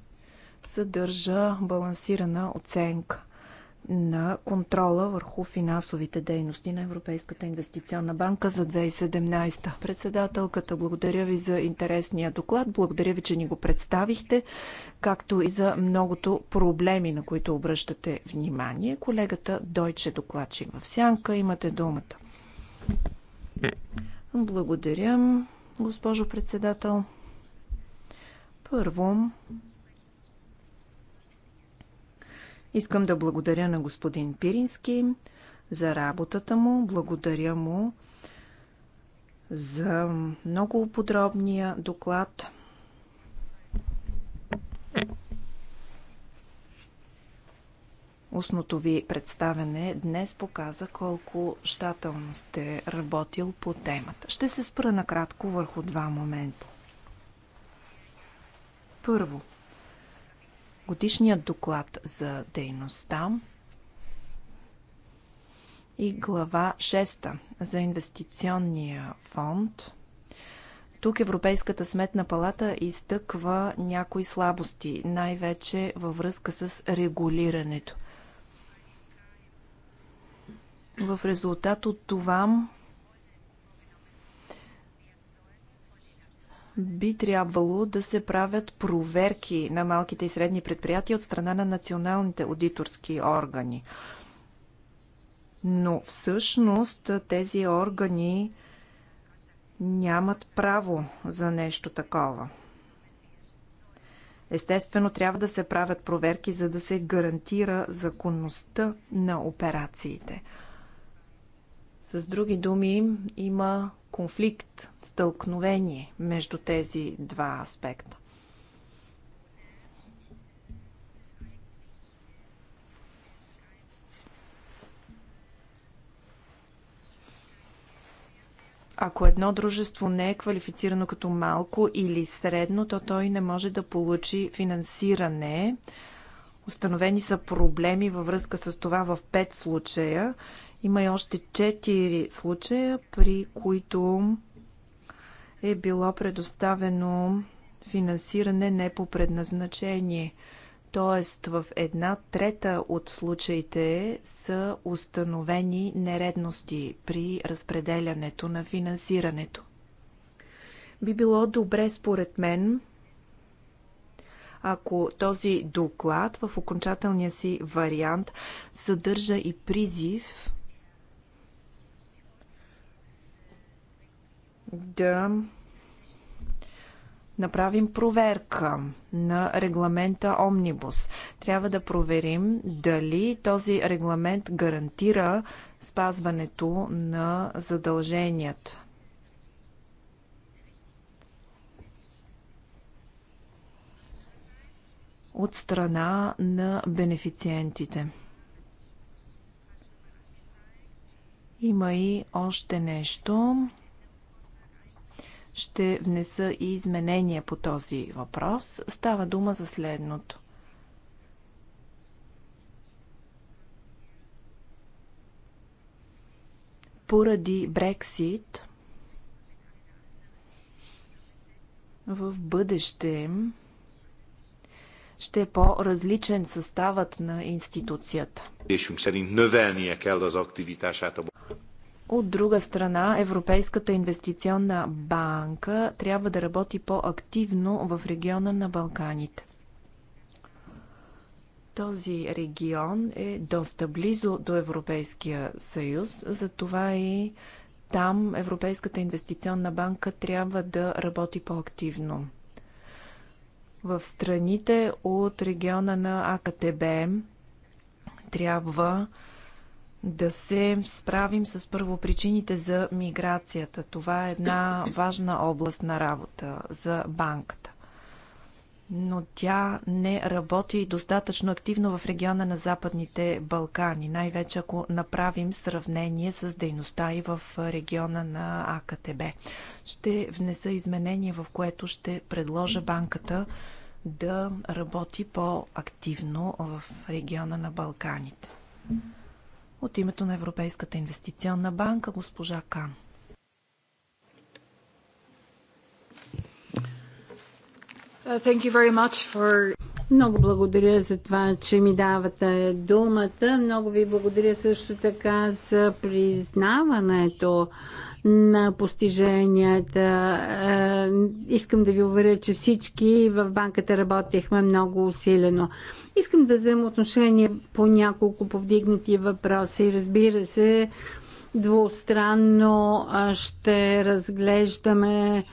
съдържа балансирана оценка на контрола върху финансовите дейности на Европейската инвестиционна банка за 2017. Председателката, благодаря ви за интересния доклад, благодаря ви, че ни го представихте, както и за многото проблеми, на които обръщате внимание. Колегата Дойче докладчик в Сянка, имате думата. Благодаря, госпожо председател. Първо, Искам да благодаря на господин Пирински за работата му. Благодаря му за много подробния доклад. Устното ви представене днес показа колко щателно сте работил по темата. Ще се спра накратко върху два момента. Първо, годишният доклад за дейността и глава 6 за инвестиционния фонд. Тук Европейската сметна палата изтъква някои слабости, най-вече във връзка с регулирането. В резултат от това би трябвало да се правят проверки на малките и средни предприятия от страна на националните аудиторски органи. Но всъщност тези органи нямат право за нещо такова. Естествено, трябва да се правят проверки, за да се гарантира законността на операциите. С други думи, има конфликт, стълкновение между тези два аспекта. Ако едно дружество не е квалифицирано като малко или средно, то той не може да получи финансиране. Установени са проблеми във връзка с това в пет случая има и още четири случая, при които е било предоставено финансиране не по предназначение. Тоест в една трета от случаите са установени нередности при разпределянето на финансирането. Би било добре според мен ако този доклад в окончателния си вариант съдържа и призив да направим проверка на регламента Омнибус. Трябва да проверим дали този регламент гарантира спазването на задълженията. от страна на бенефициентите. Има и още нещо ще внеса и изменения по този въпрос. Става дума за следното. Поради Брексит в бъдеще ще е по-различен съставът на институцията. От друга страна, Европейската инвестиционна банка трябва да работи по-активно в региона на Балканите. Този регион е доста близо до Европейския съюз, затова и там Европейската инвестиционна банка трябва да работи по-активно. В страните от региона на АКТБ трябва да се справим с първопричините за миграцията. Това е една важна област на работа за банката. Но тя не работи достатъчно активно в региона на Западните Балкани, най-вече ако направим сравнение с дейността и в региона на АКТБ. Ще внеса изменение, в което ще предложа банката да работи по-активно в региона на Балканите. От името на Европейската инвестиционна банка госпожа Кан. Uh, for... Много благодаря за това, че ми давате думата. Много ви благодаря също така за признаването на постиженията. Е, искам да ви уверя, че всички в банката работихме много усилено. Искам да взема отношение по няколко повдигнати въпроси. Разбира се, двустранно ще разглеждаме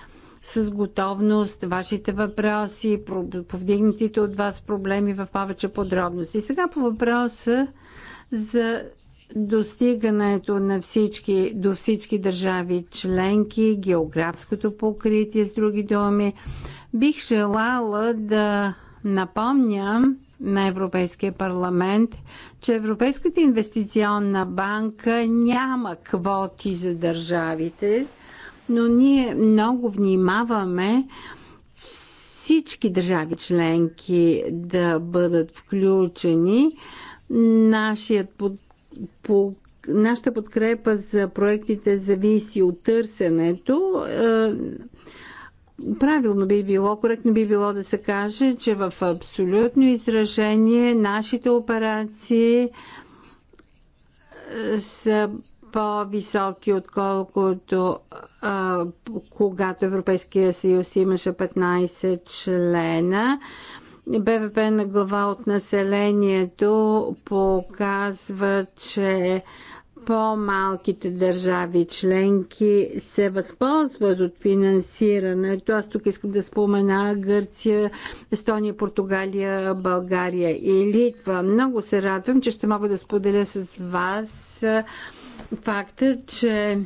с готовност вашите въпроси, повдигнатите от вас проблеми в повече подробности. И сега по въпроса за достигането на всички, до всички държави членки, географското покритие, с други думи. Бих желала да напомням на Европейския парламент, че Европейската инвестиционна банка няма квоти за държавите, но ние много внимаваме всички държави членки да бъдат включени. Нашият под по нашата подкрепа за проектите зависи от търсенето. Е, правилно би било, коректно би било да се каже, че в абсолютно изражение нашите операции е, са по-високи, отколкото а, когато Европейския съюз имаше 15 члена. БВП на глава от населението показва, че по-малките държави членки се възползват от финансирането. Аз тук искам да спомена Гърция, Естония, Португалия, България и Литва. Много се радвам, че ще мога да споделя с вас факта, че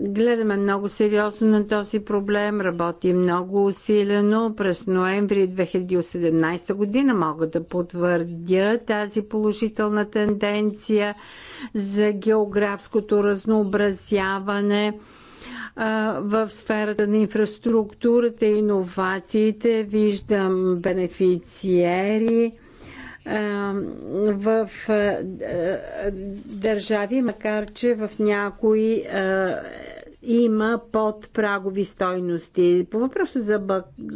гледаме много сериозно на този проблем, работим много усилено. През ноември 2017 година мога да потвърдя тази положителна тенденция за географското разнообразяване в сферата на инфраструктурата и иновациите. Виждам бенефициери в държави, макар че в някои има подпрагови стойности. По въпроса за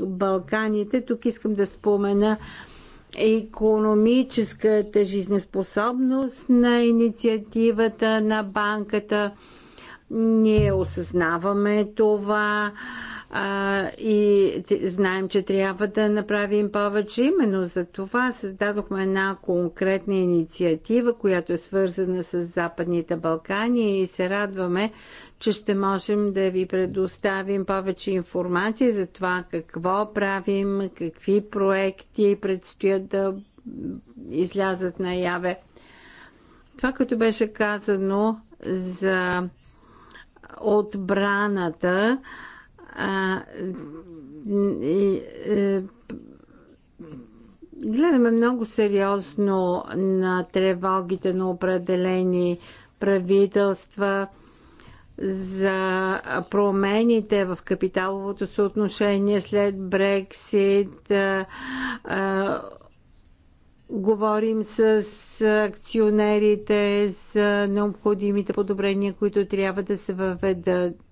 Балканите, тук искам да спомена економическата жизнеспособност на инициативата на банката. Ние осъзнаваме това а, и знаем, че трябва да направим повече. Именно за това създадохме една конкретна инициатива, която е свързана с Западните Балкани и се радваме, че ще можем да ви предоставим повече информация за това какво правим, какви проекти предстоят да излязат наяве. Това, като беше казано за отбраната, а, и, е, гледаме много сериозно на тревогите на определени правителства за промените в капиталовото съотношение след Брексит. Е, е, говорим с акционерите за необходимите подобрения, които трябва да се въведат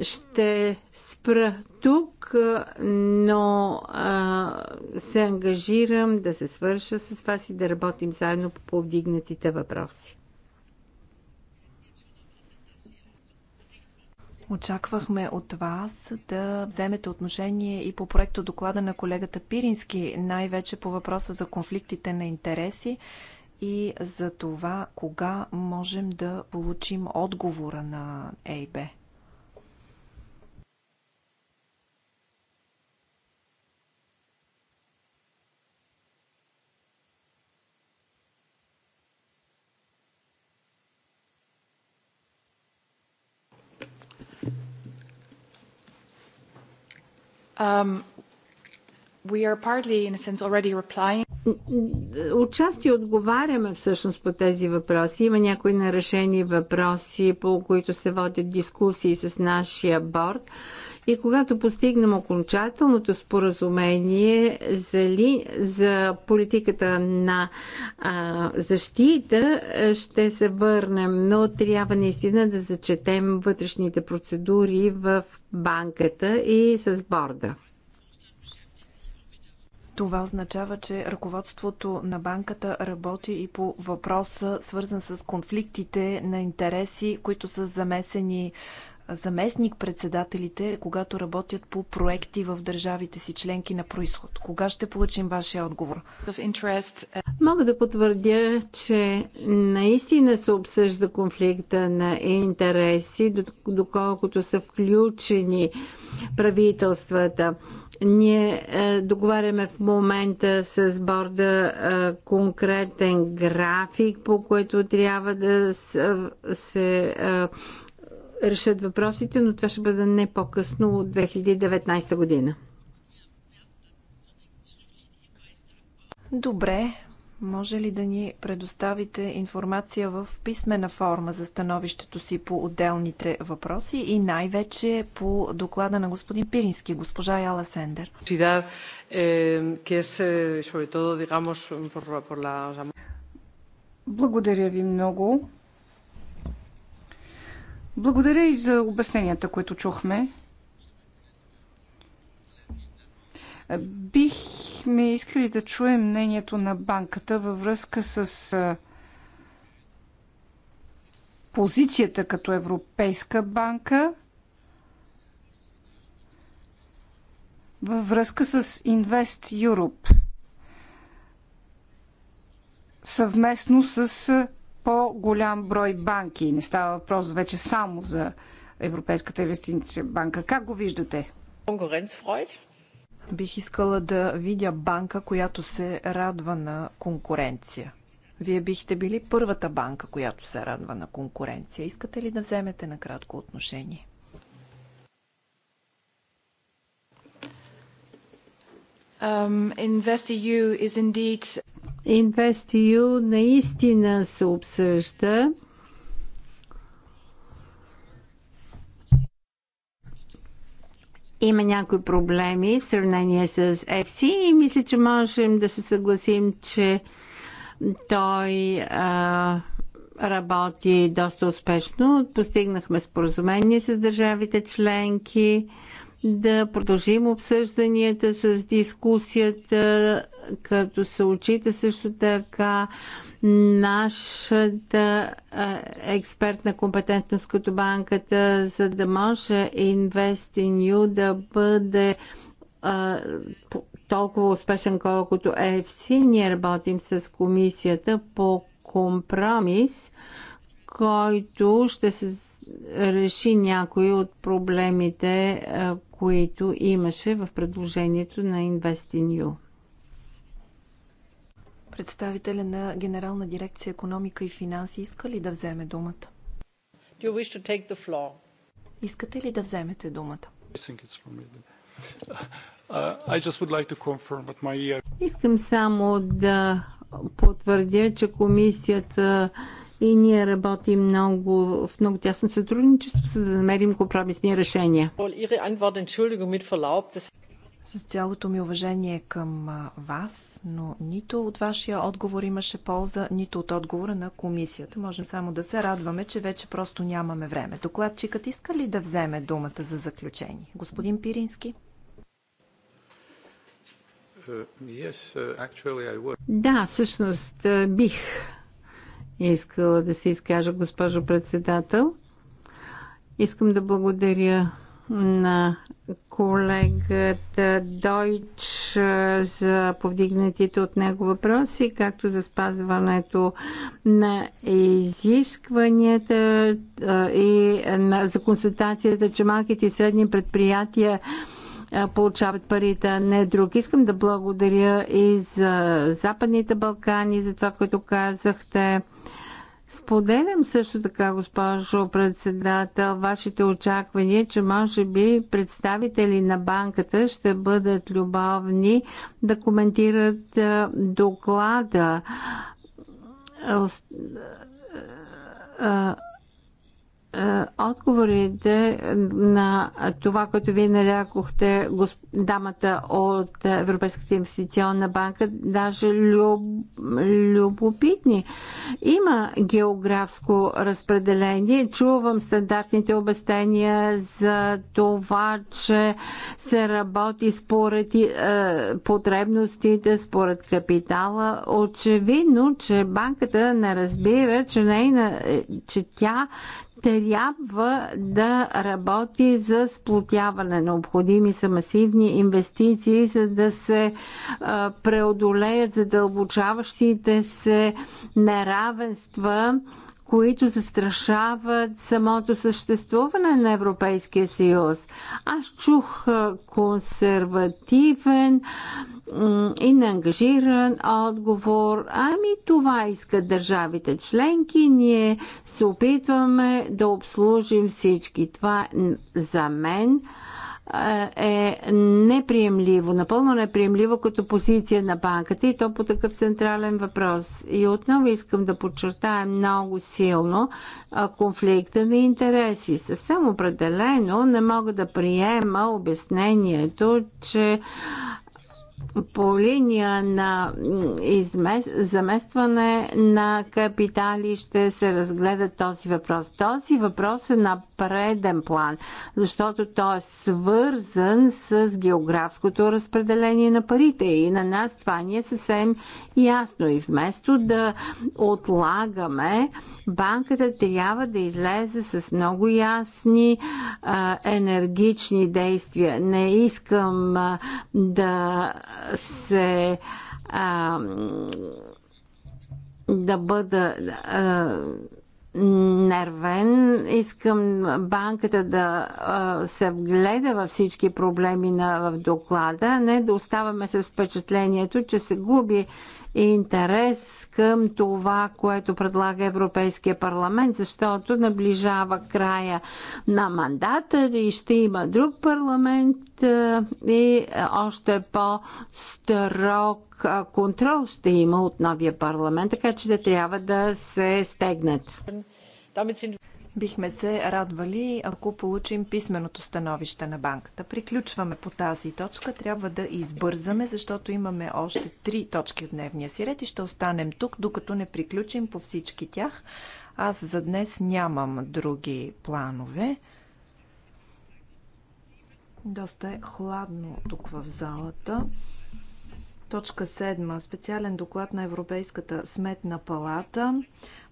ще спра тук, но а, се ангажирам да се свърша с вас и да работим заедно по повдигнатите въпроси. Очаквахме от вас да вземете отношение и по проекто доклада на колегата Пирински, най-вече по въпроса за конфликтите на интереси и за това кога можем да получим отговора на ЕИБ. Um, we are partly, in a sense, already replying. Отчасти отговаряме всъщност по тези въпроси. Има някои нарешени въпроси, по които се водят дискусии с нашия борт. Uh, и когато постигнем окончателното споразумение за, ли, за политиката на а, защита, ще се върнем. Но трябва наистина да зачетем вътрешните процедури в банката и с борда. Това означава, че ръководството на банката работи и по въпроса, свързан с конфликтите на интереси, които са замесени заместник-председателите, когато работят по проекти в държавите си членки на происход? Кога ще получим вашия отговор? Е, Мога да потвърдя, че наистина се обсъжда конфликта на интереси, доколкото са включени правителствата. Ние е, договаряме в момента с борда е, конкретен график, по който трябва да се, се решат въпросите, но това ще бъде не по-късно от 2019 година. Добре. Може ли да ни предоставите информация в писмена форма за становището си по отделните въпроси и най-вече по доклада на господин Пирински, госпожа Яла Сендер? Благодаря ви много. Благодаря и за обясненията, които чухме. Бихме искали да чуем мнението на банката във връзка с позицията като Европейска банка във връзка с Invest Europe съвместно с по-голям брой банки. Не става въпрос вече само за Европейската инвестиция банка. Как го виждате? Конкуренцфройд? Бих искала да видя банка, която се радва на конкуренция. Вие бихте били първата банка, която се радва на конкуренция. Искате ли да вземете на кратко отношение? Um, InvestEU is indeed InvestEU наистина се обсъжда. Има някои проблеми в сравнение с FC и мисля, че можем да се съгласим, че той а, работи доста успешно. Постигнахме споразумение с държавите членки да продължим обсъжданията с дискусията, като се очита също така нашата експертна компетентност като банката, за да може Invest in да бъде толкова успешен, колкото EFC. Е Ние работим с комисията по компромис, който ще се реши някои от проблемите, които имаше в предложението на InvestInU. Представителя на Генерална дирекция економика и финанси иска ли да вземе думата? Do you wish to take the floor? Искате ли да вземете думата? Uh, Искам само да потвърдя, че комисията uh, и ние работим много, в много тясно сътрудничество, за да намерим компромисни решения. С цялото ми уважение към вас, но нито от вашия отговор имаше полза, нито от отговора на комисията. Можем само да се радваме, че вече просто нямаме време. Докладчикът иска ли да вземе думата за заключение? Господин Пирински? Е, uh, да, всъщност бих искала да се изкажа, госпожо председател. Искам да благодаря на колегата Дойч за повдигнатите от него въпроси, както за спазването на изискванията и за консултацията, че малките и средни предприятия получават парите, а не друг. Искам да благодаря и за Западните Балкани, за това, което казахте. Споделям също така, госпожо председател, вашите очаквания, че може би представители на банката ще бъдат любовни да коментират доклада е, отговорите на това, което вие нарякохте дамата от Европейската инвестиционна банка, даже любопитни. Има географско разпределение. Чувам стандартните обяснения за това, че се работи според е, потребностите, според капитала. Очевидно, че банката не разбира, че, нейна, е, че тя трябва да работи за сплотяване. Необходими са масивни инвестиции, за да се преодолеят задълбочаващите се неравенства които застрашават самото съществуване на Европейския съюз. Аз чух консервативен и неангажиран отговор. Ами това искат държавите членки. Ние се опитваме да обслужим всички. Това за мен е неприемливо, напълно неприемливо като позиция на банката и то по такъв централен въпрос. И отново искам да подчертая много силно конфликта на интереси. Съвсем определено не мога да приема обяснението, че по линия на измес... заместване на капитали ще се разгледа този въпрос. Този въпрос е на преден план, защото той е свързан с географското разпределение на парите и на нас това ни е съвсем ясно и е, вместо да отлагаме, банката трябва да излезе с много ясни а, енергични действия. Не искам а, да се а, да бъда а, нервен. Искам банката да а, се вгледа във всички проблеми на, в доклада, не да оставаме с впечатлението, че се губи интерес към това, което предлага Европейския парламент, защото наближава края на мандата и ще има друг парламент е, и още по-строг контрол ще има от новия парламент, така че да трябва да се стегнат. Бихме се радвали, ако получим писменото становище на банката. Приключваме по тази точка. Трябва да избързаме, защото имаме още три точки в дневния си ред и ще останем тук, докато не приключим по всички тях. Аз за днес нямам други планове. Доста е хладно тук в залата. Точка 7. Специален доклад на Европейската сметна палата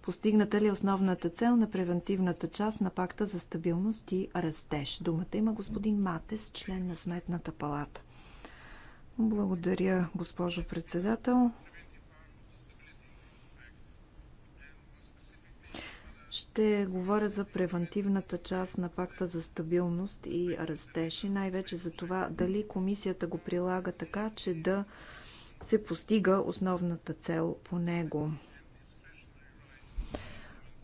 Постигната ли е основната цел на превентивната част на пакта за стабилност и растеж? Думата има господин Матес, член на Сметната палата. Благодаря, госпожо председател. Ще говоря за превентивната част на пакта за стабилност и растеж и най-вече за това дали комисията го прилага така, че да се постига основната цел по него.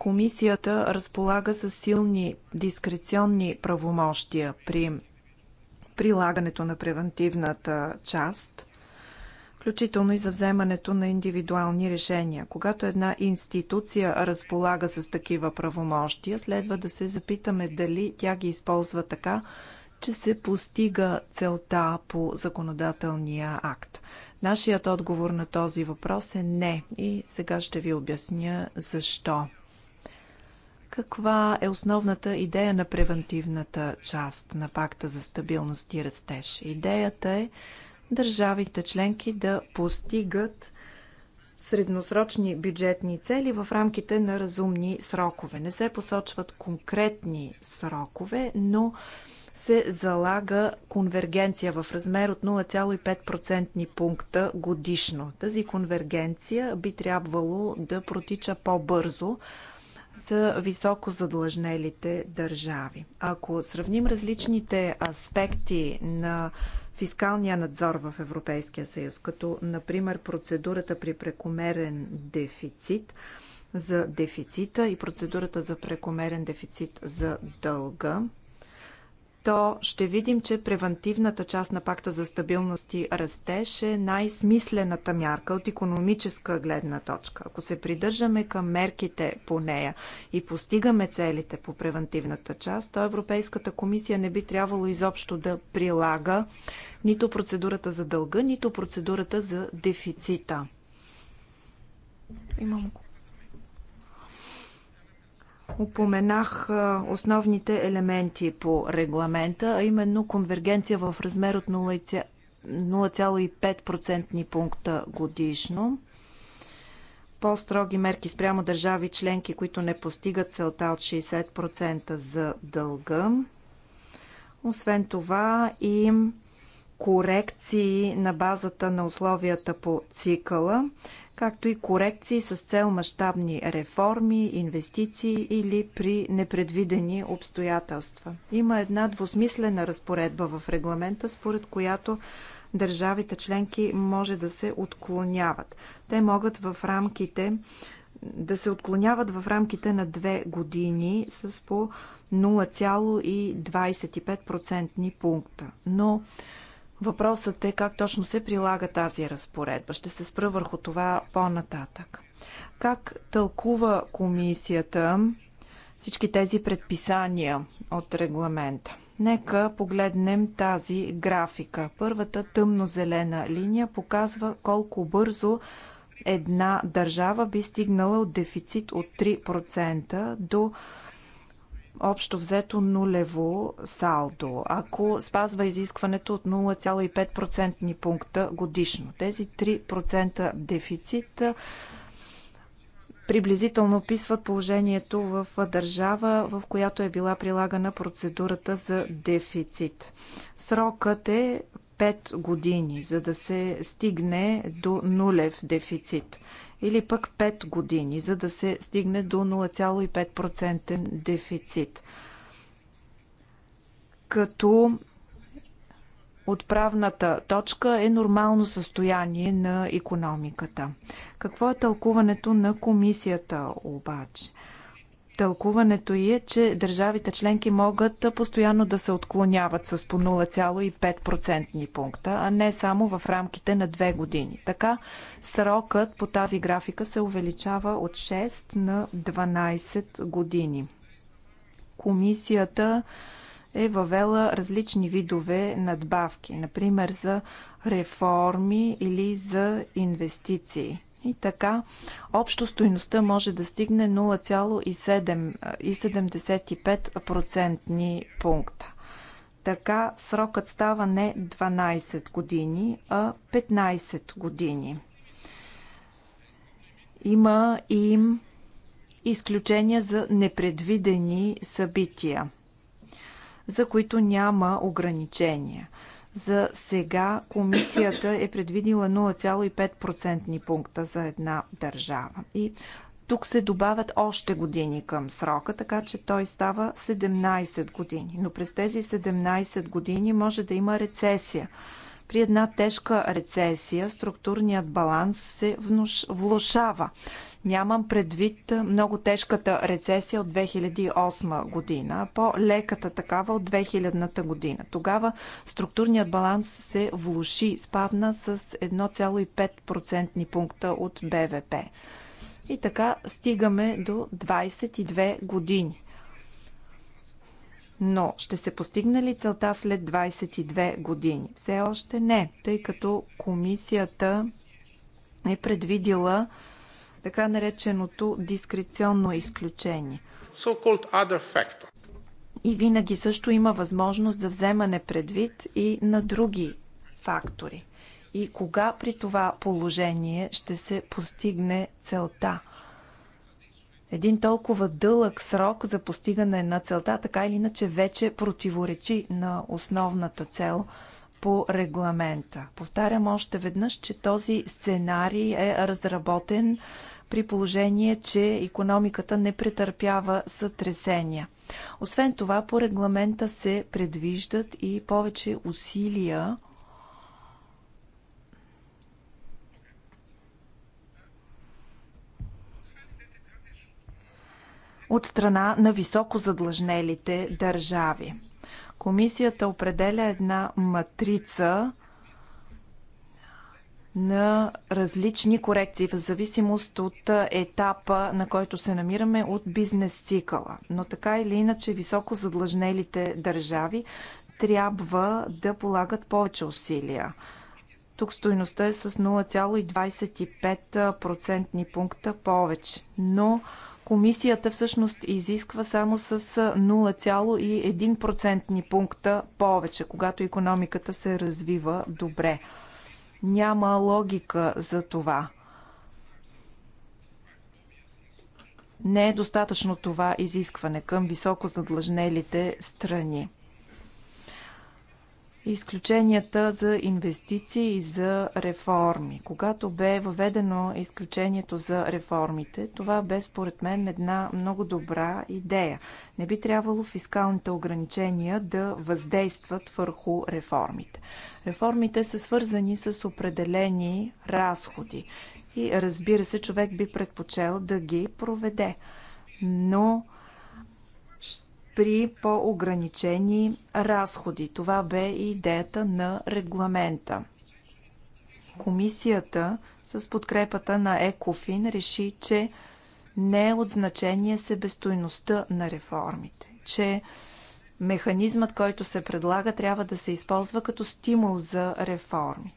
Комисията разполага с силни дискреционни правомощия при прилагането на превентивната част, включително и за вземането на индивидуални решения. Когато една институция разполага с такива правомощия, следва да се запитаме дали тя ги използва така, че се постига целта по законодателния акт. Нашият отговор на този въпрос е не и сега ще ви обясня защо. Каква е основната идея на превентивната част на пакта за стабилност и растеж? Идеята е държавите членки да постигат средносрочни бюджетни цели в рамките на разумни срокове. Не се посочват конкретни срокове, но се залага конвергенция в размер от 0,5% пункта годишно. Тази конвергенция би трябвало да протича по-бързо, за високо задлъжнелите държави. Ако сравним различните аспекти на фискалния надзор в Европейския съюз, като например процедурата при прекомерен дефицит за дефицита и процедурата за прекомерен дефицит за дълга, то ще видим, че превантивната част на пакта за стабилност и растеж е най-смислената мярка от економическа гледна точка. Ако се придържаме към мерките по нея и постигаме целите по превантивната част, то Европейската комисия не би трябвало изобщо да прилага нито процедурата за дълга, нито процедурата за дефицита. Имам упоменах основните елементи по регламента, а именно конвергенция в размер от 0,5% пункта годишно, по-строги мерки спрямо държави членки, които не постигат целта от 60% за дълга. Освен това и корекции на базата на условията по цикъла както и корекции с цел мащабни реформи, инвестиции или при непредвидени обстоятелства. Има една двусмислена разпоредба в регламента, според която държавите членки може да се отклоняват. Те могат в рамките да се отклоняват в рамките на две години с по 0,25% пункта. Но Въпросът е как точно се прилага тази разпоредба. Ще се спра върху това по-нататък. Как тълкува комисията всички тези предписания от регламента? Нека погледнем тази графика. Първата тъмно-зелена линия показва колко бързо една държава би стигнала от дефицит от 3% до общо взето нулево салдо, ако спазва изискването от 0,5% пункта годишно. Тези 3% дефицит приблизително описват положението в държава, в която е била прилагана процедурата за дефицит. Срокът е 5 години, за да се стигне до нулев дефицит или пък 5 години, за да се стигне до 0,5% дефицит. Като отправната точка е нормално състояние на економиката. Какво е тълкуването на комисията обаче? Тълкуването и е, че държавите членки могат постоянно да се отклоняват с по 0,5% пункта, а не само в рамките на две години. Така срокът по тази графика се увеличава от 6 на 12 години. Комисията е въвела различни видове надбавки, например за реформи или за инвестиции. И така, общо стоеността може да стигне 0,75% пункта. Така срокът става не 12 години, а 15 години. Има и изключения за непредвидени събития, за които няма ограничения – за сега комисията е предвидила 0,5% пункта за една държава. И тук се добавят още години към срока, така че той става 17 години. Но през тези 17 години може да има рецесия. При една тежка рецесия структурният баланс се влушава. Нямам предвид много тежката рецесия от 2008 година, по-леката такава от 2000-та година. Тогава структурният баланс се влуши, спадна с 1,5% пункта от БВП. И така стигаме до 22 години. Но ще се постигне ли целта след 22 години? Все още не, тъй като комисията е предвидила така нареченото дискреционно изключение. So и винаги също има възможност за вземане предвид и на други фактори. И кога при това положение ще се постигне целта? Един толкова дълъг срок за постигане на целта, така или иначе, вече противоречи на основната цел по регламента. Повтарям още веднъж, че този сценарий е разработен при положение, че економиката не претърпява сътресения. Освен това, по регламента се предвиждат и повече усилия от страна на високо задлъжнелите държави. Комисията определя една матрица на различни корекции в зависимост от етапа, на който се намираме от бизнес цикъла. Но така или иначе високо задлъжнелите държави трябва да полагат повече усилия. Тук стоеността е с 0,25% пункта повече. Но Комисията всъщност изисква само с 0,1% пункта повече, когато економиката се развива добре. Няма логика за това. Не е достатъчно това изискване към високо задлъжнелите страни изключенията за инвестиции и за реформи. Когато бе въведено изключението за реформите, това бе според мен една много добра идея. Не би трябвало фискалните ограничения да въздействат върху реформите. Реформите са свързани с определени разходи и разбира се, човек би предпочел да ги проведе. Но при по-ограничени разходи. Това бе и идеята на регламента. Комисията с подкрепата на ЕКОФИН реши, че не е от значение себестойността на реформите, че механизмът, който се предлага, трябва да се използва като стимул за реформи.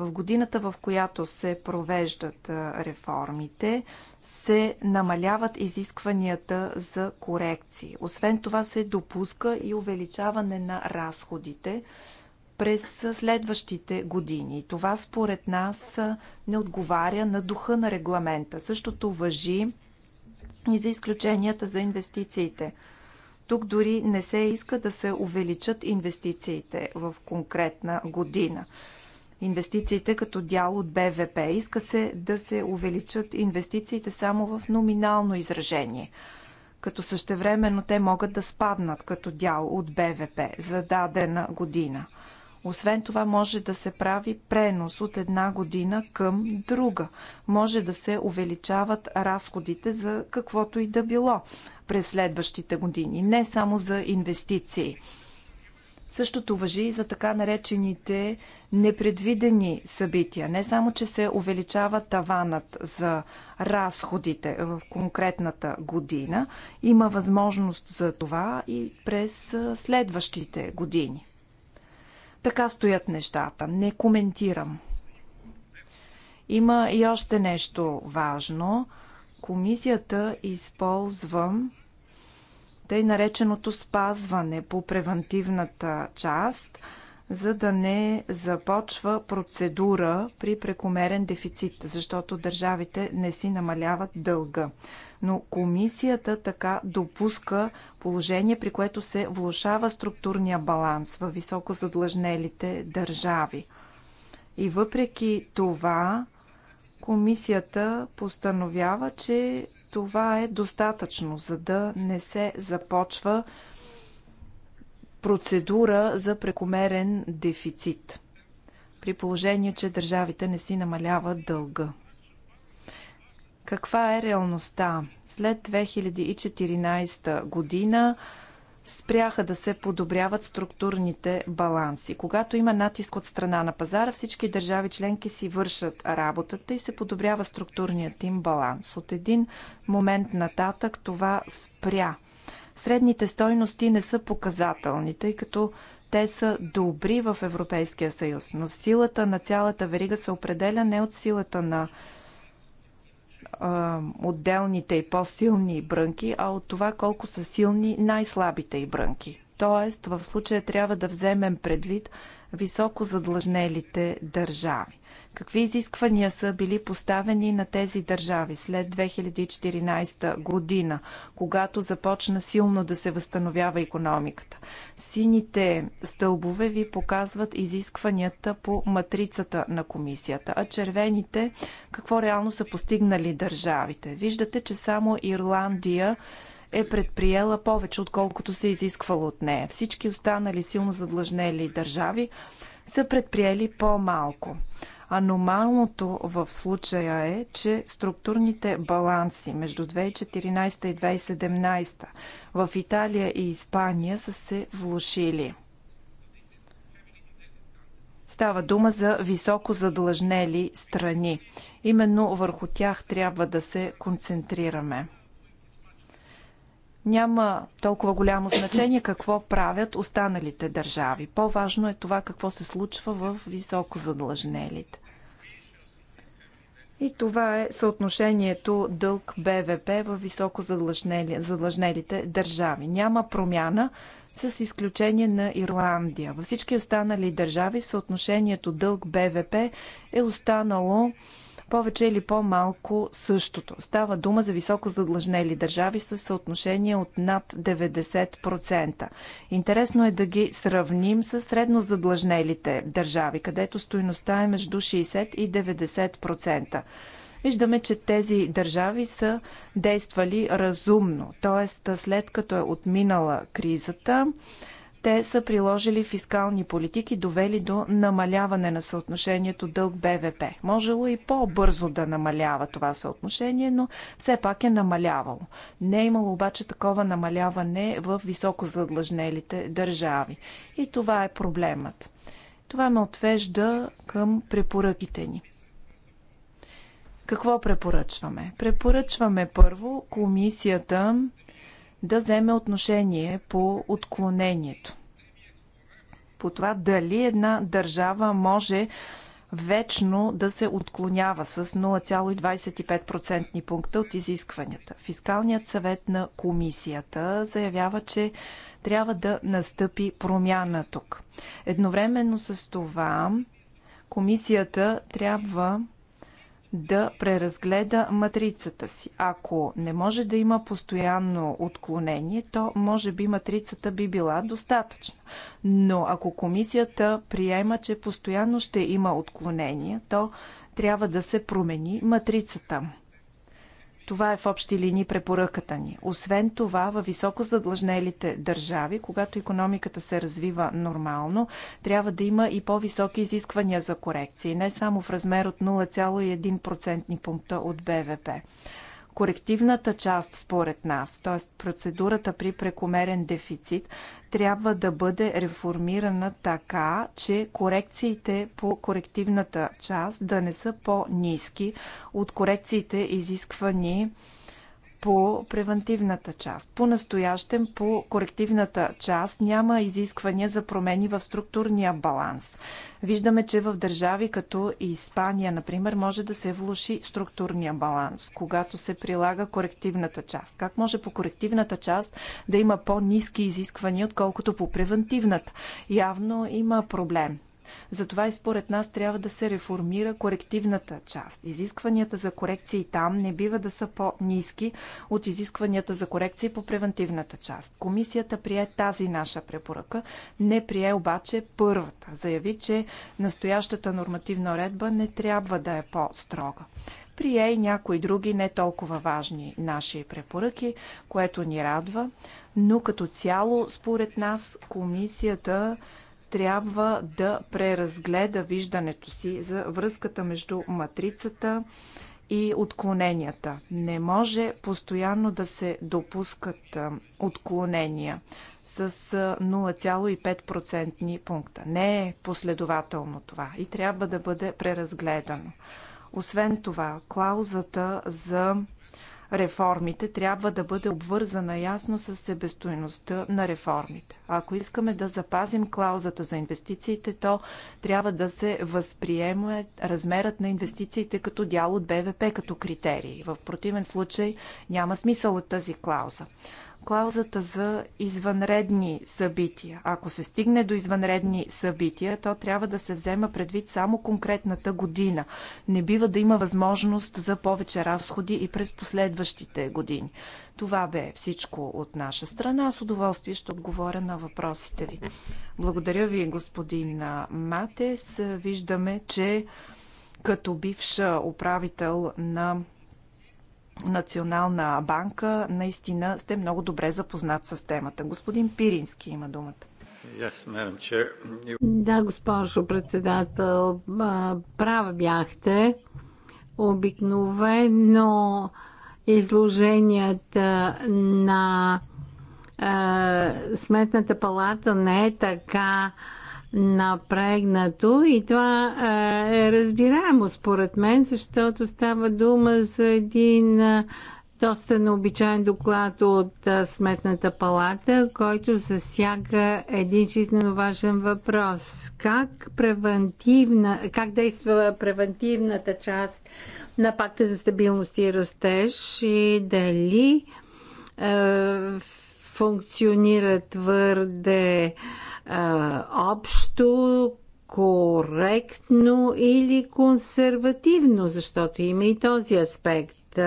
В годината, в която се провеждат реформите, се намаляват изискванията за корекции. Освен това се допуска и увеличаване на разходите през следващите години. Това според нас не отговаря на духа на регламента. Същото въжи и за изключенията за инвестициите. Тук дори не се иска да се увеличат инвестициите в конкретна година инвестициите като дял от БВП. Иска се да се увеличат инвестициите само в номинално изражение, като същевременно те могат да спаднат като дял от БВП за дадена година. Освен това може да се прави пренос от една година към друга. Може да се увеличават разходите за каквото и да било през следващите години, не само за инвестиции. Същото въжи и за така наречените непредвидени събития. Не само, че се увеличава таванът за разходите в конкретната година, има възможност за това и през следващите години. Така стоят нещата. Не коментирам. Има и още нещо важно. Комисията използва тъй нареченото спазване по превентивната част, за да не започва процедура при прекомерен дефицит, защото държавите не си намаляват дълга. Но комисията така допуска положение, при което се влушава структурния баланс във високо задлъжнелите държави. И въпреки това, комисията постановява, че това е достатъчно, за да не се започва процедура за прекомерен дефицит, при положение, че държавите не си намаляват дълга. Каква е реалността? След 2014 година спряха да се подобряват структурните баланси. Когато има натиск от страна на пазара, всички държави членки си вършат работата и се подобрява структурният им баланс. От един момент нататък това спря. Средните стойности не са показателни, тъй като те са добри в Европейския съюз, но силата на цялата верига се определя не от силата на а, отделните и по-силни брънки, а от това колко са силни най-слабите и брънки. Тоест, в случая трябва да вземем предвид високо задлъжнелите държави. Какви изисквания са били поставени на тези държави след 2014 година, когато започна силно да се възстановява економиката? Сините стълбове ви показват изискванията по матрицата на комисията, а червените какво реално са постигнали държавите. Виждате, че само Ирландия е предприела повече, отколкото се е изисквало от нея. Всички останали силно задлъжнели държави са предприели по-малко. Аномалното в случая е, че структурните баланси между 2014 и 2017 в Италия и Испания са се влушили. Става дума за високо задлъжнели страни. Именно върху тях трябва да се концентрираме няма толкова голямо значение какво правят останалите държави. По-важно е това какво се случва в високо задлъжнелите. И това е съотношението дълг БВП в високо задлъжнели, задлъжнелите държави. Няма промяна с изключение на Ирландия. Във всички останали държави съотношението дълг БВП е останало повече или по-малко същото. Става дума за високо задлъжнели държави с съотношение от над 90%. Интересно е да ги сравним с средно задлъжнелите държави, където стоиността е между 60 и 90% виждаме, че тези държави са действали разумно. т.е. след като е отминала кризата, те са приложили фискални политики, довели до намаляване на съотношението дълг БВП. Можело и по-бързо да намалява това съотношение, но все пак е намалявало. Не е имало обаче такова намаляване в високо задлъжнелите държави. И това е проблемът. Това ме отвежда към препоръките ни. Какво препоръчваме? Препоръчваме първо комисията да вземе отношение по отклонението. По това дали една държава може вечно да се отклонява с 0,25% пункта от изискванията. Фискалният съвет на комисията заявява, че трябва да настъпи промяна тук. Едновременно с това комисията трябва да преразгледа матрицата си. Ако не може да има постоянно отклонение, то може би матрицата би била достатъчна. Но ако комисията приема, че постоянно ще има отклонение, то трябва да се промени матрицата. Това е в общи линии препоръката ни. Освен това, във високо задлъжнелите държави, когато економиката се развива нормално, трябва да има и по-високи изисквания за корекции, не само в размер от 0,1% пункта от БВП корективната част според нас, т.е. процедурата при прекомерен дефицит, трябва да бъде реформирана така, че корекциите по корективната част да не са по-низки от корекциите изисквани по превентивната част. По настоящем, по корективната част няма изисквания за промени в структурния баланс. Виждаме, че в държави като Испания, например, може да се влуши структурния баланс, когато се прилага корективната част. Как може по корективната част да има по-низки изисквания, отколкото по превентивната? Явно има проблем. Затова и според нас трябва да се реформира корективната част. Изискванията за корекции там не бива да са по-низки от изискванията за корекции по превентивната част. Комисията прие тази наша препоръка, не прие обаче първата. Заяви, че настоящата нормативна редба не трябва да е по-строга прие и някои други не толкова важни наши препоръки, което ни радва, но като цяло, според нас, комисията трябва да преразгледа виждането си за връзката между матрицата и отклоненията. Не може постоянно да се допускат отклонения с 0,5% пункта. Не е последователно това и трябва да бъде преразгледано. Освен това, клаузата за реформите трябва да бъде обвързана ясно с себестойността на реформите. Ако искаме да запазим клаузата за инвестициите, то трябва да се възприеме размерът на инвестициите като дял от БВП като критерии. В противен случай няма смисъл от тази клауза клаузата за извънредни събития. Ако се стигне до извънредни събития, то трябва да се взема предвид само конкретната година. Не бива да има възможност за повече разходи и през последващите години. Това бе всичко от наша страна. С удоволствие ще отговоря на въпросите ви. Благодаря ви, господин Матес. Виждаме, че като бивша управител на Национална банка, наистина сте много добре запознат с темата. Господин Пирински има думата. Yes, да, госпожо председател, права бяхте. Обикновено изложенията на Сметната палата не е така напрегнато и това е разбираемо според мен, защото става дума за един доста необичайен доклад от Сметната палата, който засяга един жизненно важен въпрос. Как, превентивна, как действа превентивната част на пакта за стабилност и растеж и дали е, функционира твърде е, общо, коректно или консервативно, защото има и този аспект.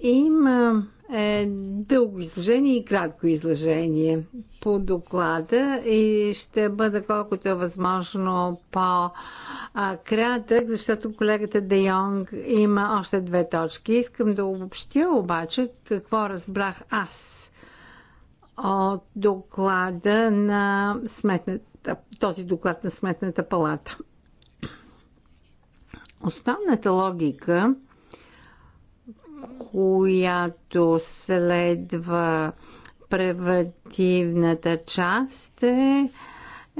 Има е, дълго изложение и кратко изложение по доклада и ще бъда колкото е възможно по-кратък, защото колегата Де Йонг има още две точки. Искам да обобщя обаче какво разбрах аз от доклада на сметната, този доклад на Сметната палата. Основната логика, която следва превативната част е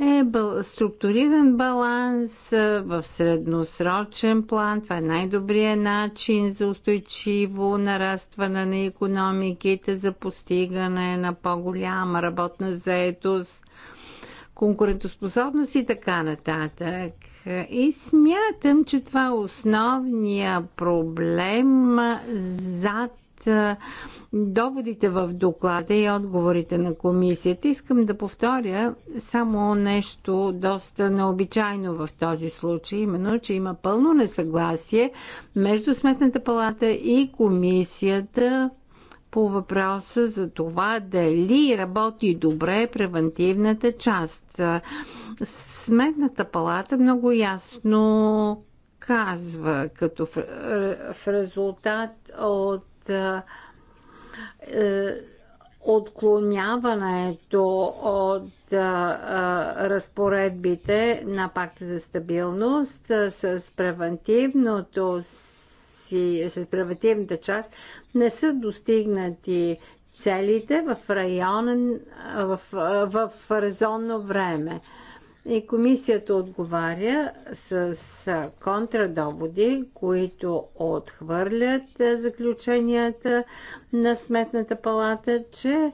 е структуриран баланс в средносрочен план. Това е най-добрият начин за устойчиво нарастване на економиките, за постигане на по-голяма работна заетост, конкурентоспособност и така нататък. И смятам, че това е основният проблем зад доводите в доклада и отговорите на комисията. Искам да повторя само нещо доста необичайно в този случай, именно, че има пълно несъгласие между Сметната палата и комисията по въпроса за това дали работи добре превентивната част. Сметната палата много ясно казва, като в, резултат от е, е, отклоняването от е, разпоредбите на пакта за стабилност с превентивното си, с превентивната част не са достигнати целите в района, в, в, резонно време. И комисията отговаря с, контрадоводи, които отхвърлят е, заключенията на Сметната палата, че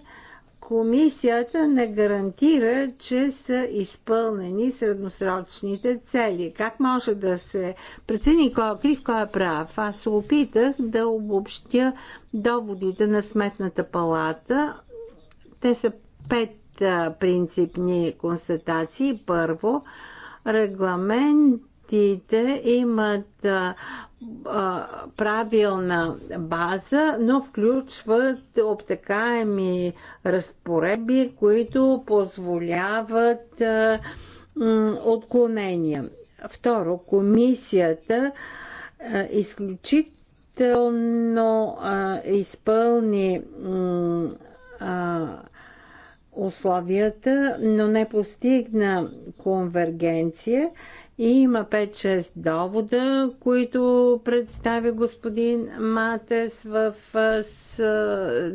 комисията не гарантира, че са изпълнени средносрочните цели. Как може да се прецени кой е крив, кой е прав? Аз се опитах да обобщя доводите на Сметната палата. Те са пет принципни констатации. Първо, регламентите имат правилна база, но включват обтекаеми разпоредби, които позволяват отклонения. Второ, комисията изключително изпълни условията, но не постигна конвергенция. И има 5-6 довода, които представи господин Матес в с,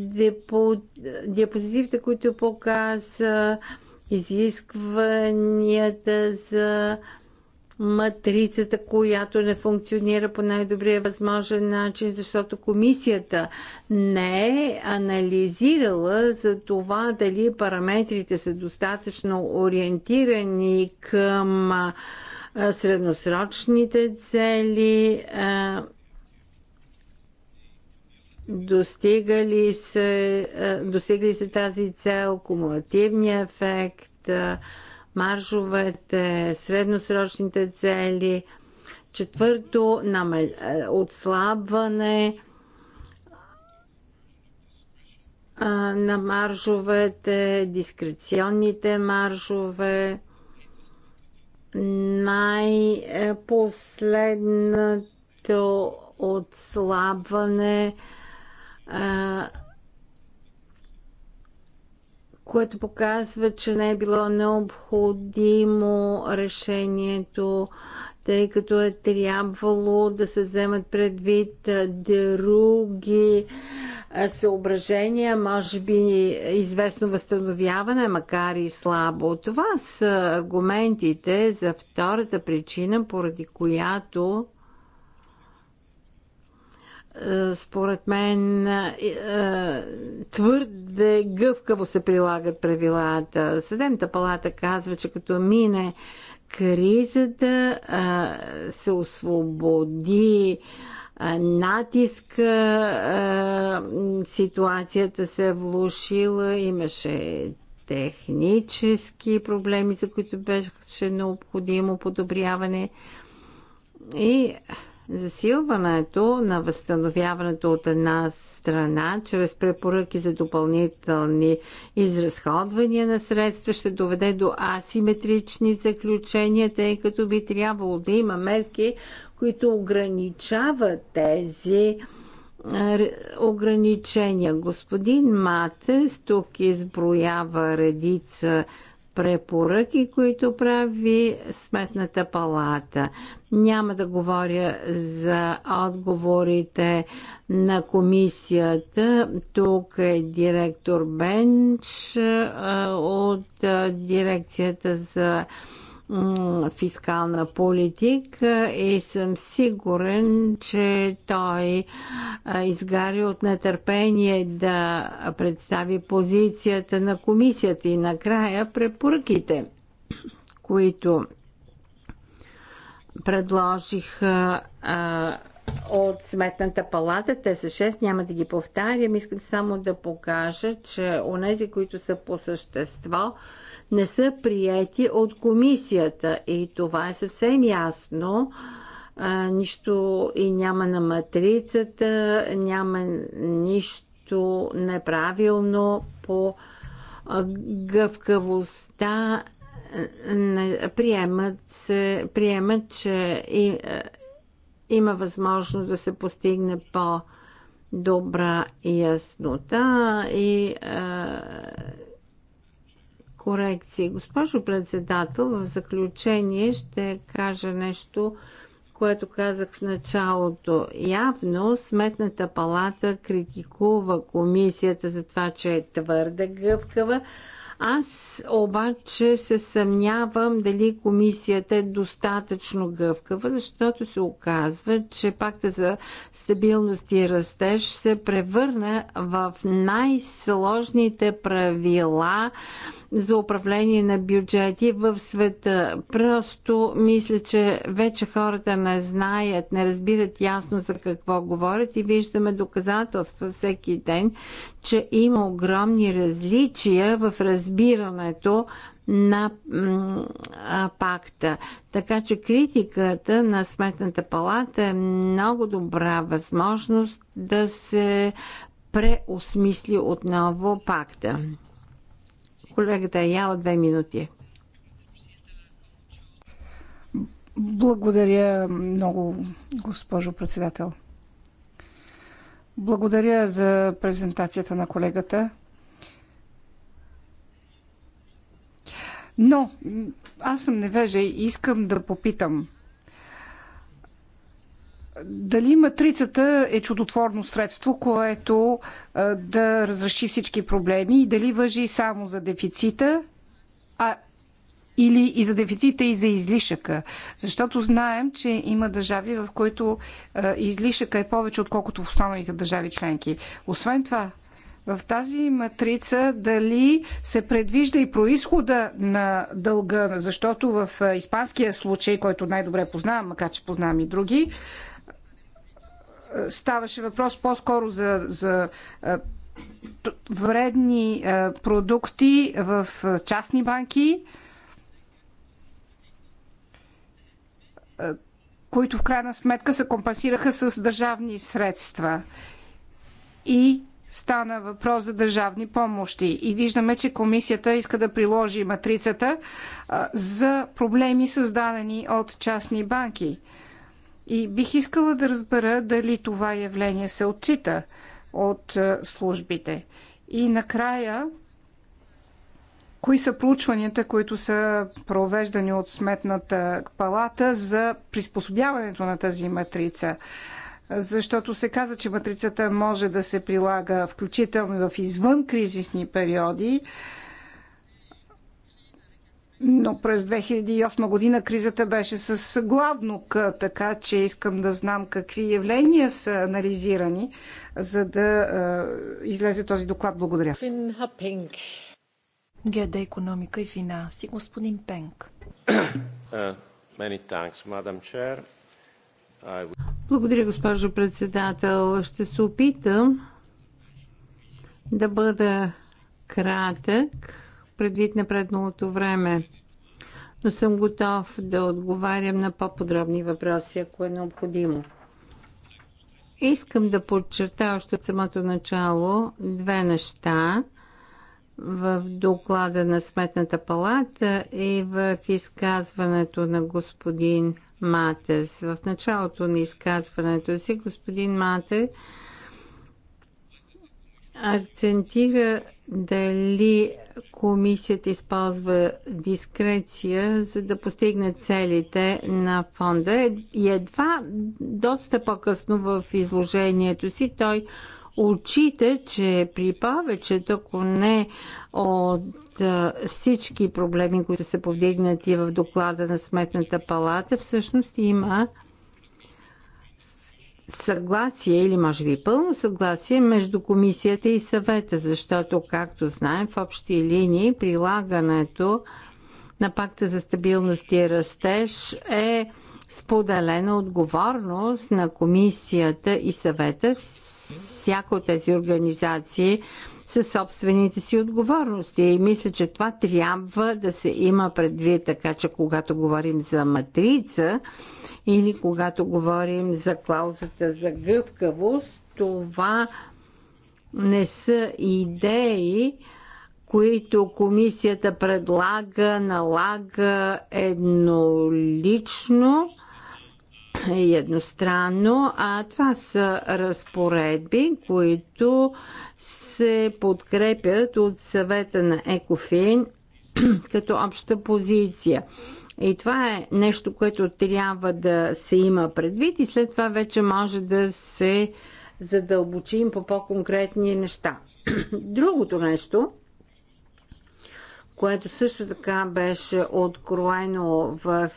депо, диапозитивите, които показа изискванията за матрицата, която не функционира по най-добрия възможен начин, защото комисията не е анализирала за това дали параметрите са достатъчно ориентирани към средносрочните цели, достигали се, достигали се тази цел, кумулативния ефект, маржовете, средносрочните цели. Четвърто, намал... Е, отслабване на маржовете, дискреционните маржове. Най-последното отслабване а, което показва, че не е било необходимо решението, тъй като е трябвало да се вземат предвид други съображения, може би известно възстановяване, макар и слабо. Това са аргументите за втората причина, поради която според мен е, е, твърде гъвкаво се прилагат правилата. Съдемта палата казва, че като мине кризата, е, се освободи натиска, ситуацията се е влушила, имаше технически проблеми, за които беше необходимо подобряване. И засилването на възстановяването от една страна чрез препоръки за допълнителни изразходвания на средства ще доведе до асиметрични заключения, тъй като би трябвало да има мерки, които ограничават тези ограничения. Господин Матес тук изброява редица препоръки, които прави Сметната палата. Няма да говоря за отговорите на комисията. Тук е директор Бенч от дирекцията за фискална политика и съм сигурен, че той изгаря от нетърпение да представи позицията на комисията и накрая препоръките, които предложих от Сметната палата. Те са 6, няма да ги повтарям. Искам само да покажа, че нези, които са по същество, не са прияти от комисията и това е съвсем ясно. А, нищо и няма на матрицата, няма нищо неправилно по гъвкавостта. Приемат, се, приемат че и, има възможност да се постигне по- добра яснота и а, корекции. Госпожо председател, в заключение ще кажа нещо, което казах в началото. Явно Сметната палата критикува комисията за това, че е твърде гъвкава. Аз обаче се съмнявам дали комисията е достатъчно гъвкава, защото се оказва, че пакта за стабилност и растеж се превърна в най-сложните правила за управление на бюджети в света. Просто мисля, че вече хората не знаят, не разбират ясно за какво говорят и виждаме доказателства всеки ден, че има огромни различия в разбирането на пакта. Така че критиката на Сметната палата е много добра възможност да се преосмисли отново пакта. Колегата Яла, две минути. Благодаря много, госпожо председател. Благодаря за презентацията на колегата. Но аз съм невежа и искам да попитам – дали матрицата е чудотворно средство, което да разреши всички проблеми и дали въжи само за дефицита, а или и за дефицита, и за излишъка. Защото знаем, че има държави, в които излишъка е повече, отколкото в останалите държави членки. Освен това, в тази матрица дали се предвижда и происхода на дълга, защото в испанския случай, който най-добре познавам, макар че познавам и други, ставаше въпрос по-скоро за, за е, вредни е, продукти в е, частни банки, които в крайна сметка се компенсираха с държавни средства. И стана въпрос за държавни помощи. И виждаме, че комисията иска да приложи матрицата за проблеми, създадени от частни банки. И бих искала да разбера дали това явление се отчита от е, службите. И накрая, кои са проучванията, които са провеждани от Сметната палата за приспособяването на тази матрица? Защото се каза, че матрицата може да се прилага включително в извън кризисни периоди. Но през 2008 година кризата беше с главнок, така че искам да знам какви явления са анализирани, за да е, излезе този доклад. Благодаря. Геда, економика и финанси, господин Пенк. Uh, Благодаря, госпожо председател. Ще се опитам да бъда кратък предвид напредналото време. Но съм готов да отговарям на по-подробни въпроси, ако е необходимо. Искам да подчертая още от самото начало две неща в доклада на Сметната палата и в изказването на господин Матес. В началото на изказването си господин Мате, акцентира дали комисията използва дискреция, за да постигне целите на фонда. Е, и едва доста по-късно в изложението си той отчита, че при повечето, ако не от всички проблеми, които са повдигнати в доклада на Сметната палата, всъщност има съгласие или може би пълно съгласие между комисията и съвета, защото, както знаем, в общи линии прилагането на пакта за стабилност и растеж е споделена отговорност на комисията и съвета. Всяка от тези организации със собствените си отговорности. И мисля, че това трябва да се има предвид, така че когато говорим за матрица или когато говорим за клаузата за гъвкавост, това не са идеи, които комисията предлага, налага еднолично е едностранно, а това са разпоредби, които се подкрепят от съвета на Екофин като обща позиция. И това е нещо, което трябва да се има предвид и след това вече може да се задълбочим по по-конкретни неща. Другото нещо, което също така беше откроено в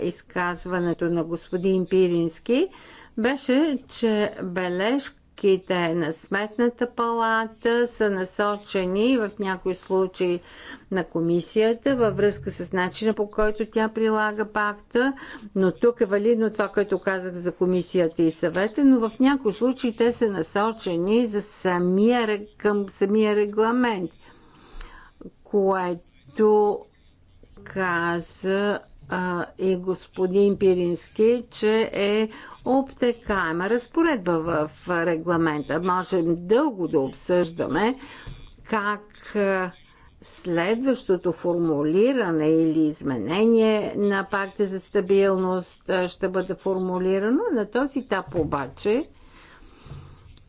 изказването на господин Пирински, беше, че бележките на Сметната палата са насочени в някои случаи на комисията във връзка с начина по който тя прилага пакта, но тук е валидно това, което казах за комисията и съвета, но в някои случаи те са насочени за самия, към самия регламент, което каза а, и господин Пирински, че е обтекаема разпоредба в регламента. Можем дълго да обсъждаме как следващото формулиране или изменение на пакта за стабилност ще бъде формулирано. На този етап обаче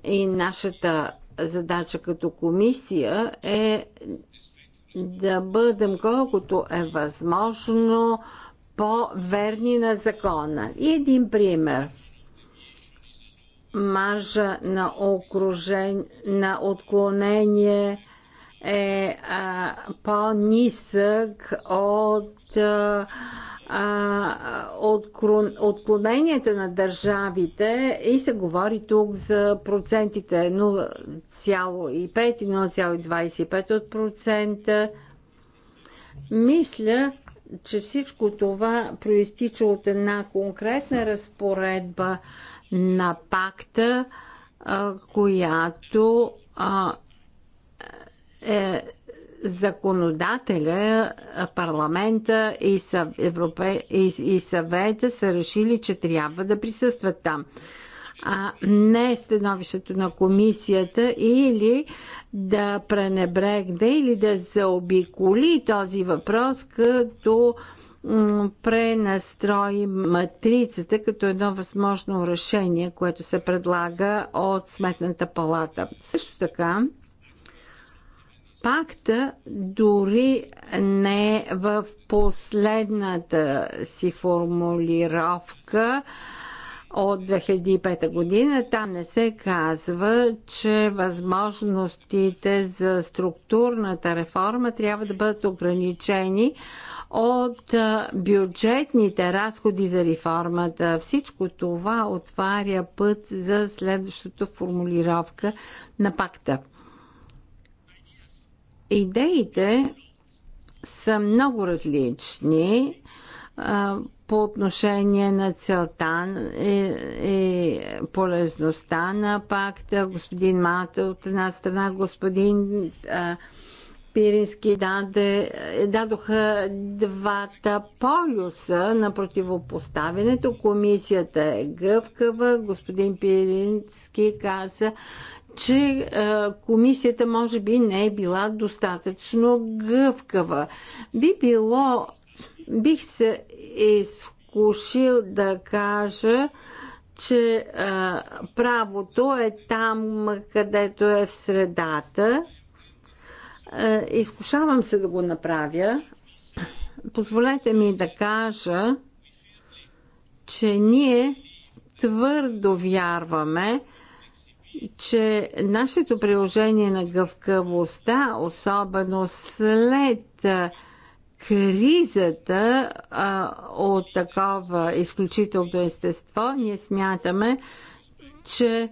и нашата задача като комисия е да бъдем колкото е възможно по-верни на закона. И един пример. Маржа на, окружен... на отклонение е по-нисък от а, отклоненията на държавите и се говори тук за процентите 0,5 и 0,25 от процента. Мисля, че всичко това проистича от една конкретна разпоредба на пакта, която е законодателя, парламента и, съв... Европе... и съвета са решили, че трябва да присъстват там а не становището на комисията или да пренебрегне или да заобиколи този въпрос като пренастрои матрицата като едно възможно решение, което се предлага от Сметната палата. Също така, пакта дори не е в последната си формулировка от 2005 година. Там не се казва, че възможностите за структурната реформа трябва да бъдат ограничени от бюджетните разходи за реформата. Всичко това отваря път за следващата формулировка на пакта. Идеите са много различни по отношение на целта и, е, и е полезността на пакта. Господин Мата от една страна, господин а, Пирински даде, дадоха двата полюса на противопоставянето. Комисията е гъвкава. Господин Пирински каза, че а, комисията може би не е била достатъчно гъвкава. Би било Бих се изкушил да кажа, че а, правото е там, където е в средата. А, изкушавам се да го направя. Позволете ми да кажа, че ние твърдо вярваме, че нашето приложение на гъвкавостта, особено след кризата а, от такова изключително естество, ние смятаме, че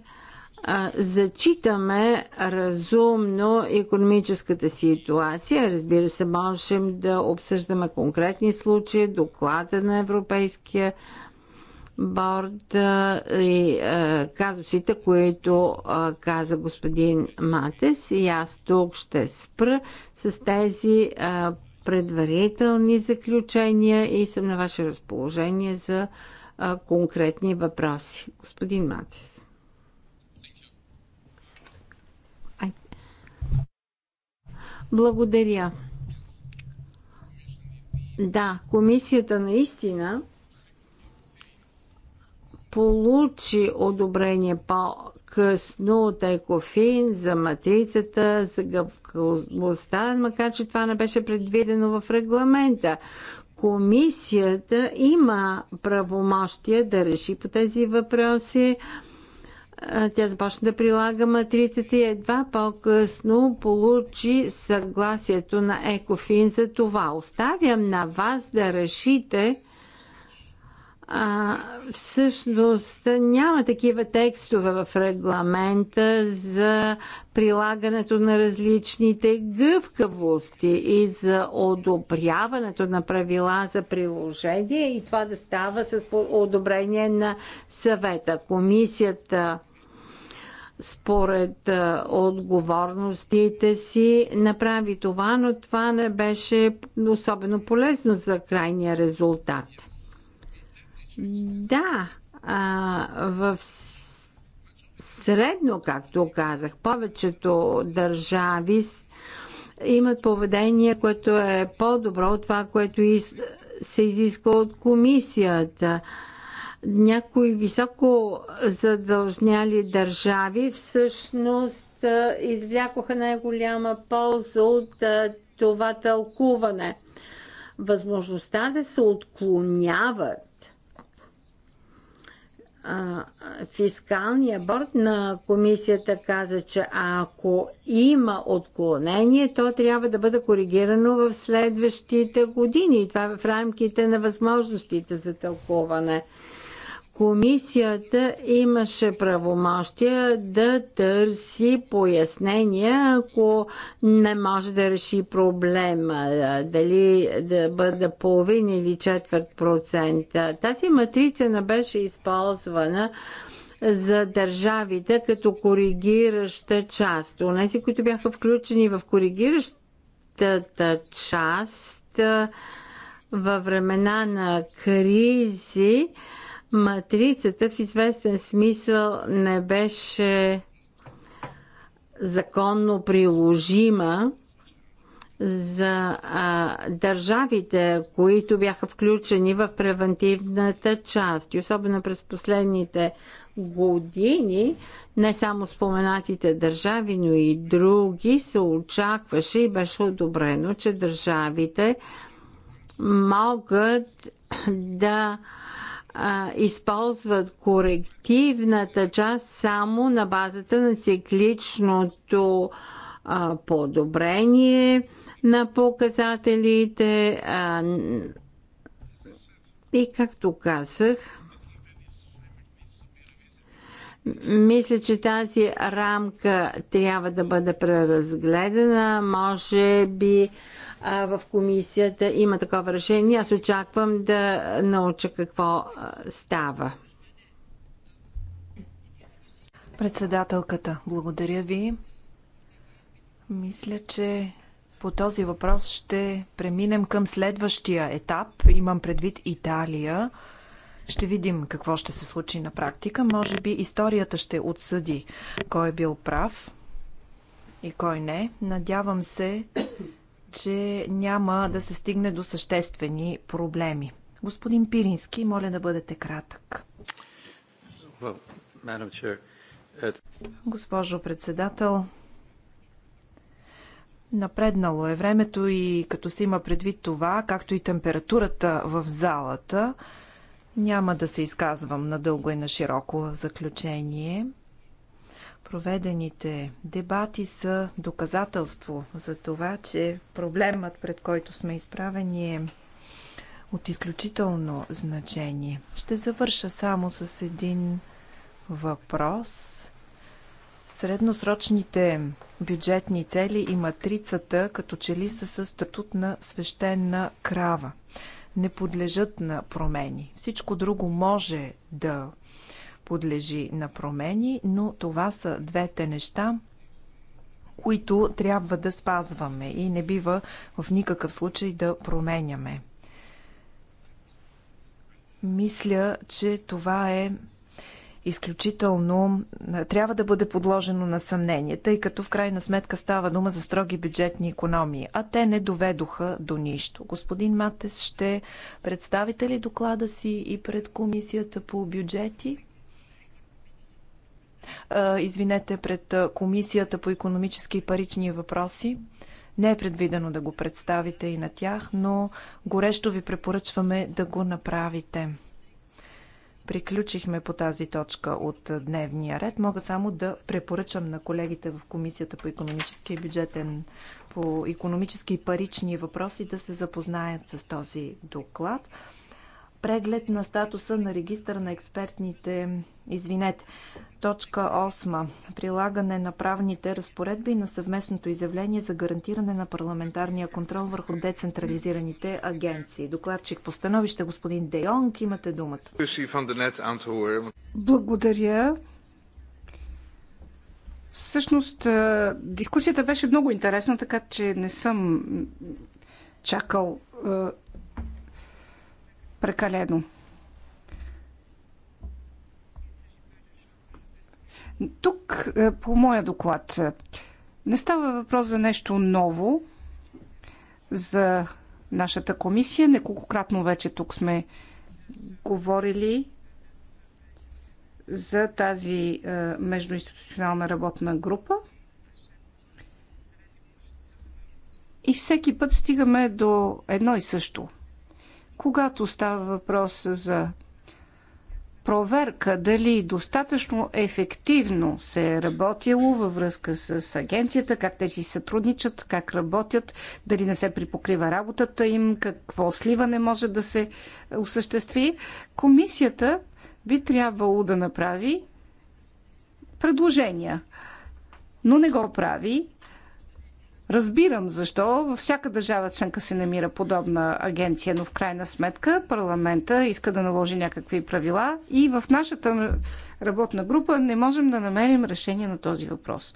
а, зачитаме разумно економическата ситуация. Разбира се, можем да обсъждаме конкретни случаи, доклада на Европейския борд и а, казусите, които а, каза господин Матес. И аз тук ще спра с тези а, предварителни заключения и съм на ваше разположение за а, конкретни въпроси. Господин Матис. Благодаря. Да, комисията наистина получи одобрение по-късно от Екофин за матрицата, за гъв гъвкавостта, макар че това не беше предвидено в регламента. Комисията има правомощия да реши по тези въпроси. Тя започна да прилага матрицата и едва по-късно получи съгласието на Екофин за това. Оставям на вас да решите а, всъщност няма такива текстове в регламента за прилагането на различните гъвкавости и за одобряването на правила за приложение и това да става с одобрение на съвета. Комисията според отговорностите си направи това, но това не беше особено полезно за крайния резултат. Да, а, в средно, както казах, повечето държави имат поведение, което е по-добро от това, което из... се изисква от комисията. Някои високо задължняли държави всъщност извлякоха най-голяма полза от това тълкуване. Възможността да се отклоняват фискалния борт на комисията каза, че ако има отклонение, то трябва да бъде коригирано в следващите години. И това е в рамките на възможностите за тълкуване комисията имаше правомощия да търси пояснения, ако не може да реши проблема, дали да бъде половин или четвърт процента. Тази матрица не беше използвана за държавите като коригираща част. Онези, които бяха включени в коригиращата част във времена на кризи, матрицата в известен смисъл не беше законно приложима за а, държавите, които бяха включени в превентивната част. И особено през последните години, не само споменатите държави, но и други, се очакваше и беше одобрено, че държавите могат да а, използват корективната част само на базата на цикличното а, подобрение на показателите. А, и както казах, мисля, че тази рамка трябва да бъде преразгледана. Може би в комисията има такова решение. Аз очаквам да науча какво става. Председателката, благодаря ви. Мисля, че по този въпрос ще преминем към следващия етап. Имам предвид Италия. Ще видим какво ще се случи на практика. Може би историята ще отсъди кой е бил прав и кой не. Надявам се, че няма да се стигне до съществени проблеми. Господин Пирински, моля да бъдете кратък. Госпожо председател, напреднало е времето и като се има предвид това, както и температурата в залата, няма да се изказвам на дълго и на широко заключение. Проведените дебати са доказателство за това, че проблемът, пред който сме изправени, е от изключително значение. Ще завърша само с един въпрос. Средносрочните бюджетни цели и матрицата като че ли са със статут на свещена крава не подлежат на промени. Всичко друго може да подлежи на промени, но това са двете неща, които трябва да спазваме и не бива в никакъв случай да променяме. Мисля, че това е изключително е, трябва да бъде подложено на съмнение, тъй като в крайна сметка става дума за строги бюджетни економии, а те не доведоха до нищо. Господин Матес, ще представите ли доклада си и пред комисията по бюджети? Е, извинете, пред е, комисията по економически и парични въпроси. Не е предвидено да го представите и на тях, но горещо ви препоръчваме да го направите приключихме по тази точка от дневния ред. Мога само да препоръчам на колегите в Комисията по економически и бюджетен, по економически и парични въпроси да се запознаят с този доклад преглед на статуса на регистър на експертните, извинете, точка 8. Прилагане на правните разпоредби на съвместното изявление за гарантиране на парламентарния контрол върху децентрализираните агенции. Докладчик по становище господин Дейонг, имате думата. Благодаря. Всъщност, дискусията беше много интересна, така че не съм чакал прекалено. Тук, е, по моя доклад, е, не става въпрос за нещо ново за нашата комисия. Неколкократно вече тук сме говорили за тази е, междуинституционална работна група. И всеки път стигаме до едно и също – когато става въпрос за проверка дали достатъчно ефективно се е работило във връзка с агенцията, как те си сътрудничат, как работят, дали не се припокрива работата им, какво сливане може да се осъществи. Комисията би трябвало да направи предложения, но не го прави Разбирам защо във всяка държава членка се намира подобна агенция, но в крайна сметка парламента иска да наложи някакви правила и в нашата работна група не можем да намерим решение на този въпрос.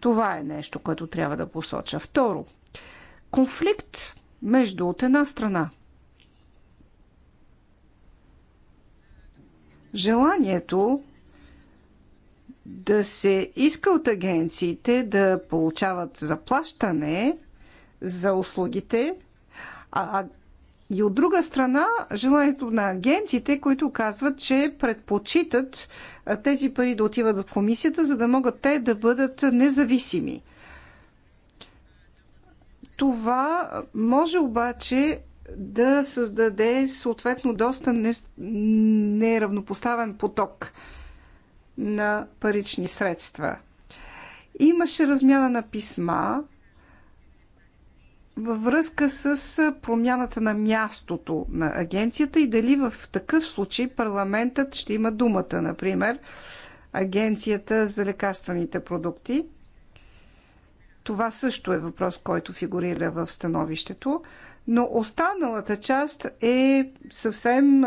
Това е нещо, което трябва да посоча. Второ, конфликт между от една страна желанието да се иска от агенциите да получават заплащане за услугите, а и от друга страна, желанието на агенциите, които казват, че предпочитат тези пари да отиват в комисията, за да могат те да бъдат независими. Това може обаче да създаде съответно доста неравнопоставен поток на парични средства. Имаше размяна на писма във връзка с промяната на мястото на агенцията и дали в такъв случай парламентът ще има думата, например, агенцията за лекарствените продукти. Това също е въпрос, който фигурира в становището, но останалата част е съвсем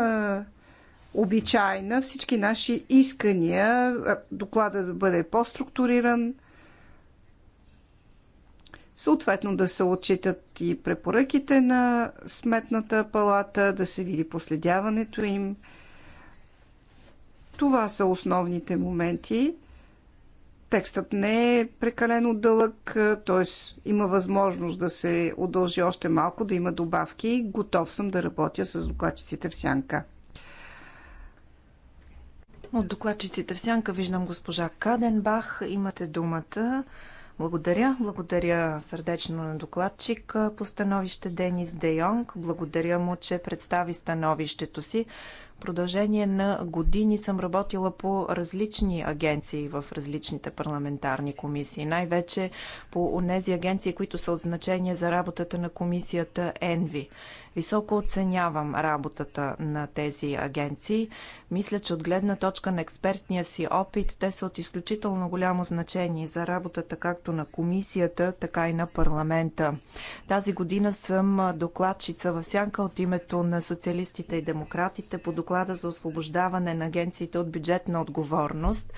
обичайна. Всички наши искания, доклада да бъде по-структуриран, съответно да се отчитат и препоръките на Сметната палата, да се види последяването им. Това са основните моменти. Текстът не е прекалено дълъг, т.е. има възможност да се удължи още малко, да има добавки. Готов съм да работя с докладчиците в сянка. От докладчиците в сянка виждам госпожа Каденбах. Имате думата. Благодаря. Благодаря сърдечно на докладчик по становище Денис Де Йонг. Благодаря му, че представи становището си. В продължение на години съм работила по различни агенции в различните парламентарни комисии. Най-вече по тези агенции, които са от значение за работата на комисията ЕНВИ. Високо оценявам работата на тези агенции. Мисля, че от гледна точка на експертния си опит, те са от изключително голямо значение за работата както на комисията, така и на парламента. Тази година съм докладчица в сянка от името на социалистите и демократите по доклада за освобождаване на агенциите от бюджетна отговорност.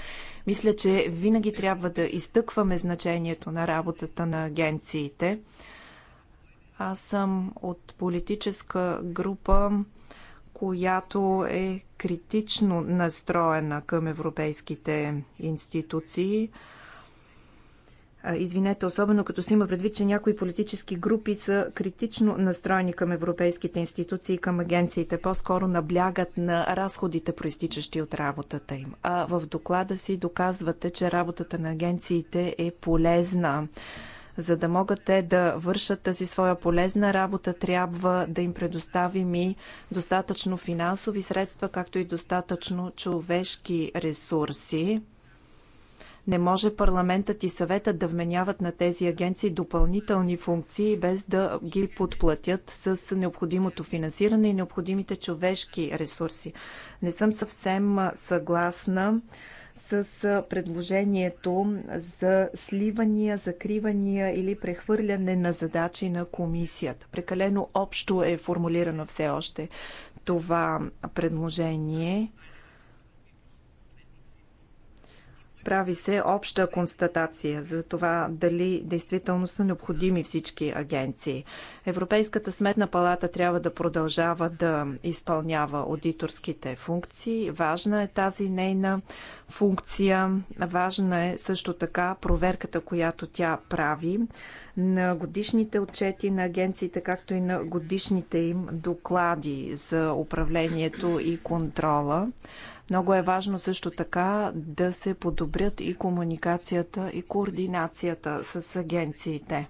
Мисля, че винаги трябва да изтъкваме значението на работата на агенциите. Аз съм от политическа група, която е критично настроена към европейските институции. Извинете, особено като се има предвид, че някои политически групи са критично настроени към европейските институции и към агенциите. По-скоро наблягат на разходите, проистичащи от работата им. А в доклада си доказвате, че работата на агенциите е полезна за да могат те да вършат тази своя полезна работа, трябва да им предоставим и достатъчно финансови средства, както и достатъчно човешки ресурси. Не може парламентът и съветът да вменяват на тези агенции допълнителни функции, без да ги подплатят с необходимото финансиране и необходимите човешки ресурси. Не съм съвсем съгласна с предложението за сливания, закривания или прехвърляне на задачи на комисията. Прекалено общо е формулирано все още това предложение. Прави се обща констатация за това дали действително са необходими всички агенции. Европейската сметна палата трябва да продължава да изпълнява аудиторските функции. Важна е тази нейна функция. Важна е също така проверката, която тя прави на годишните отчети на агенциите, както и на годишните им доклади за управлението и контрола. Много е важно също така да се подобрят и комуникацията и координацията с агенциите.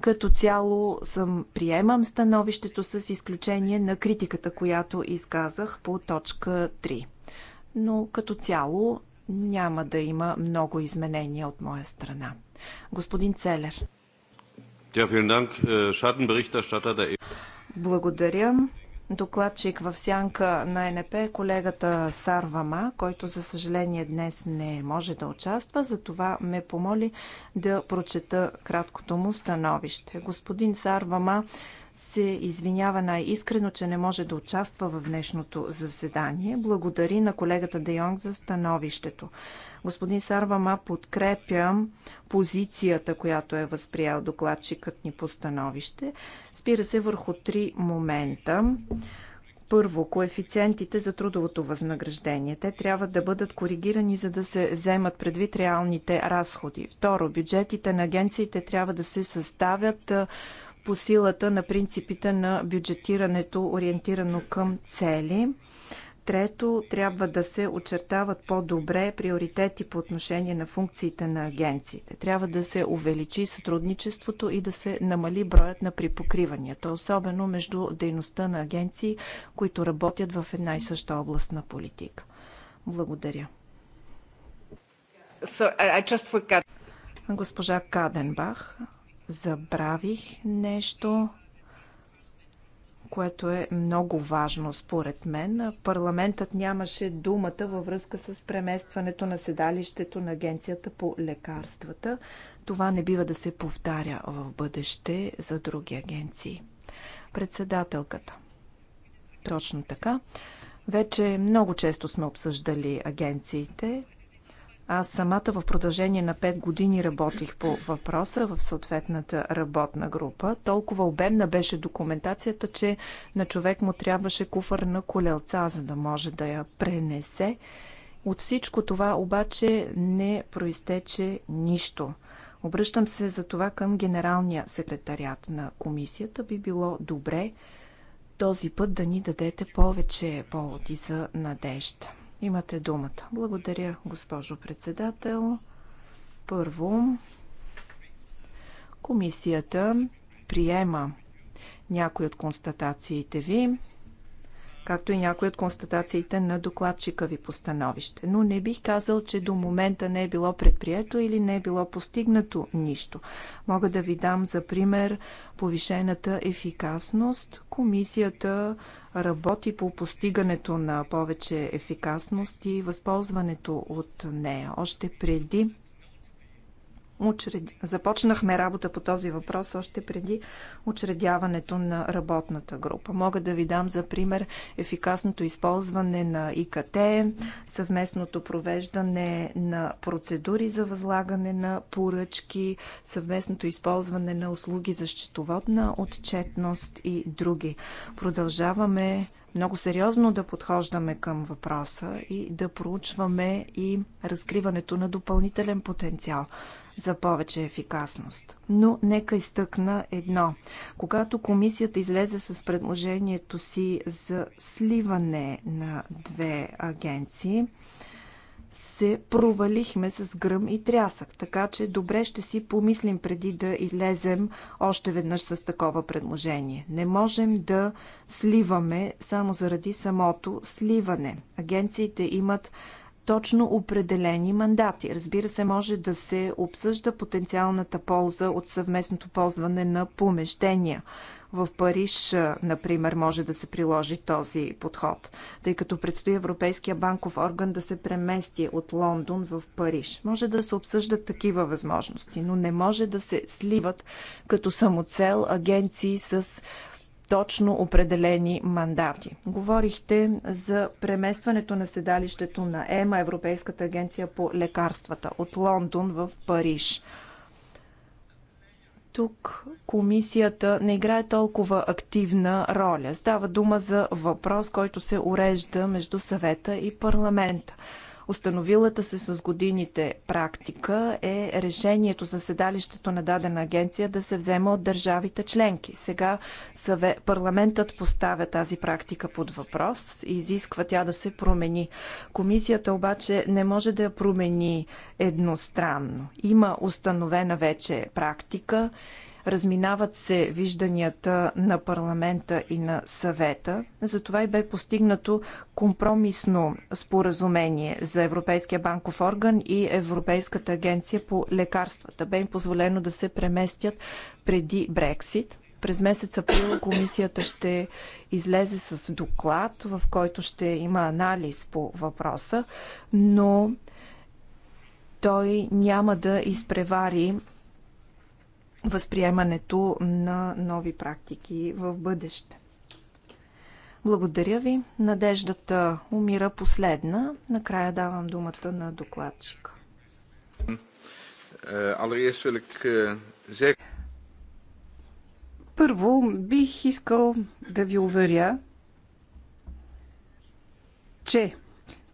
Като цяло съм приемам становището с изключение на критиката, която изказах по точка 3. Но като цяло няма да има много изменения от моя страна. Господин Целер. Äh, Благодаря докладчик в сянка на НП е колегата Сарвама, който за съжаление днес не може да участва, затова ме помоли да прочета краткото му становище. Господин Сарвама се извинява най-искрено, че не може да участва в днешното заседание. Благодари на колегата Дейонг за становището. Господин Сарвама, подкрепям позицията, която е възприял докладчикът ни по становище. Спира се върху три момента. Първо, коефициентите за трудовото възнаграждение. Те трябва да бъдат коригирани, за да се вземат предвид реалните разходи. Второ, бюджетите на агенциите трябва да се съставят по силата на принципите на бюджетирането, ориентирано към цели. Трето, трябва да се очертават по-добре приоритети по отношение на функциите на агенциите. Трябва да се увеличи сътрудничеството и да се намали броят на припокриванията, е особено между дейността на агенции, които работят в една и съща област на политика. Благодаря. Госпожа Каденбах, забравих нещо което е много важно според мен. Парламентът нямаше думата във връзка с преместването на седалището на Агенцията по лекарствата. Това не бива да се повтаря в бъдеще за други агенции. Председателката. Точно така. Вече много често сме обсъждали агенциите. Аз самата в продължение на 5 години работих по въпроса в съответната работна група. Толкова обемна беше документацията, че на човек му трябваше куфър на колелца, за да може да я пренесе. От всичко това обаче не проистече нищо. Обръщам се за това към генералния секретарят на комисията. Би било добре този път да ни дадете повече поводи за надежда. Имате думата. Благодаря, госпожо председател. Първо, комисията приема някои от констатациите ви, както и някои от констатациите на докладчика ви по становище. Но не бих казал, че до момента не е било предприето или не е било постигнато нищо. Мога да ви дам за пример повишената ефикасност. Комисията работи по постигането на повече ефикасност и възползването от нея. Още преди Учред... Започнахме работа по този въпрос още преди учредяването на работната група. Мога да ви дам за пример ефикасното използване на ИКТ, съвместното провеждане на процедури за възлагане на поръчки, съвместното използване на услуги за счетоводна отчетност и други. Продължаваме много сериозно да подхождаме към въпроса и да проучваме и разкриването на допълнителен потенциал за повече ефикасност. Но нека изтъкна едно. Когато комисията излезе с предложението си за сливане на две агенции, се провалихме с гръм и трясък, така че добре ще си помислим преди да излезем още веднъж с такова предложение. Не можем да сливаме само заради самото сливане. Агенциите имат точно определени мандати. Разбира се, може да се обсъжда потенциалната полза от съвместното ползване на помещения. В Париж, например, може да се приложи този подход, тъй като предстои Европейския банков орган да се премести от Лондон в Париж. Може да се обсъждат такива възможности, но не може да се сливат като самоцел агенции с точно определени мандати. Говорихте за преместването на седалището на ЕМА, Европейската агенция по лекарствата, от Лондон в Париж. Тук комисията не играе толкова активна роля. Става дума за въпрос, който се урежда между съвета и парламента. Установилата се с годините практика е решението за седалището на дадена агенция да се взема от държавите членки. Сега парламентът поставя тази практика под въпрос и изисква тя да се промени. Комисията обаче не може да я промени едностранно. Има установена вече практика Разминават се вижданията на парламента и на съвета. Затова и бе постигнато компромисно споразумение за Европейския банков орган и Европейската агенция по лекарствата. Бе им позволено да се преместят преди Брексит. През месец април комисията ще излезе с доклад, в който ще има анализ по въпроса, но той няма да изпревари възприемането на нови практики в бъдеще. Благодаря ви. Надеждата умира последна. Накрая давам думата на докладчика. Е, е, Първо бих искал да ви уверя, че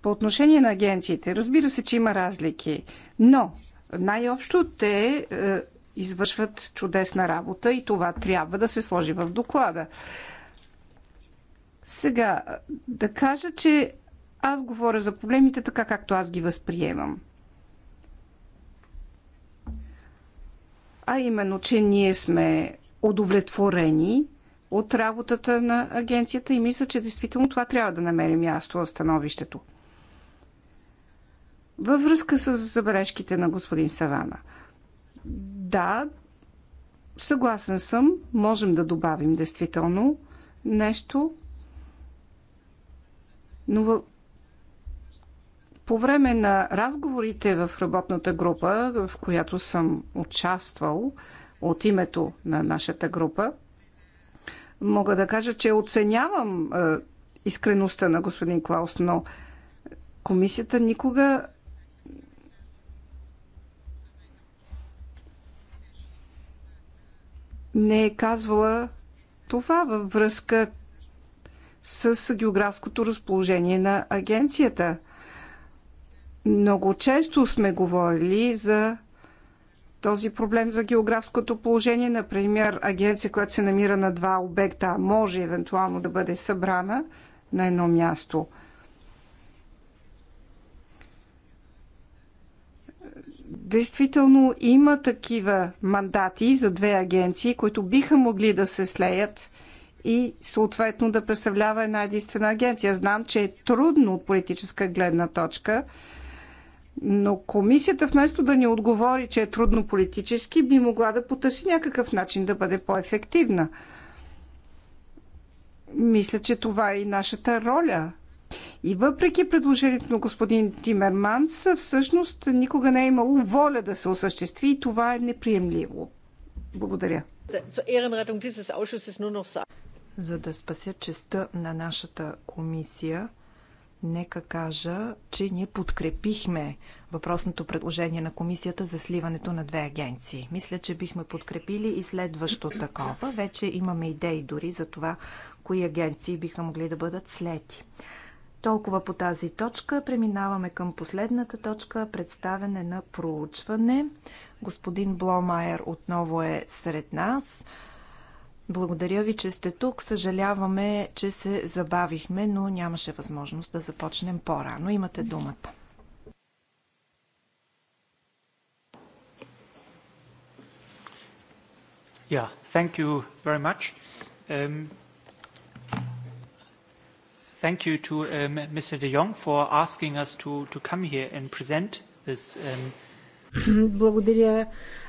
по отношение на агенциите, разбира се, че има разлики, но най-общо те е, извършват чудесна работа и това трябва да се сложи в доклада. Сега, да кажа, че аз говоря за проблемите така, както аз ги възприемам. А именно, че ние сме удовлетворени от работата на агенцията и мисля, че действително това трябва да намери място в становището. Във връзка с забележките на господин Савана – да, съгласен съм, можем да добавим действително нещо, но в... по време на разговорите в работната група, в която съм участвал от името на нашата група, мога да кажа, че оценявам е, искреността на господин Клаус, но комисията никога не е казвала това във връзка с географското разположение на агенцията. Много често сме говорили за този проблем за географското положение. Например, агенция, която се намира на два обекта, може евентуално да бъде събрана на едно място – Действително има такива мандати за две агенции, които биха могли да се слеят и съответно да представлява една единствена агенция. Знам, че е трудно от политическа гледна точка, но комисията вместо да ни отговори, че е трудно политически, би могла да потърси някакъв начин да бъде по-ефективна. Мисля, че това е и нашата роля и въпреки предложението на господин Тимерманс, всъщност никога не е имало воля да се осъществи и това е неприемливо. Благодаря. За да спася честа на нашата комисия, нека кажа, че ние подкрепихме въпросното предложение на комисията за сливането на две агенции. Мисля, че бихме подкрепили и следващо такова. Вече имаме идеи дори за това, кои агенции биха могли да бъдат слети. Толкова по тази точка. Преминаваме към последната точка представене на проучване. Господин Бломайер отново е сред нас. Благодаря ви, че сте тук. Съжаляваме, че се забавихме, но нямаше възможност да започнем по-рано. Имате думата. Yeah, thank you very much. Um... Thank you to um, Mr. De Jong for asking us to, to come here and present this. Um... Благодаря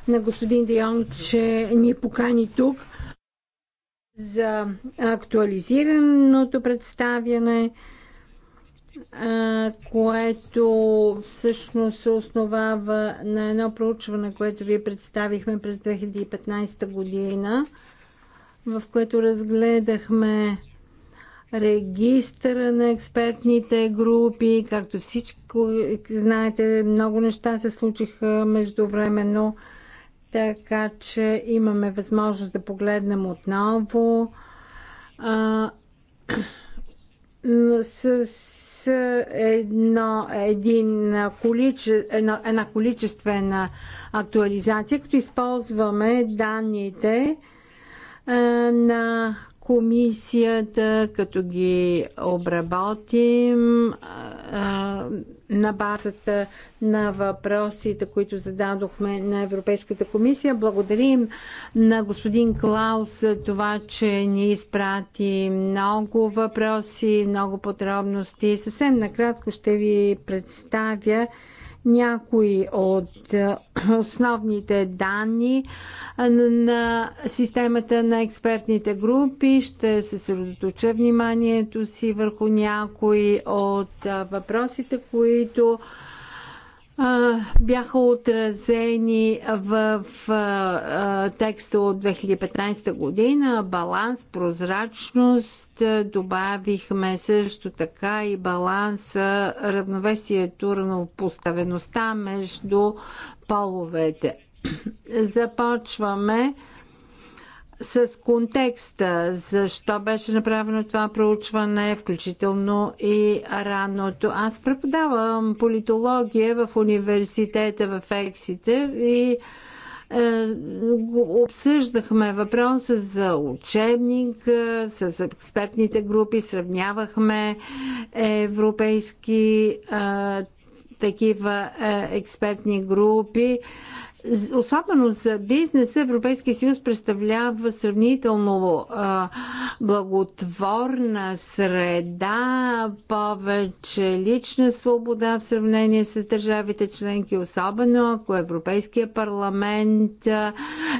на господин Де Йонг, че ни покани тук за актуализираното представяне, което всъщност се основава на едно проучване, което ви представихме през 2015 година, в което разгледахме регистъра на експертните групи. Както всичко знаете, много неща се случиха междувременно, така че имаме възможност да погледнем отново. А, с, с едно, един, количе, едно, една количествена актуализация, като използваме данните на комисията, като ги обработим на базата на въпросите, които зададохме на Европейската комисия. Благодарим на господин Клаус за това, че ни изпрати много въпроси, много подробности. Съвсем накратко ще ви представя някои от е, основните данни е, на системата на експертните групи. Ще се съсредоточа вниманието си върху някои от е, въпросите, които бяха отразени в, текста от 2015 година. Баланс, прозрачност, добавихме също така и баланс, равновесието, равнопоставеността между половете. Започваме с контекста, защо беше направено това проучване, включително и раното. Аз преподавам политология в университета в Ексите и е, обсъждахме въпроса за учебник, е, с експертните групи, сравнявахме европейски а, е, такива експертни групи особено за бизнеса, Европейския съюз представлява сравнително а, благотворна среда, повече лична свобода в сравнение с държавите членки, особено ако Европейския парламент а,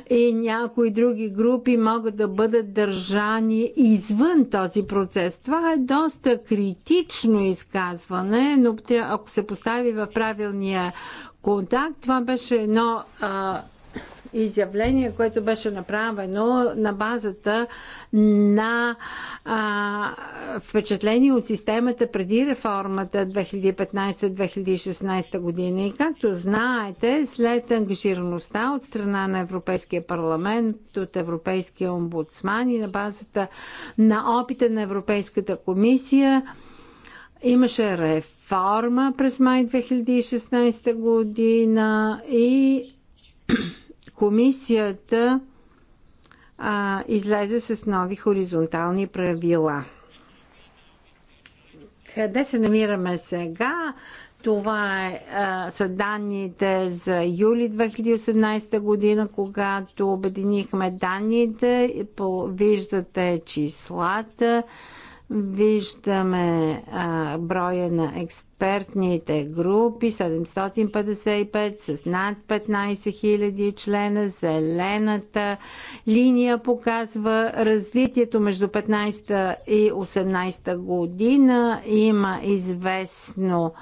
и някои други групи могат да бъдат държани извън този процес. Това е доста критично изказване, но ако се постави в правилния контакт. Това беше едно а, изявление, което беше направено на базата на а, впечатление от системата преди реформата 2015-2016 година. И както знаете, след ангажираността от страна на Европейския парламент, от Европейския омбудсман и на базата на опита на Европейската комисия, Имаше реформа през май 2016 година и комисията а, излезе с нови хоризонтални правила. Къде се намираме сега? Това е, а, са данните за юли 2018 година, когато обединихме данните. виждате числата. Виждаме а, броя на експертните групи 755 с над 15 000 члена. Зелената линия показва развитието между 15 и 18 година. Има известно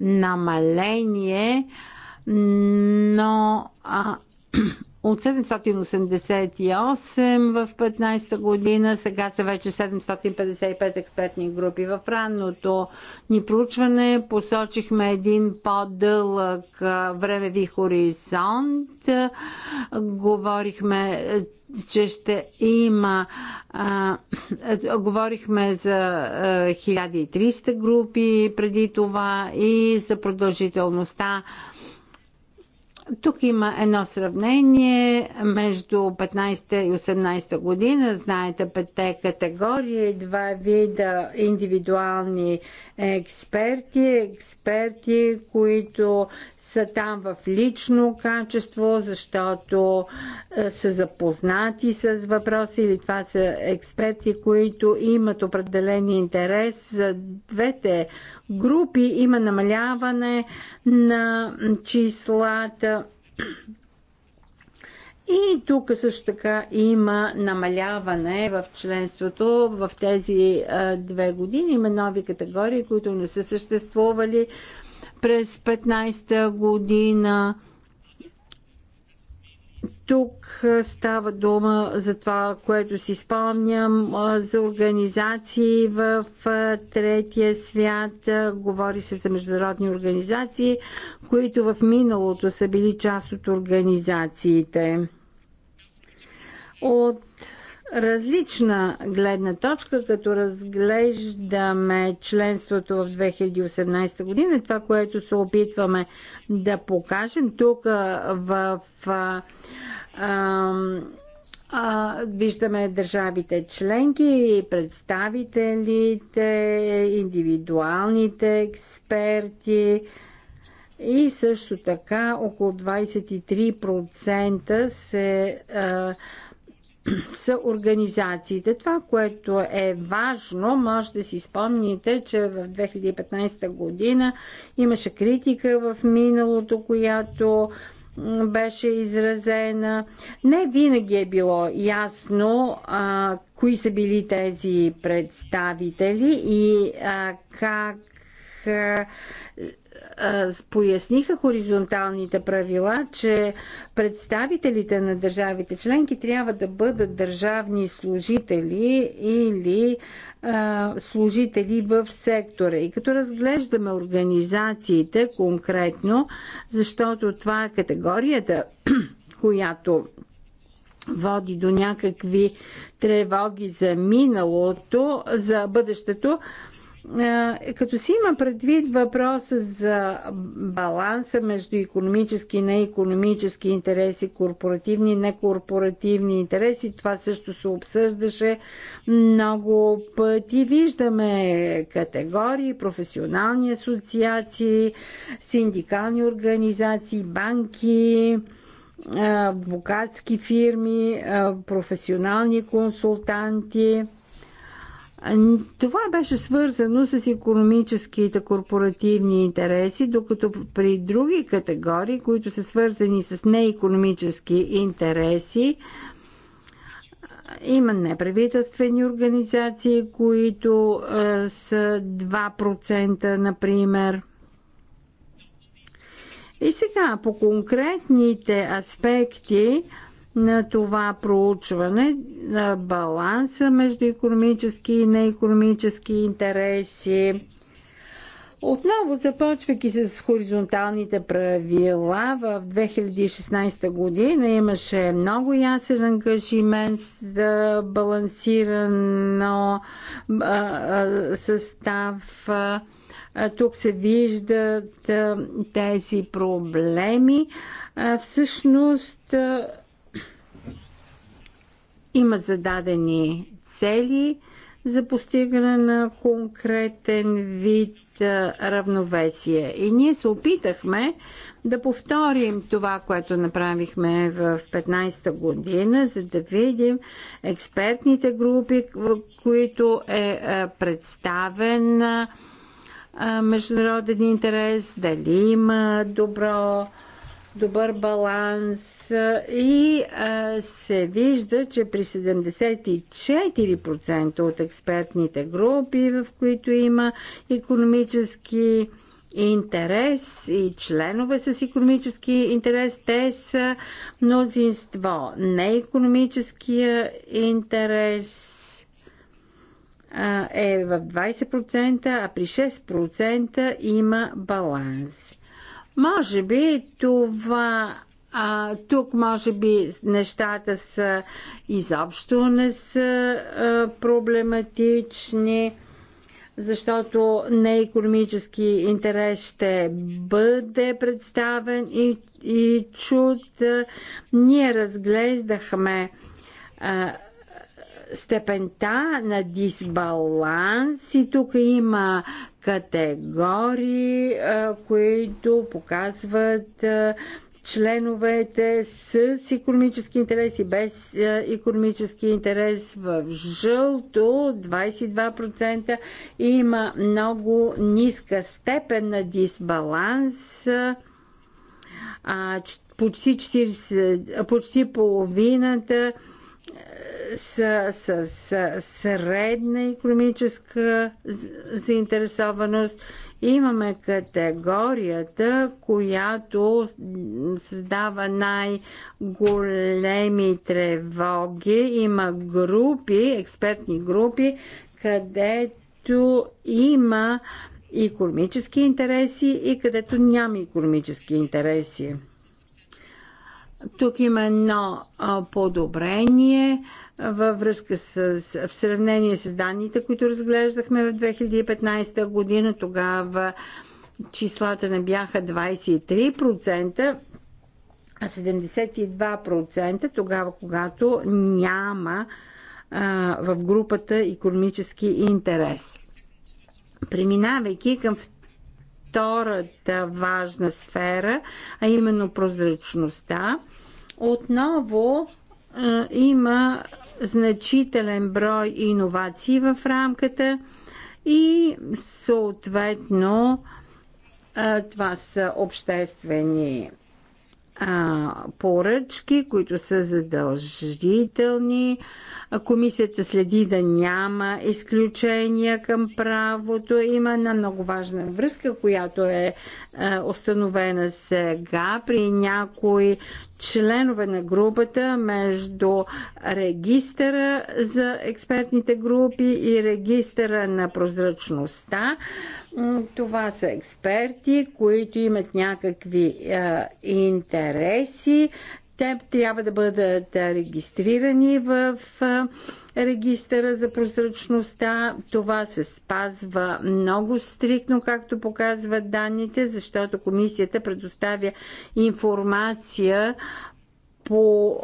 намаление, но а, от 788 в 15 та година, сега са вече 755 експертни групи. В ранното ни проучване посочихме един по-дълъг времеви хоризонт. Говорихме, че ще има. А, говорихме за 1300 групи преди това и за продължителността тук има едно сравнение между 15 и 18 година. Знаете петте категории, два вида индивидуални експерти, експерти, които са там в лично качество, защото е, са запознати с въпроси или това са експерти, които имат определен интерес. За двете групи има намаляване на числата и тук също така има намаляване в членството в тези две години. Има нови категории, които не са съществували през 15-та година. Тук става дума за това, което си спомням, за организации в третия свят. Говори се за международни организации, които в миналото са били част от организациите. От различна гледна точка, като разглеждаме членството в 2018 година. Това, което се опитваме да покажем тук в. А, а, а, виждаме държавите членки, представителите, индивидуалните експерти и също така около 23% се а, са организациите. Това, което е важно, може да си спомните, че в 2015 година имаше критика в миналото, която беше изразена. Не винаги е било ясно а, кои са били тези представители и а, как а, поясниха хоризонталните правила, че представителите на държавите членки трябва да бъдат държавни служители или служители в сектора. И като разглеждаме организациите конкретно, защото това е категорията, която води до някакви тревоги за миналото, за бъдещето, като си има предвид въпроса за баланса между економически и неекономически интереси, корпоративни и некорпоративни интереси, това също се обсъждаше много пъти. Виждаме категории, професионални асоциации, синдикални организации, банки, адвокатски фирми, професионални консултанти – това беше свързано с економическите корпоративни интереси, докато при други категории, които са свързани с неекономически интереси, има неправителствени организации, които с са 2%, например. И сега по конкретните аспекти, на това проучване на баланса между економически и неекономически интереси. Отново, започвайки с хоризонталните правила, в 2016 година имаше много ясен ангажимент за балансирано състав. Тук се виждат тези проблеми. Всъщност, има зададени цели за постигане на конкретен вид равновесие. И ние се опитахме да повторим това, което направихме в 15-та година, за да видим експертните групи, в които е, е представен международен интерес, дали има добро добър баланс и а, се вижда, че при 74% от експертните групи, в които има економически интерес и членове с економически интерес, те са мнозинство. Не економическия интерес е в 20%, а при 6% има баланс. Може би това а, тук може би нещата са изобщо не са а, проблематични, защото не економически интерес ще бъде представен и, и чуд. Ние разглеждахме а, степента на дисбаланс и тук има категории, е, които показват е, членовете с економически интерес и без економически интерес в жълто 22% има много ниска степен на дисбаланс е, почти, 40, почти половината с, с, с средна економическа заинтересованост. Имаме категорията, която създава най-големи тревоги. Има групи, експертни групи, където има економически интереси и където няма економически интереси. Тук има едно подобрение във връзка с, в сравнение с данните, които разглеждахме в 2015 година. Тогава числата не бяха 23%, а 72% тогава, когато няма а, в групата економически интерес. Преминавайки към втората важна сфера, а именно прозрачността, отново има значителен брой иновации в рамката и съответно това са обществени поръчки, които са задължителни. Комисията следи да няма изключения към правото. Има една много важна връзка, която е установена сега при някои членове на групата между регистъра за експертните групи и регистъра на прозрачността. Това са експерти, които имат някакви интереси те трябва да бъдат регистрирани в регистъра за прозрачността. Това се спазва много стриктно, както показват данните, защото комисията предоставя информация по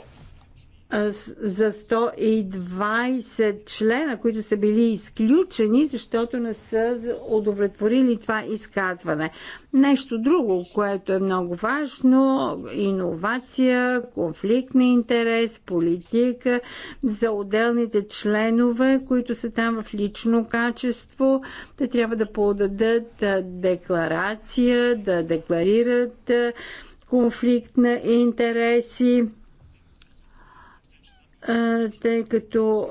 за 120 члена, които са били изключени, защото не са удовлетворили това изказване. Нещо друго, което е много важно иновация, конфликт на интерес, политика за отделните членове, които са там в лично качество. Те трябва да подадат декларация, да декларират конфликт на интереси тъй като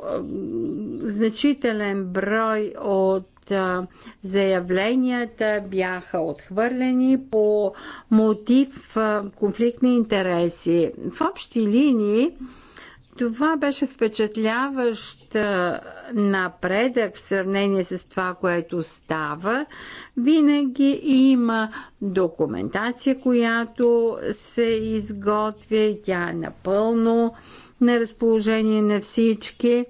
значителен брой от заявленията бяха отхвърлени по мотив конфликт на интереси. В общи линии това беше впечатляващ напредък в сравнение с това, което става. Винаги има документация, която се изготвя и тя е напълно на разположение на всички.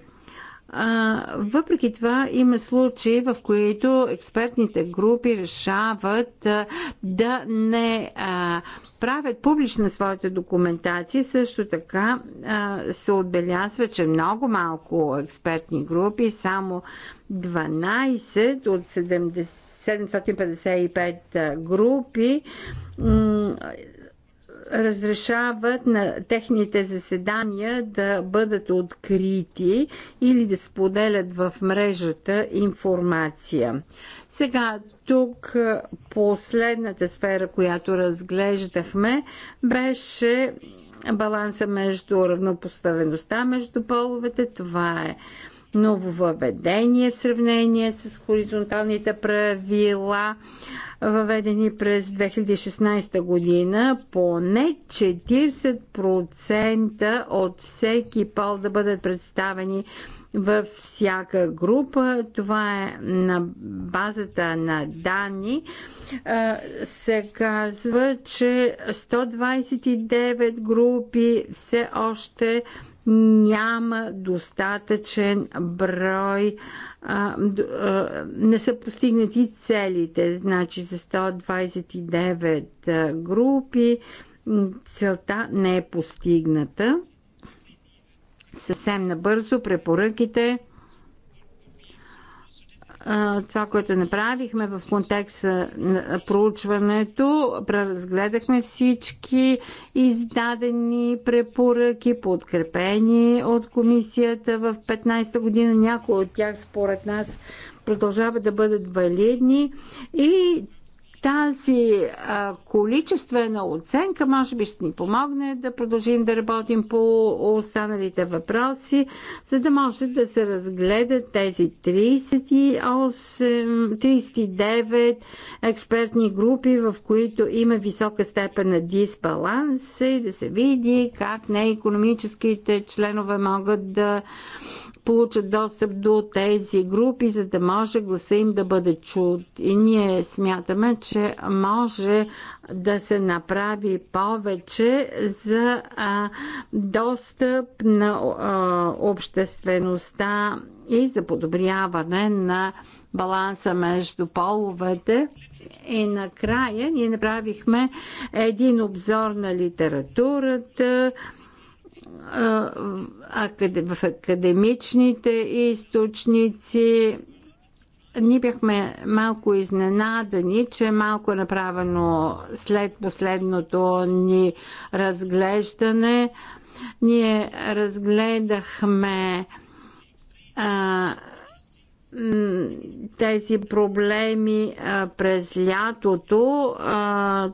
А, въпреки това има случаи, в които експертните групи решават а, да не а, правят публична своята документация. Също така а, се отбелязва, че много малко експертни групи, само 12 от 70, 755 групи разрешават на техните заседания да бъдат открити или да споделят в мрежата информация. Сега тук последната сфера, която разглеждахме, беше баланса между равнопоставеността между половете. Това е нововъведение в сравнение с хоризонталните правила, въведени през 2016 година, поне 40% от всеки пол да бъдат представени във всяка група. Това е на базата на данни. Се казва, че 129 групи все още няма достатъчен брой, а, а, не са постигнати целите, значи за 129 групи целта не е постигната. Съвсем набързо препоръките това, което направихме в контекста на проучването, преразгледахме всички издадени препоръки, подкрепени от комисията в 15-та година. Някои от тях според нас продължават да бъдат валидни и тази а, количествена оценка може би ще ни помогне да продължим да работим по останалите въпроси, за да може да се разгледат тези 38, 39 експертни групи, в които има висока степен на дисбаланс и да се види как неекономическите членове могат да получат достъп до тези групи, за да може гласа им да бъде чуд. И ние смятаме, че може да се направи повече за а, достъп на а, обществеността и за подобряване на баланса между половете. И накрая ние направихме един обзор на литературата, в академичните източници ние бяхме малко изненадани, че малко е направено след последното ни разглеждане. Ние разгледахме а, тези проблеми а, през лятото. А,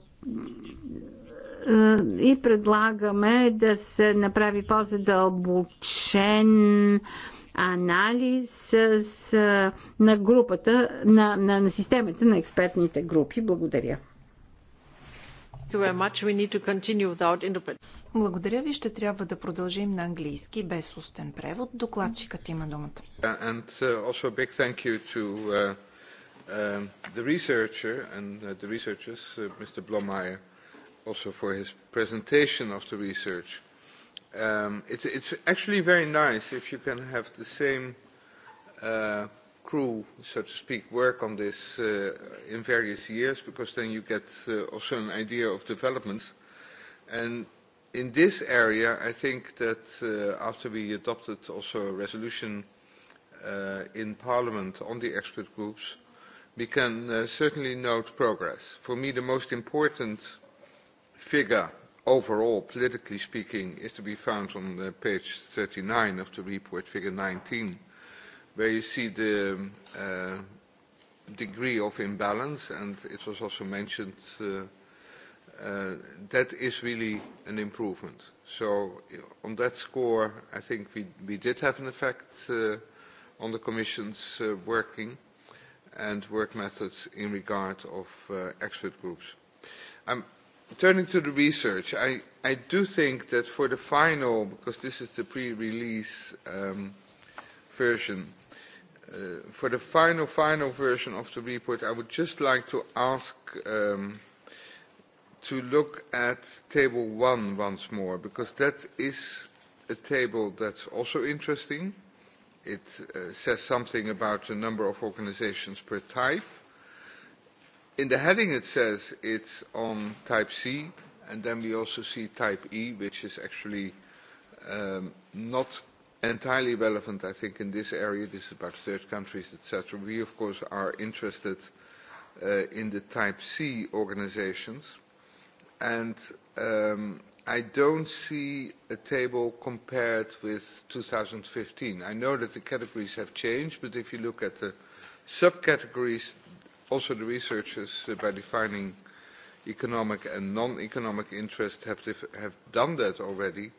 е, и предлагаме да се направи по-задълбочен анализ с, е, на групата, на, на, на системата на експертните групи. Благодаря. Благодаря ви. Ще трябва да продължим на английски без устен превод. Докладчикът има думата. Uh, and uh, also big thank you to uh, uh, the researcher and uh, the researchers, uh, Mr. Blomeyer also for his presentation of the research. Um, it, it's actually very nice if you can have the same uh, crew, so to speak, work on this uh, in various years, because then you get uh, also an idea of developments. And in this area, I think that uh, after we adopted also a resolution uh, in Parliament on the expert groups, we can uh, certainly note progress. For me, the most important figure overall, politically speaking, is to be found on uh, page 39 of the report, figure 19, where you see the uh, degree of imbalance, and it was also mentioned uh, uh, that is really an improvement. So on that score, I think we, we did have an effect uh, on the Commission's uh, working and work methods in regard of uh, expert groups. I'm Turning to the research, I, I do think that for the final, because this is the pre-release um, version, uh, for the final, final version of the report, I would just like to ask um, to look at table one once more, because that is a table that's also interesting. It uh, says something about the number of organizations per type in the heading it says it's on type C, and then we also see type E, which is actually um, not entirely relevant, I think, in this area. This is about third countries, etc. We, of course, are interested uh, in the type C organizations, and um, I don't see a table compared with 2015. I know that the categories have changed, but if you look at the subcategories, Also, the researchers, uh, by defining economic and non-economic interest, have, dif- have done that already.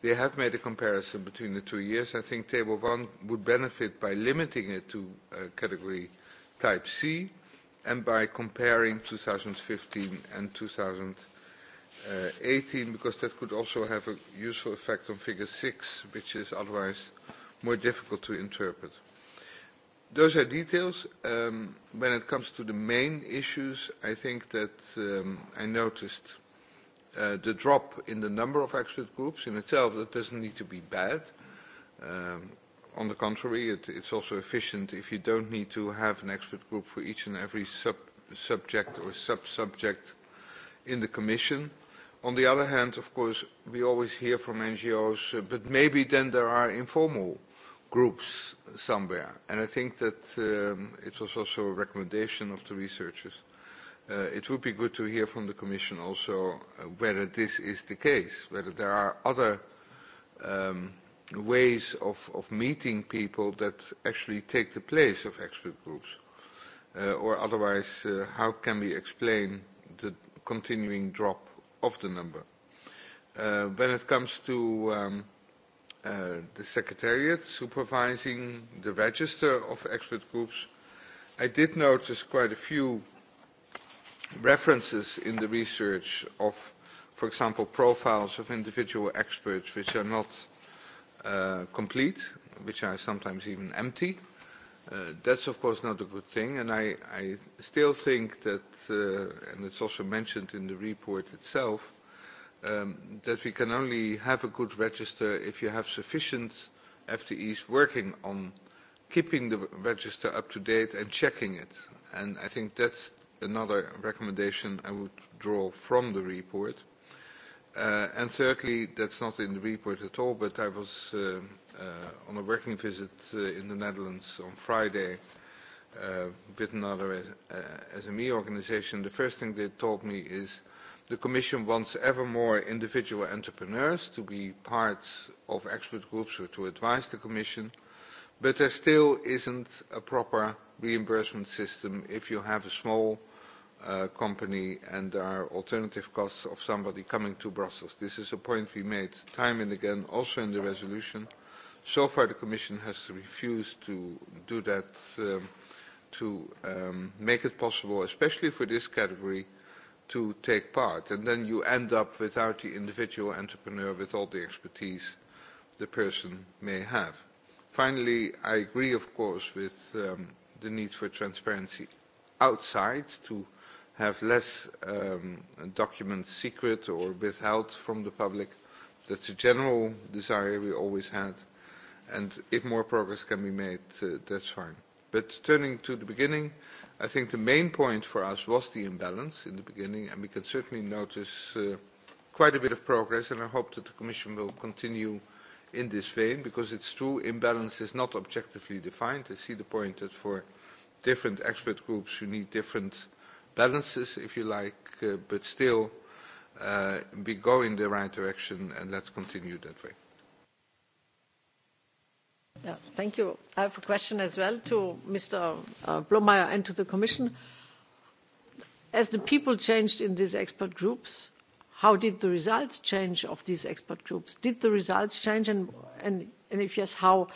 They have made a comparison between the two years. I think Table 1 would benefit by limiting it to uh, category Type C and by comparing 2015 and 2018, because that could also have a useful effect on figure 6, which is otherwise more difficult to interpret. Those are details. Um, when it comes to the main issues, I think that um, I noticed uh, the drop in the number of expert groups in itself. That doesn't need to be bad. Um, on the contrary, it, it's also efficient if you don't need to have an expert group for each and every sub subject or sub-subject in the Commission. On the other hand, of course, we always hear from NGOs, uh, but maybe then there are informal uh, groups somewhere. And I think that um, it was also a recommendation of the researchers. Uh, it would be good to hear from the Commission also uh, whether this is the case, whether there are other um, ways of, of meeting people that actually take the place of expert groups. Uh, or otherwise, uh, how can we explain the continuing drop of the number? Uh, when it comes to um, uh, the Secretariat supervising the register of expert groups. I did notice quite a few references in the research of, for example, profiles of individual experts which are not uh, complete, which are sometimes even empty. Uh, that's of course not a good thing, and I, I still think that, uh, and it's also mentioned in the report itself, um, that we can only have a good register if you have sufficient FTEs working on keeping the register up to date and checking it. And I think that's another recommendation I would draw from the report. Uh, and thirdly, that's not in the report at all, but I was uh, uh, on a working visit uh, in the Netherlands on Friday uh, with another uh, SME organization. The first thing they told me is The Commission wants ever more individual entrepreneurs to be part of expert groups or to advise the Commission, but there still isn't a proper reimbursement system if you have a small uh, company and there are alternative costs of somebody coming to Brussels. This is a point we made time and again, also in the resolution. So far, the Commission has refused to do that, um, to um, make it possible, especially for this category, uh, to take part. And then you end up without the individual entrepreneur with all the expertise the person may have. Finally, I agree, of course, with um, the need for transparency outside to have less um, documents secret or withheld from the public. That's a general desire we always had. And if more progress can be made, uh, that's fine. But turning to the beginning, I think the main point for us was the imbalance in the beginning, and we can certainly notice uh, quite a bit of progress, and I hope that the Commission will continue in this vein, because it's true, imbalance is not objectively defined. I see the point that for different expert groups you need different balances, if you like, uh, but still uh, we go in the right direction, and let's continue that way. Thank you. I have a question as well to Mr. Blomeyer and to the Commission. As the people changed in these expert groups, how did the results change of these expert groups? Did the results change, and if yes, how?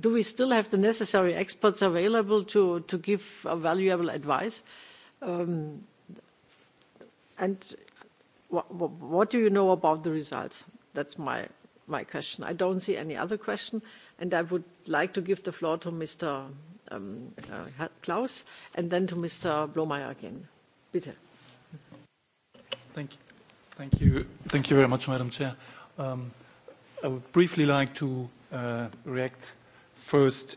Do we still have the necessary experts available to give valuable advice? And what do you know about the results? That's my my question. I don't see any other question, and I would like to give the floor to Mr. Klaus and then to Mr. Blomeyer again. Bitte. Thank you. Thank you. Thank you very much, Madam Chair. I would briefly like to uh, react first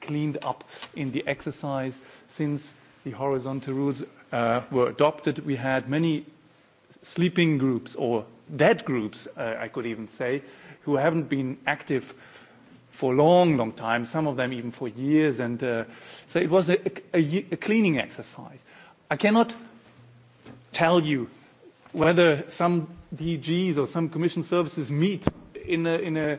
cleaned up in the exercise since the horizontal rules uh, were adopted. We had many sleeping groups or dead groups, uh, I could even say, who haven't been active for a long, long time, some of them even for years. And uh, so it was a, a, a cleaning exercise. I cannot tell you whether some DGs or some commission services meet in a, in a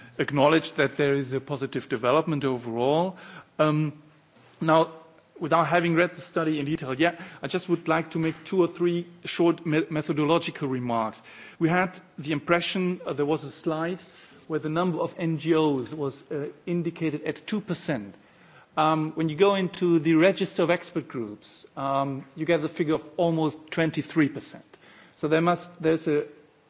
acknowledged that there is a positive development overall. Um, now, without having read the study in detail yet, I just would like to make two or three short me methodological remarks. We had the impression, uh, there was a slide where the number of NGOs was uh, indicated at 2%. Um, when you go into the register of expert groups, um, you get the figure of almost 23%. So there must, there's a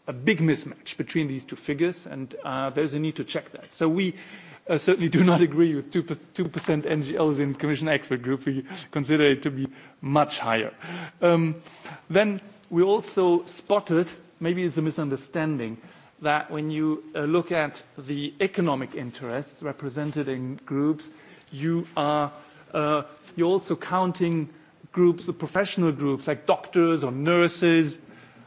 a big mismatch between these two figures, and uh, there's a need to check that. So we uh, certainly do not agree with 2% NGLs in Commission Expert Group. We consider it to be much higher. Um, then we also spotted, maybe it's a misunderstanding, that when you uh, look at the economic interests represented in groups, you are uh, you're also counting groups, the professional groups like doctors or nurses,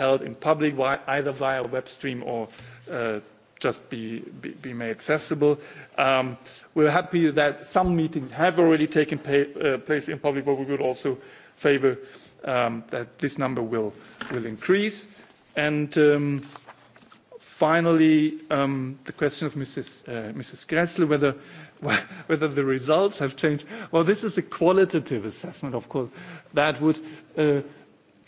held in public, either via web stream or uh, just be, be, be made accessible. Um, we're happy that some meetings have already taken pay, uh, place in public, but we would also favor um, that this number will, will increase. And um, finally, um, the question of Mrs. Uh, Mrs. Gressler, whether whether the results have changed. Well, this is a qualitative assessment, of course. That would uh,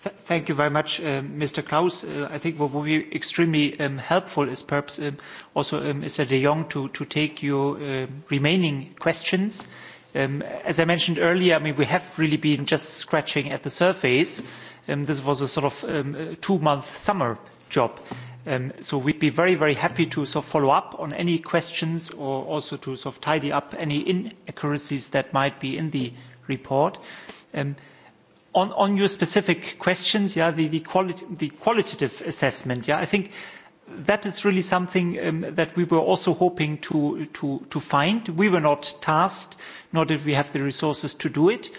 Thank you very much, Mr. Klaus. I think what will be extremely helpful is perhaps also Mr. de Jong to take your remaining questions. As I mentioned earlier, I mean, we have really been just scratching at the surface. This was a sort of two-month summer job. So we'd be very, very happy to sort of follow up on any questions or also to sort of tidy up any inaccuracies that might be in the report. On your specific questions, yeah, the qualitative assessment, yeah, I think that is really something that we were also hoping to find. We were not tasked, nor did we have the resources to do it,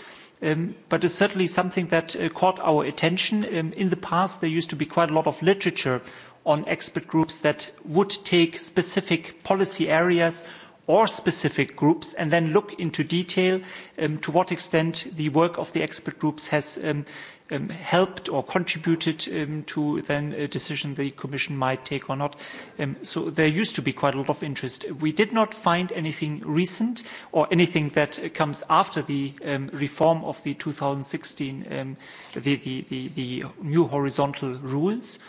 but it's certainly something that caught our attention. In the past, there used to be quite a lot of literature on expert groups that would take specific policy areas or specific groups and then look into detail to what extent the work of the expert groups has helped or contributed to then a decision the Commission might take or not. so there used to be quite a lot of interest. We did not find anything recent or anything that comes after the reform of the 2016, um, the, the, the, the new horizontal rules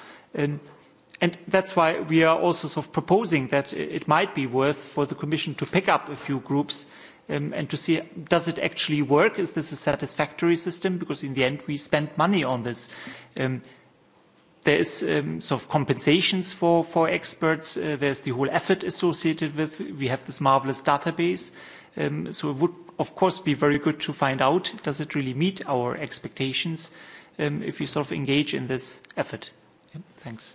And that's why we are also sort of proposing that it might be worth for the Commission to pick up a few groups and to see does it actually work? Is this a satisfactory system? Because in the end, we spend money on this. there is sort of compensations for, for experts. Uh, there's the whole effort associated with. We have this marvelous database. so it would, of course, be very good to find out does it really meet our expectations if we sort of engage in this effort. thanks.